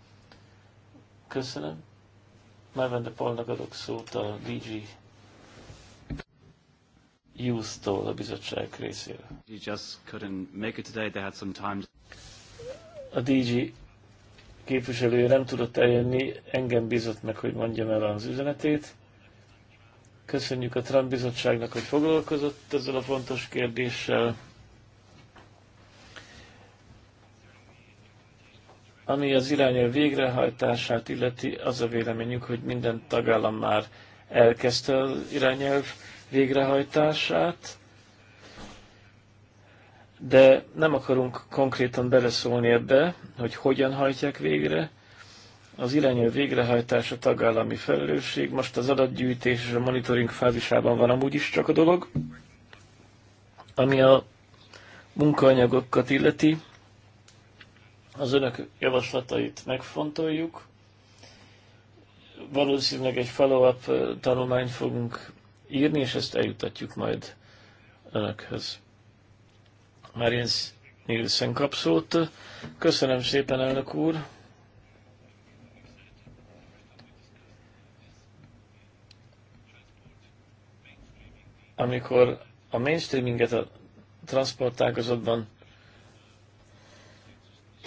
Köszönöm. Márvende Palnak adok szót a DG Youth-tól a bizottság részére. A DG képviselője nem tudott eljönni, engem bízott meg, hogy mondjam el az üzenetét. Köszönjük a Trump bizottságnak, hogy foglalkozott ezzel a fontos kérdéssel Ami az irányelv végrehajtását illeti, az a véleményünk, hogy minden tagállam már elkezdte az irányelv végrehajtását, de nem akarunk konkrétan beleszólni ebbe, hogy hogyan hajtják végre. Az irányelv végrehajtása tagállami felelősség, most az adatgyűjtés és a monitoring fázisában van amúgy is csak a dolog. Ami a munkaanyagokat illeti, az önök javaslatait megfontoljuk. Valószínűleg egy follow-up tanulmányt fogunk írni, és ezt eljutatjuk majd önökhöz. Marjens Nielsen kapszót. Köszönöm szépen, elnök úr! Amikor a mainstreaminget a transportágazatban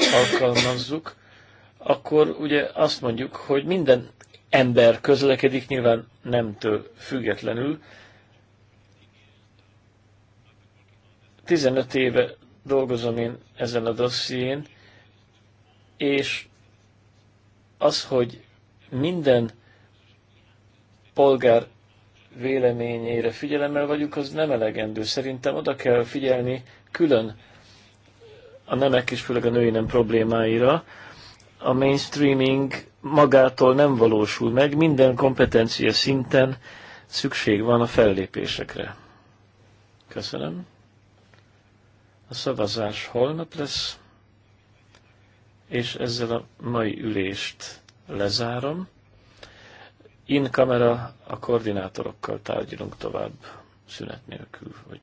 alkalmazzuk, akkor ugye azt mondjuk, hogy minden ember közlekedik, nyilván nemtől függetlenül. 15 éve dolgozom én ezen a dosszién, és az, hogy minden polgár véleményére figyelemmel vagyunk, az nem elegendő. Szerintem oda kell figyelni külön a nemek és főleg a női nem problémáira, a mainstreaming magától nem valósul meg, minden kompetencia szinten szükség van a fellépésekre. Köszönöm. A szavazás holnap lesz, és ezzel a mai ülést lezárom. In kamera a koordinátorokkal tárgyalunk tovább, szünet nélkül. Vagy